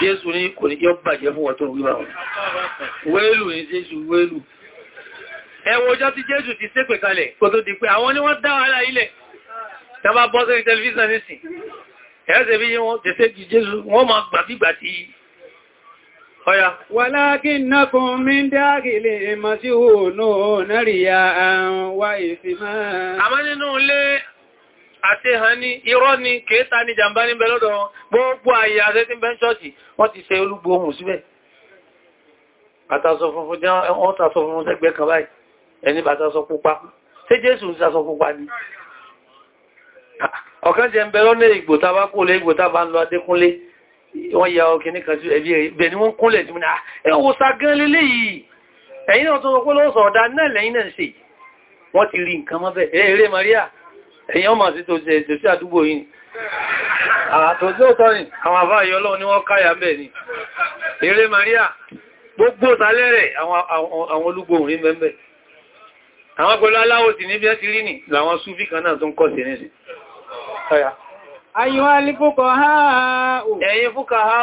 D: jésù ní kò ní yọ bàjẹ́ fún ọ̀tọ́ wíwá wọn wẹ́lù ní jésù wẹ́lù ẹwọ ọjọ́ tí jésù ti ṣépè kalẹ̀ kò tó di pé àwọn ni wọ́n dá wàhálà ilẹ̀ tàbá bọ́sẹ̀ tẹlifíṣàn nísìn àti hàn ní irọ́ ní kéta ní jàmbá ní bẹ̀lọ́dọ̀ wọn gbogbo àyè àṣẹ tí bẹ́ ń ṣọ́ọ̀ṣì wọ́n ti ṣe olúgbò ohun síbẹ̀ bàtàṣọ funfun jẹ́ wọ́n tàṣọ funfun sẹ́gbẹ́ kan báyìí ẹni bàtàṣọ pupa ṣé Jésù ń sàṣọ pupa ni ọ̀kan jẹ́ ń bẹ̀rọ ní ìgbò tàbá kó lé ìgbò tàbá ń lọ Adékúnlé wọ́n ya ọkì ní kàtí ẹbí ẹ̀bẹ̀ ni wọ́n kúnlẹ̀ tí múnà ah, ẹwọ sagán lélé yìí ẹ̀yìn náà tó sọ pé ọ̀dá náà lẹ́yìn náà ṣe wọ́n ti rí nǹkan mọ́bẹ̀ ẹ̀rẹ́ Maria èyàn máa sí tó ṣe ètò sí àdúgbò yìí àtòsí òtọ́ ni àwọn àbá ìyọlọ́ ni wọ́n káyà mẹ́ ni eré Maria gbogbo tàlẹ́rẹ̀ àwọn olúgbòhùn rí mẹ́mẹ́ àwọn pẹ̀lú aláwọ̀ sí níbi ẹ́ ti rí nì làwọn súfí kan náà tó ń kọ́ sí ní sí ayọ́ alifúkọ̀ háà ẹ̀yin fúkà háà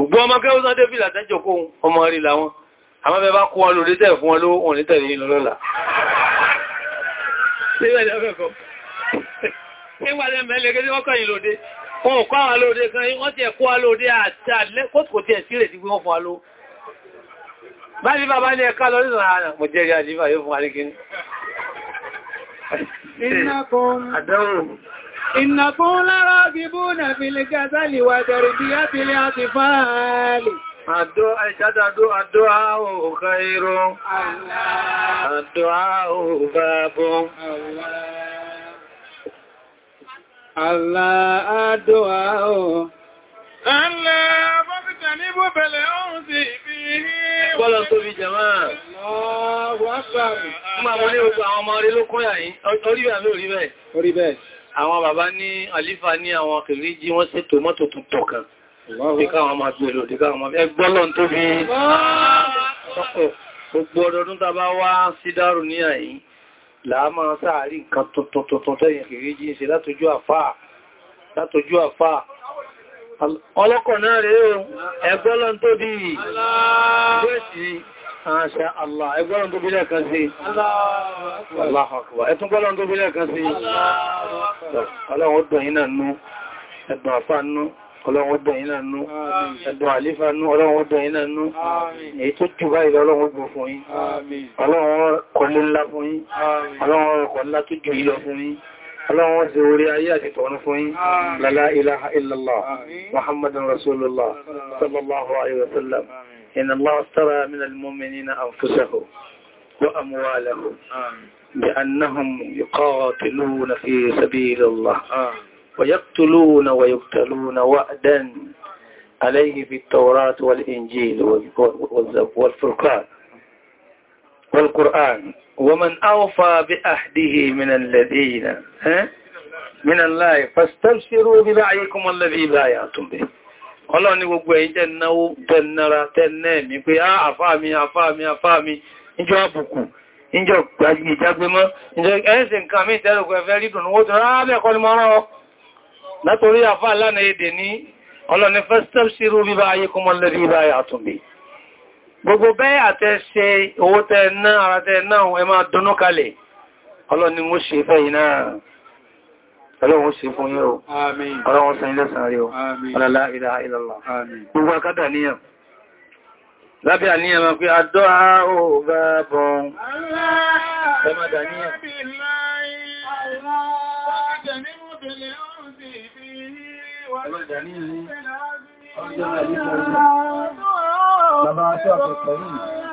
D: ògbọ́n ọmọ kẹ́ ọ̀sán débì látẹ́jọ kó ọmọ rí làwọn àmọ́ bẹ bá kó wọn lórí tẹ̀ fún wọn ló wọn ní tẹ̀lé yìí lọ́lọ́lá Wọ́n kọ́ àwọn alóòdé kan, wọ́n ti ẹ̀kọ́ alóòdé àti àlẹ́kòtò tí ẹ̀ sílẹ̀ sí pé wọ́n fún alóò. Báyìí bàbá ní ẹ̀ká lọ nínú ààrẹ mọ̀ jẹ́ rí àjíbà yóò fún arígin.
A: Ìnákan. Àdáhùn. Ìnàkún lára bíbú nà fi lè gẹ́sà lè wà jẹ̀rì bí á fi lè àti fáàlì. Àdó
D: àìṣádàdó àdó àwò òkà irú. Àdó àwò bàbú. Àlá
C: àdó àwò.
A: Àlá bọ́bítà ní bóbẹ̀lẹ̀ ọ̀hún sí ibi Bọ́lọ̀ tóbi jẹ̀máà. Lọ́wọ́ wá
D: pàrù àwọn bàbá ní àlífà ní àwọn kìrí jí wọ́n sí tòmọ́tò tó tọ̀kan díká àwọn máa gbèrò díká àwọn ẹgbọ́lọ́n tó bí gbogbo ọdọdún tàbá wá sí dárò ní àyí láàmà Àṣà Allah, ẹgbọ́n tó bílẹ̀ kan sí. Allahu Akbar. Ẹtún gbọ́n tó bílẹ̀ kan sí. Ọlọ́run ọdún yìí náà nú, ẹ̀dùn àfá nú, ọlọ́run ọdún yìí náà nú, ẹ̀dùn àlífà nú, ọlọ́run ọdún yìí náà nú. Èyí tó jù báyìí ọlọ́run gbò fún yín. Ọlọ́run kọlé إن الله اشترى من المؤمنين أنفسهم وأموالهم بأنهم يقاتلون في سبيل الله ويقتلون ويقتلون وعدا عليه في التوراة والإنجيل والفرقان والقرآن ومن أوفى بأحده من الذين من الله فاستبشروا ببعيكم الذي بايعتم به ọlọ́run ní gbogbo ẹ̀yin tẹ́ náwó tẹ́ nára tẹ́ nẹ́ẹ̀mí pé àfáàmí ah, àfáàmí àfáàmí ìjọ àbùkù ìjọ ìjágbémọ́ ìjọ ẹ̀ẹ́sẹ̀ nǹkan mí tẹ́rùkù ẹ̀fẹ́ rí dùn wọ́n tó rábẹ̀ kọ́ ni mọ́ rán látorí àfáà lánàá èdè ní ọlọ́ni fẹ́stẹ́p sí rú bíbá ayé kọmọ lẹ́rí bíbá àtúnbí ọlọ́run ṣe fún yín o ọlọ́run san ilẹ̀ sàárẹ̀ o ọlọ́lá ìlà ìlọ́lá gbogbo akádà níyàn lábẹ́ àníyàn ma pé àdọ́ àó bá bọ̀n
B: ẹmọ́dà níyàn Bàbá aṣọ́ àpẹẹ̀kẹ̀ẹ́ yìí.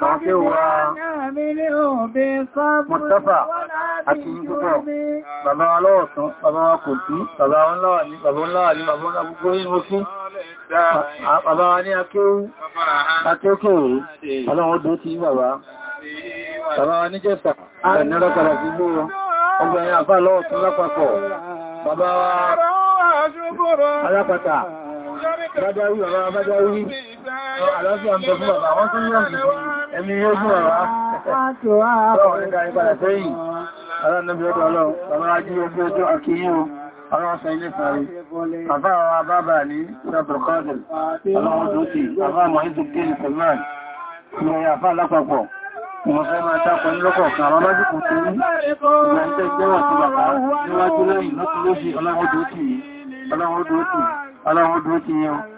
B: Màáké wa Mustapha àti ìjọpọ̀,
D: bàbá wa lọ́wọ́ tún, bàbá wa kò tí, bàbá wa ńláwà ní, bàbá ńláwà ní, bàbá ńlá gbogbo inú kí, bàbá wa ní akéòkè rẹ̀, ọlọ́run ó dó tí bàbá, bàbá wa ní jẹ́ta,
B: ìrẹ̀nẹ́rẹ́ padà sí gbó ọgbẹ̀rin àbá lọ́wọ́ tún lápapọ̀, bàbá
C: wa
A: alápàtà,
B: bàbá wí, bàbá wí,
A: àlọ́fíà ń bẹ fún bàbá, wọ́n tún yọ́ ẹ̀mí yóò fún ọ̀rọ̀ ọ̀rọ̀ ìdá ìpadà sẹ́yìn ọ̀rọ̀ nàbí ọdọ̀ ọlọ́run bàbá ají ojú ojú àkíyàn ọ̀rọ̀ ọ̀sán
C: ilé sáré bàbá àwọn bàbá ní sàbùrùkọ́dùn ọlọ́run tó ti bàbá
B: àmọ́ ìdùkẹ́ ìsẹ̀mán ìròyìn àfá lápapọ̀ Mo fẹ́ máa dápọ̀ ní lọ́kọ̀ ọ̀kan àwọn májìkù tó ní ìgbà ń tẹ́ ìgbẹ́wọ̀n sí bàbá níwájú lẹ́yìn lọ́tí lóṣì ọlọ́run dúó
D: tì yìí, ọlọ́run dúó tì yìí, ọlọ́run dúó tì yìí.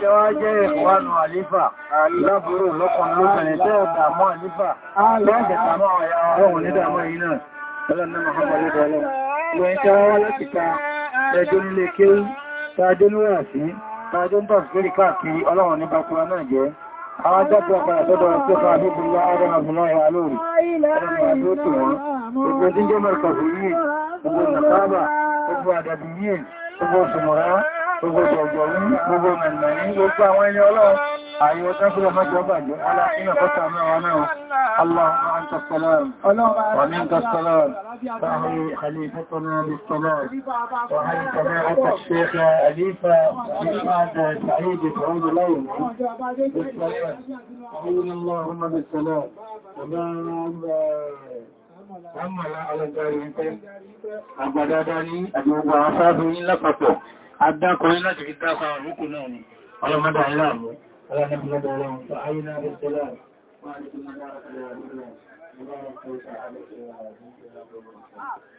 A: tẹ́ wá jẹ́ ìwánu àlífà lábúrò lọ́kùn lóbìnrin tẹ́ ọ̀dàmú àlífà
D: lọ́jẹ̀tàmọ́ ọ̀yà ọ̀rọ̀ nídàmọ́ yìí náà ọlọ́nà mọ̀hànbọ̀lẹ́ ọlọ́run lóyìn tẹ́ wá láti ka ẹjọ́ nílé kéwú tàájọ́ níwà sí
B: gbogbo gbọ̀gbọ̀rún gbogbo mẹ̀mẹ̀rin gbogbo àwọn ẹni ọlọ́run àyíwọ̀ tẹ́kùlọ mọ́jọ bàjẹ́ aláàfin ọ̀pọ̀ta mẹ́wàá náà اللهم أنت السلام ومنك السلام فهي خليفتنا بالسلام وهي جماعة الشيخ أليفة محمد
C: سعيد سعود ليل
B: بالسلام اللهم بالسلام وما أما لا على ذلك أبدا داني أجوب عصابه لفظه adákùnrin láti fi dákà àrúkù náà ni ọlọ́mọdé aláàmú
C: ọlọ́mọdé aláàmú tó ayé náà rẹ̀ tẹ́lá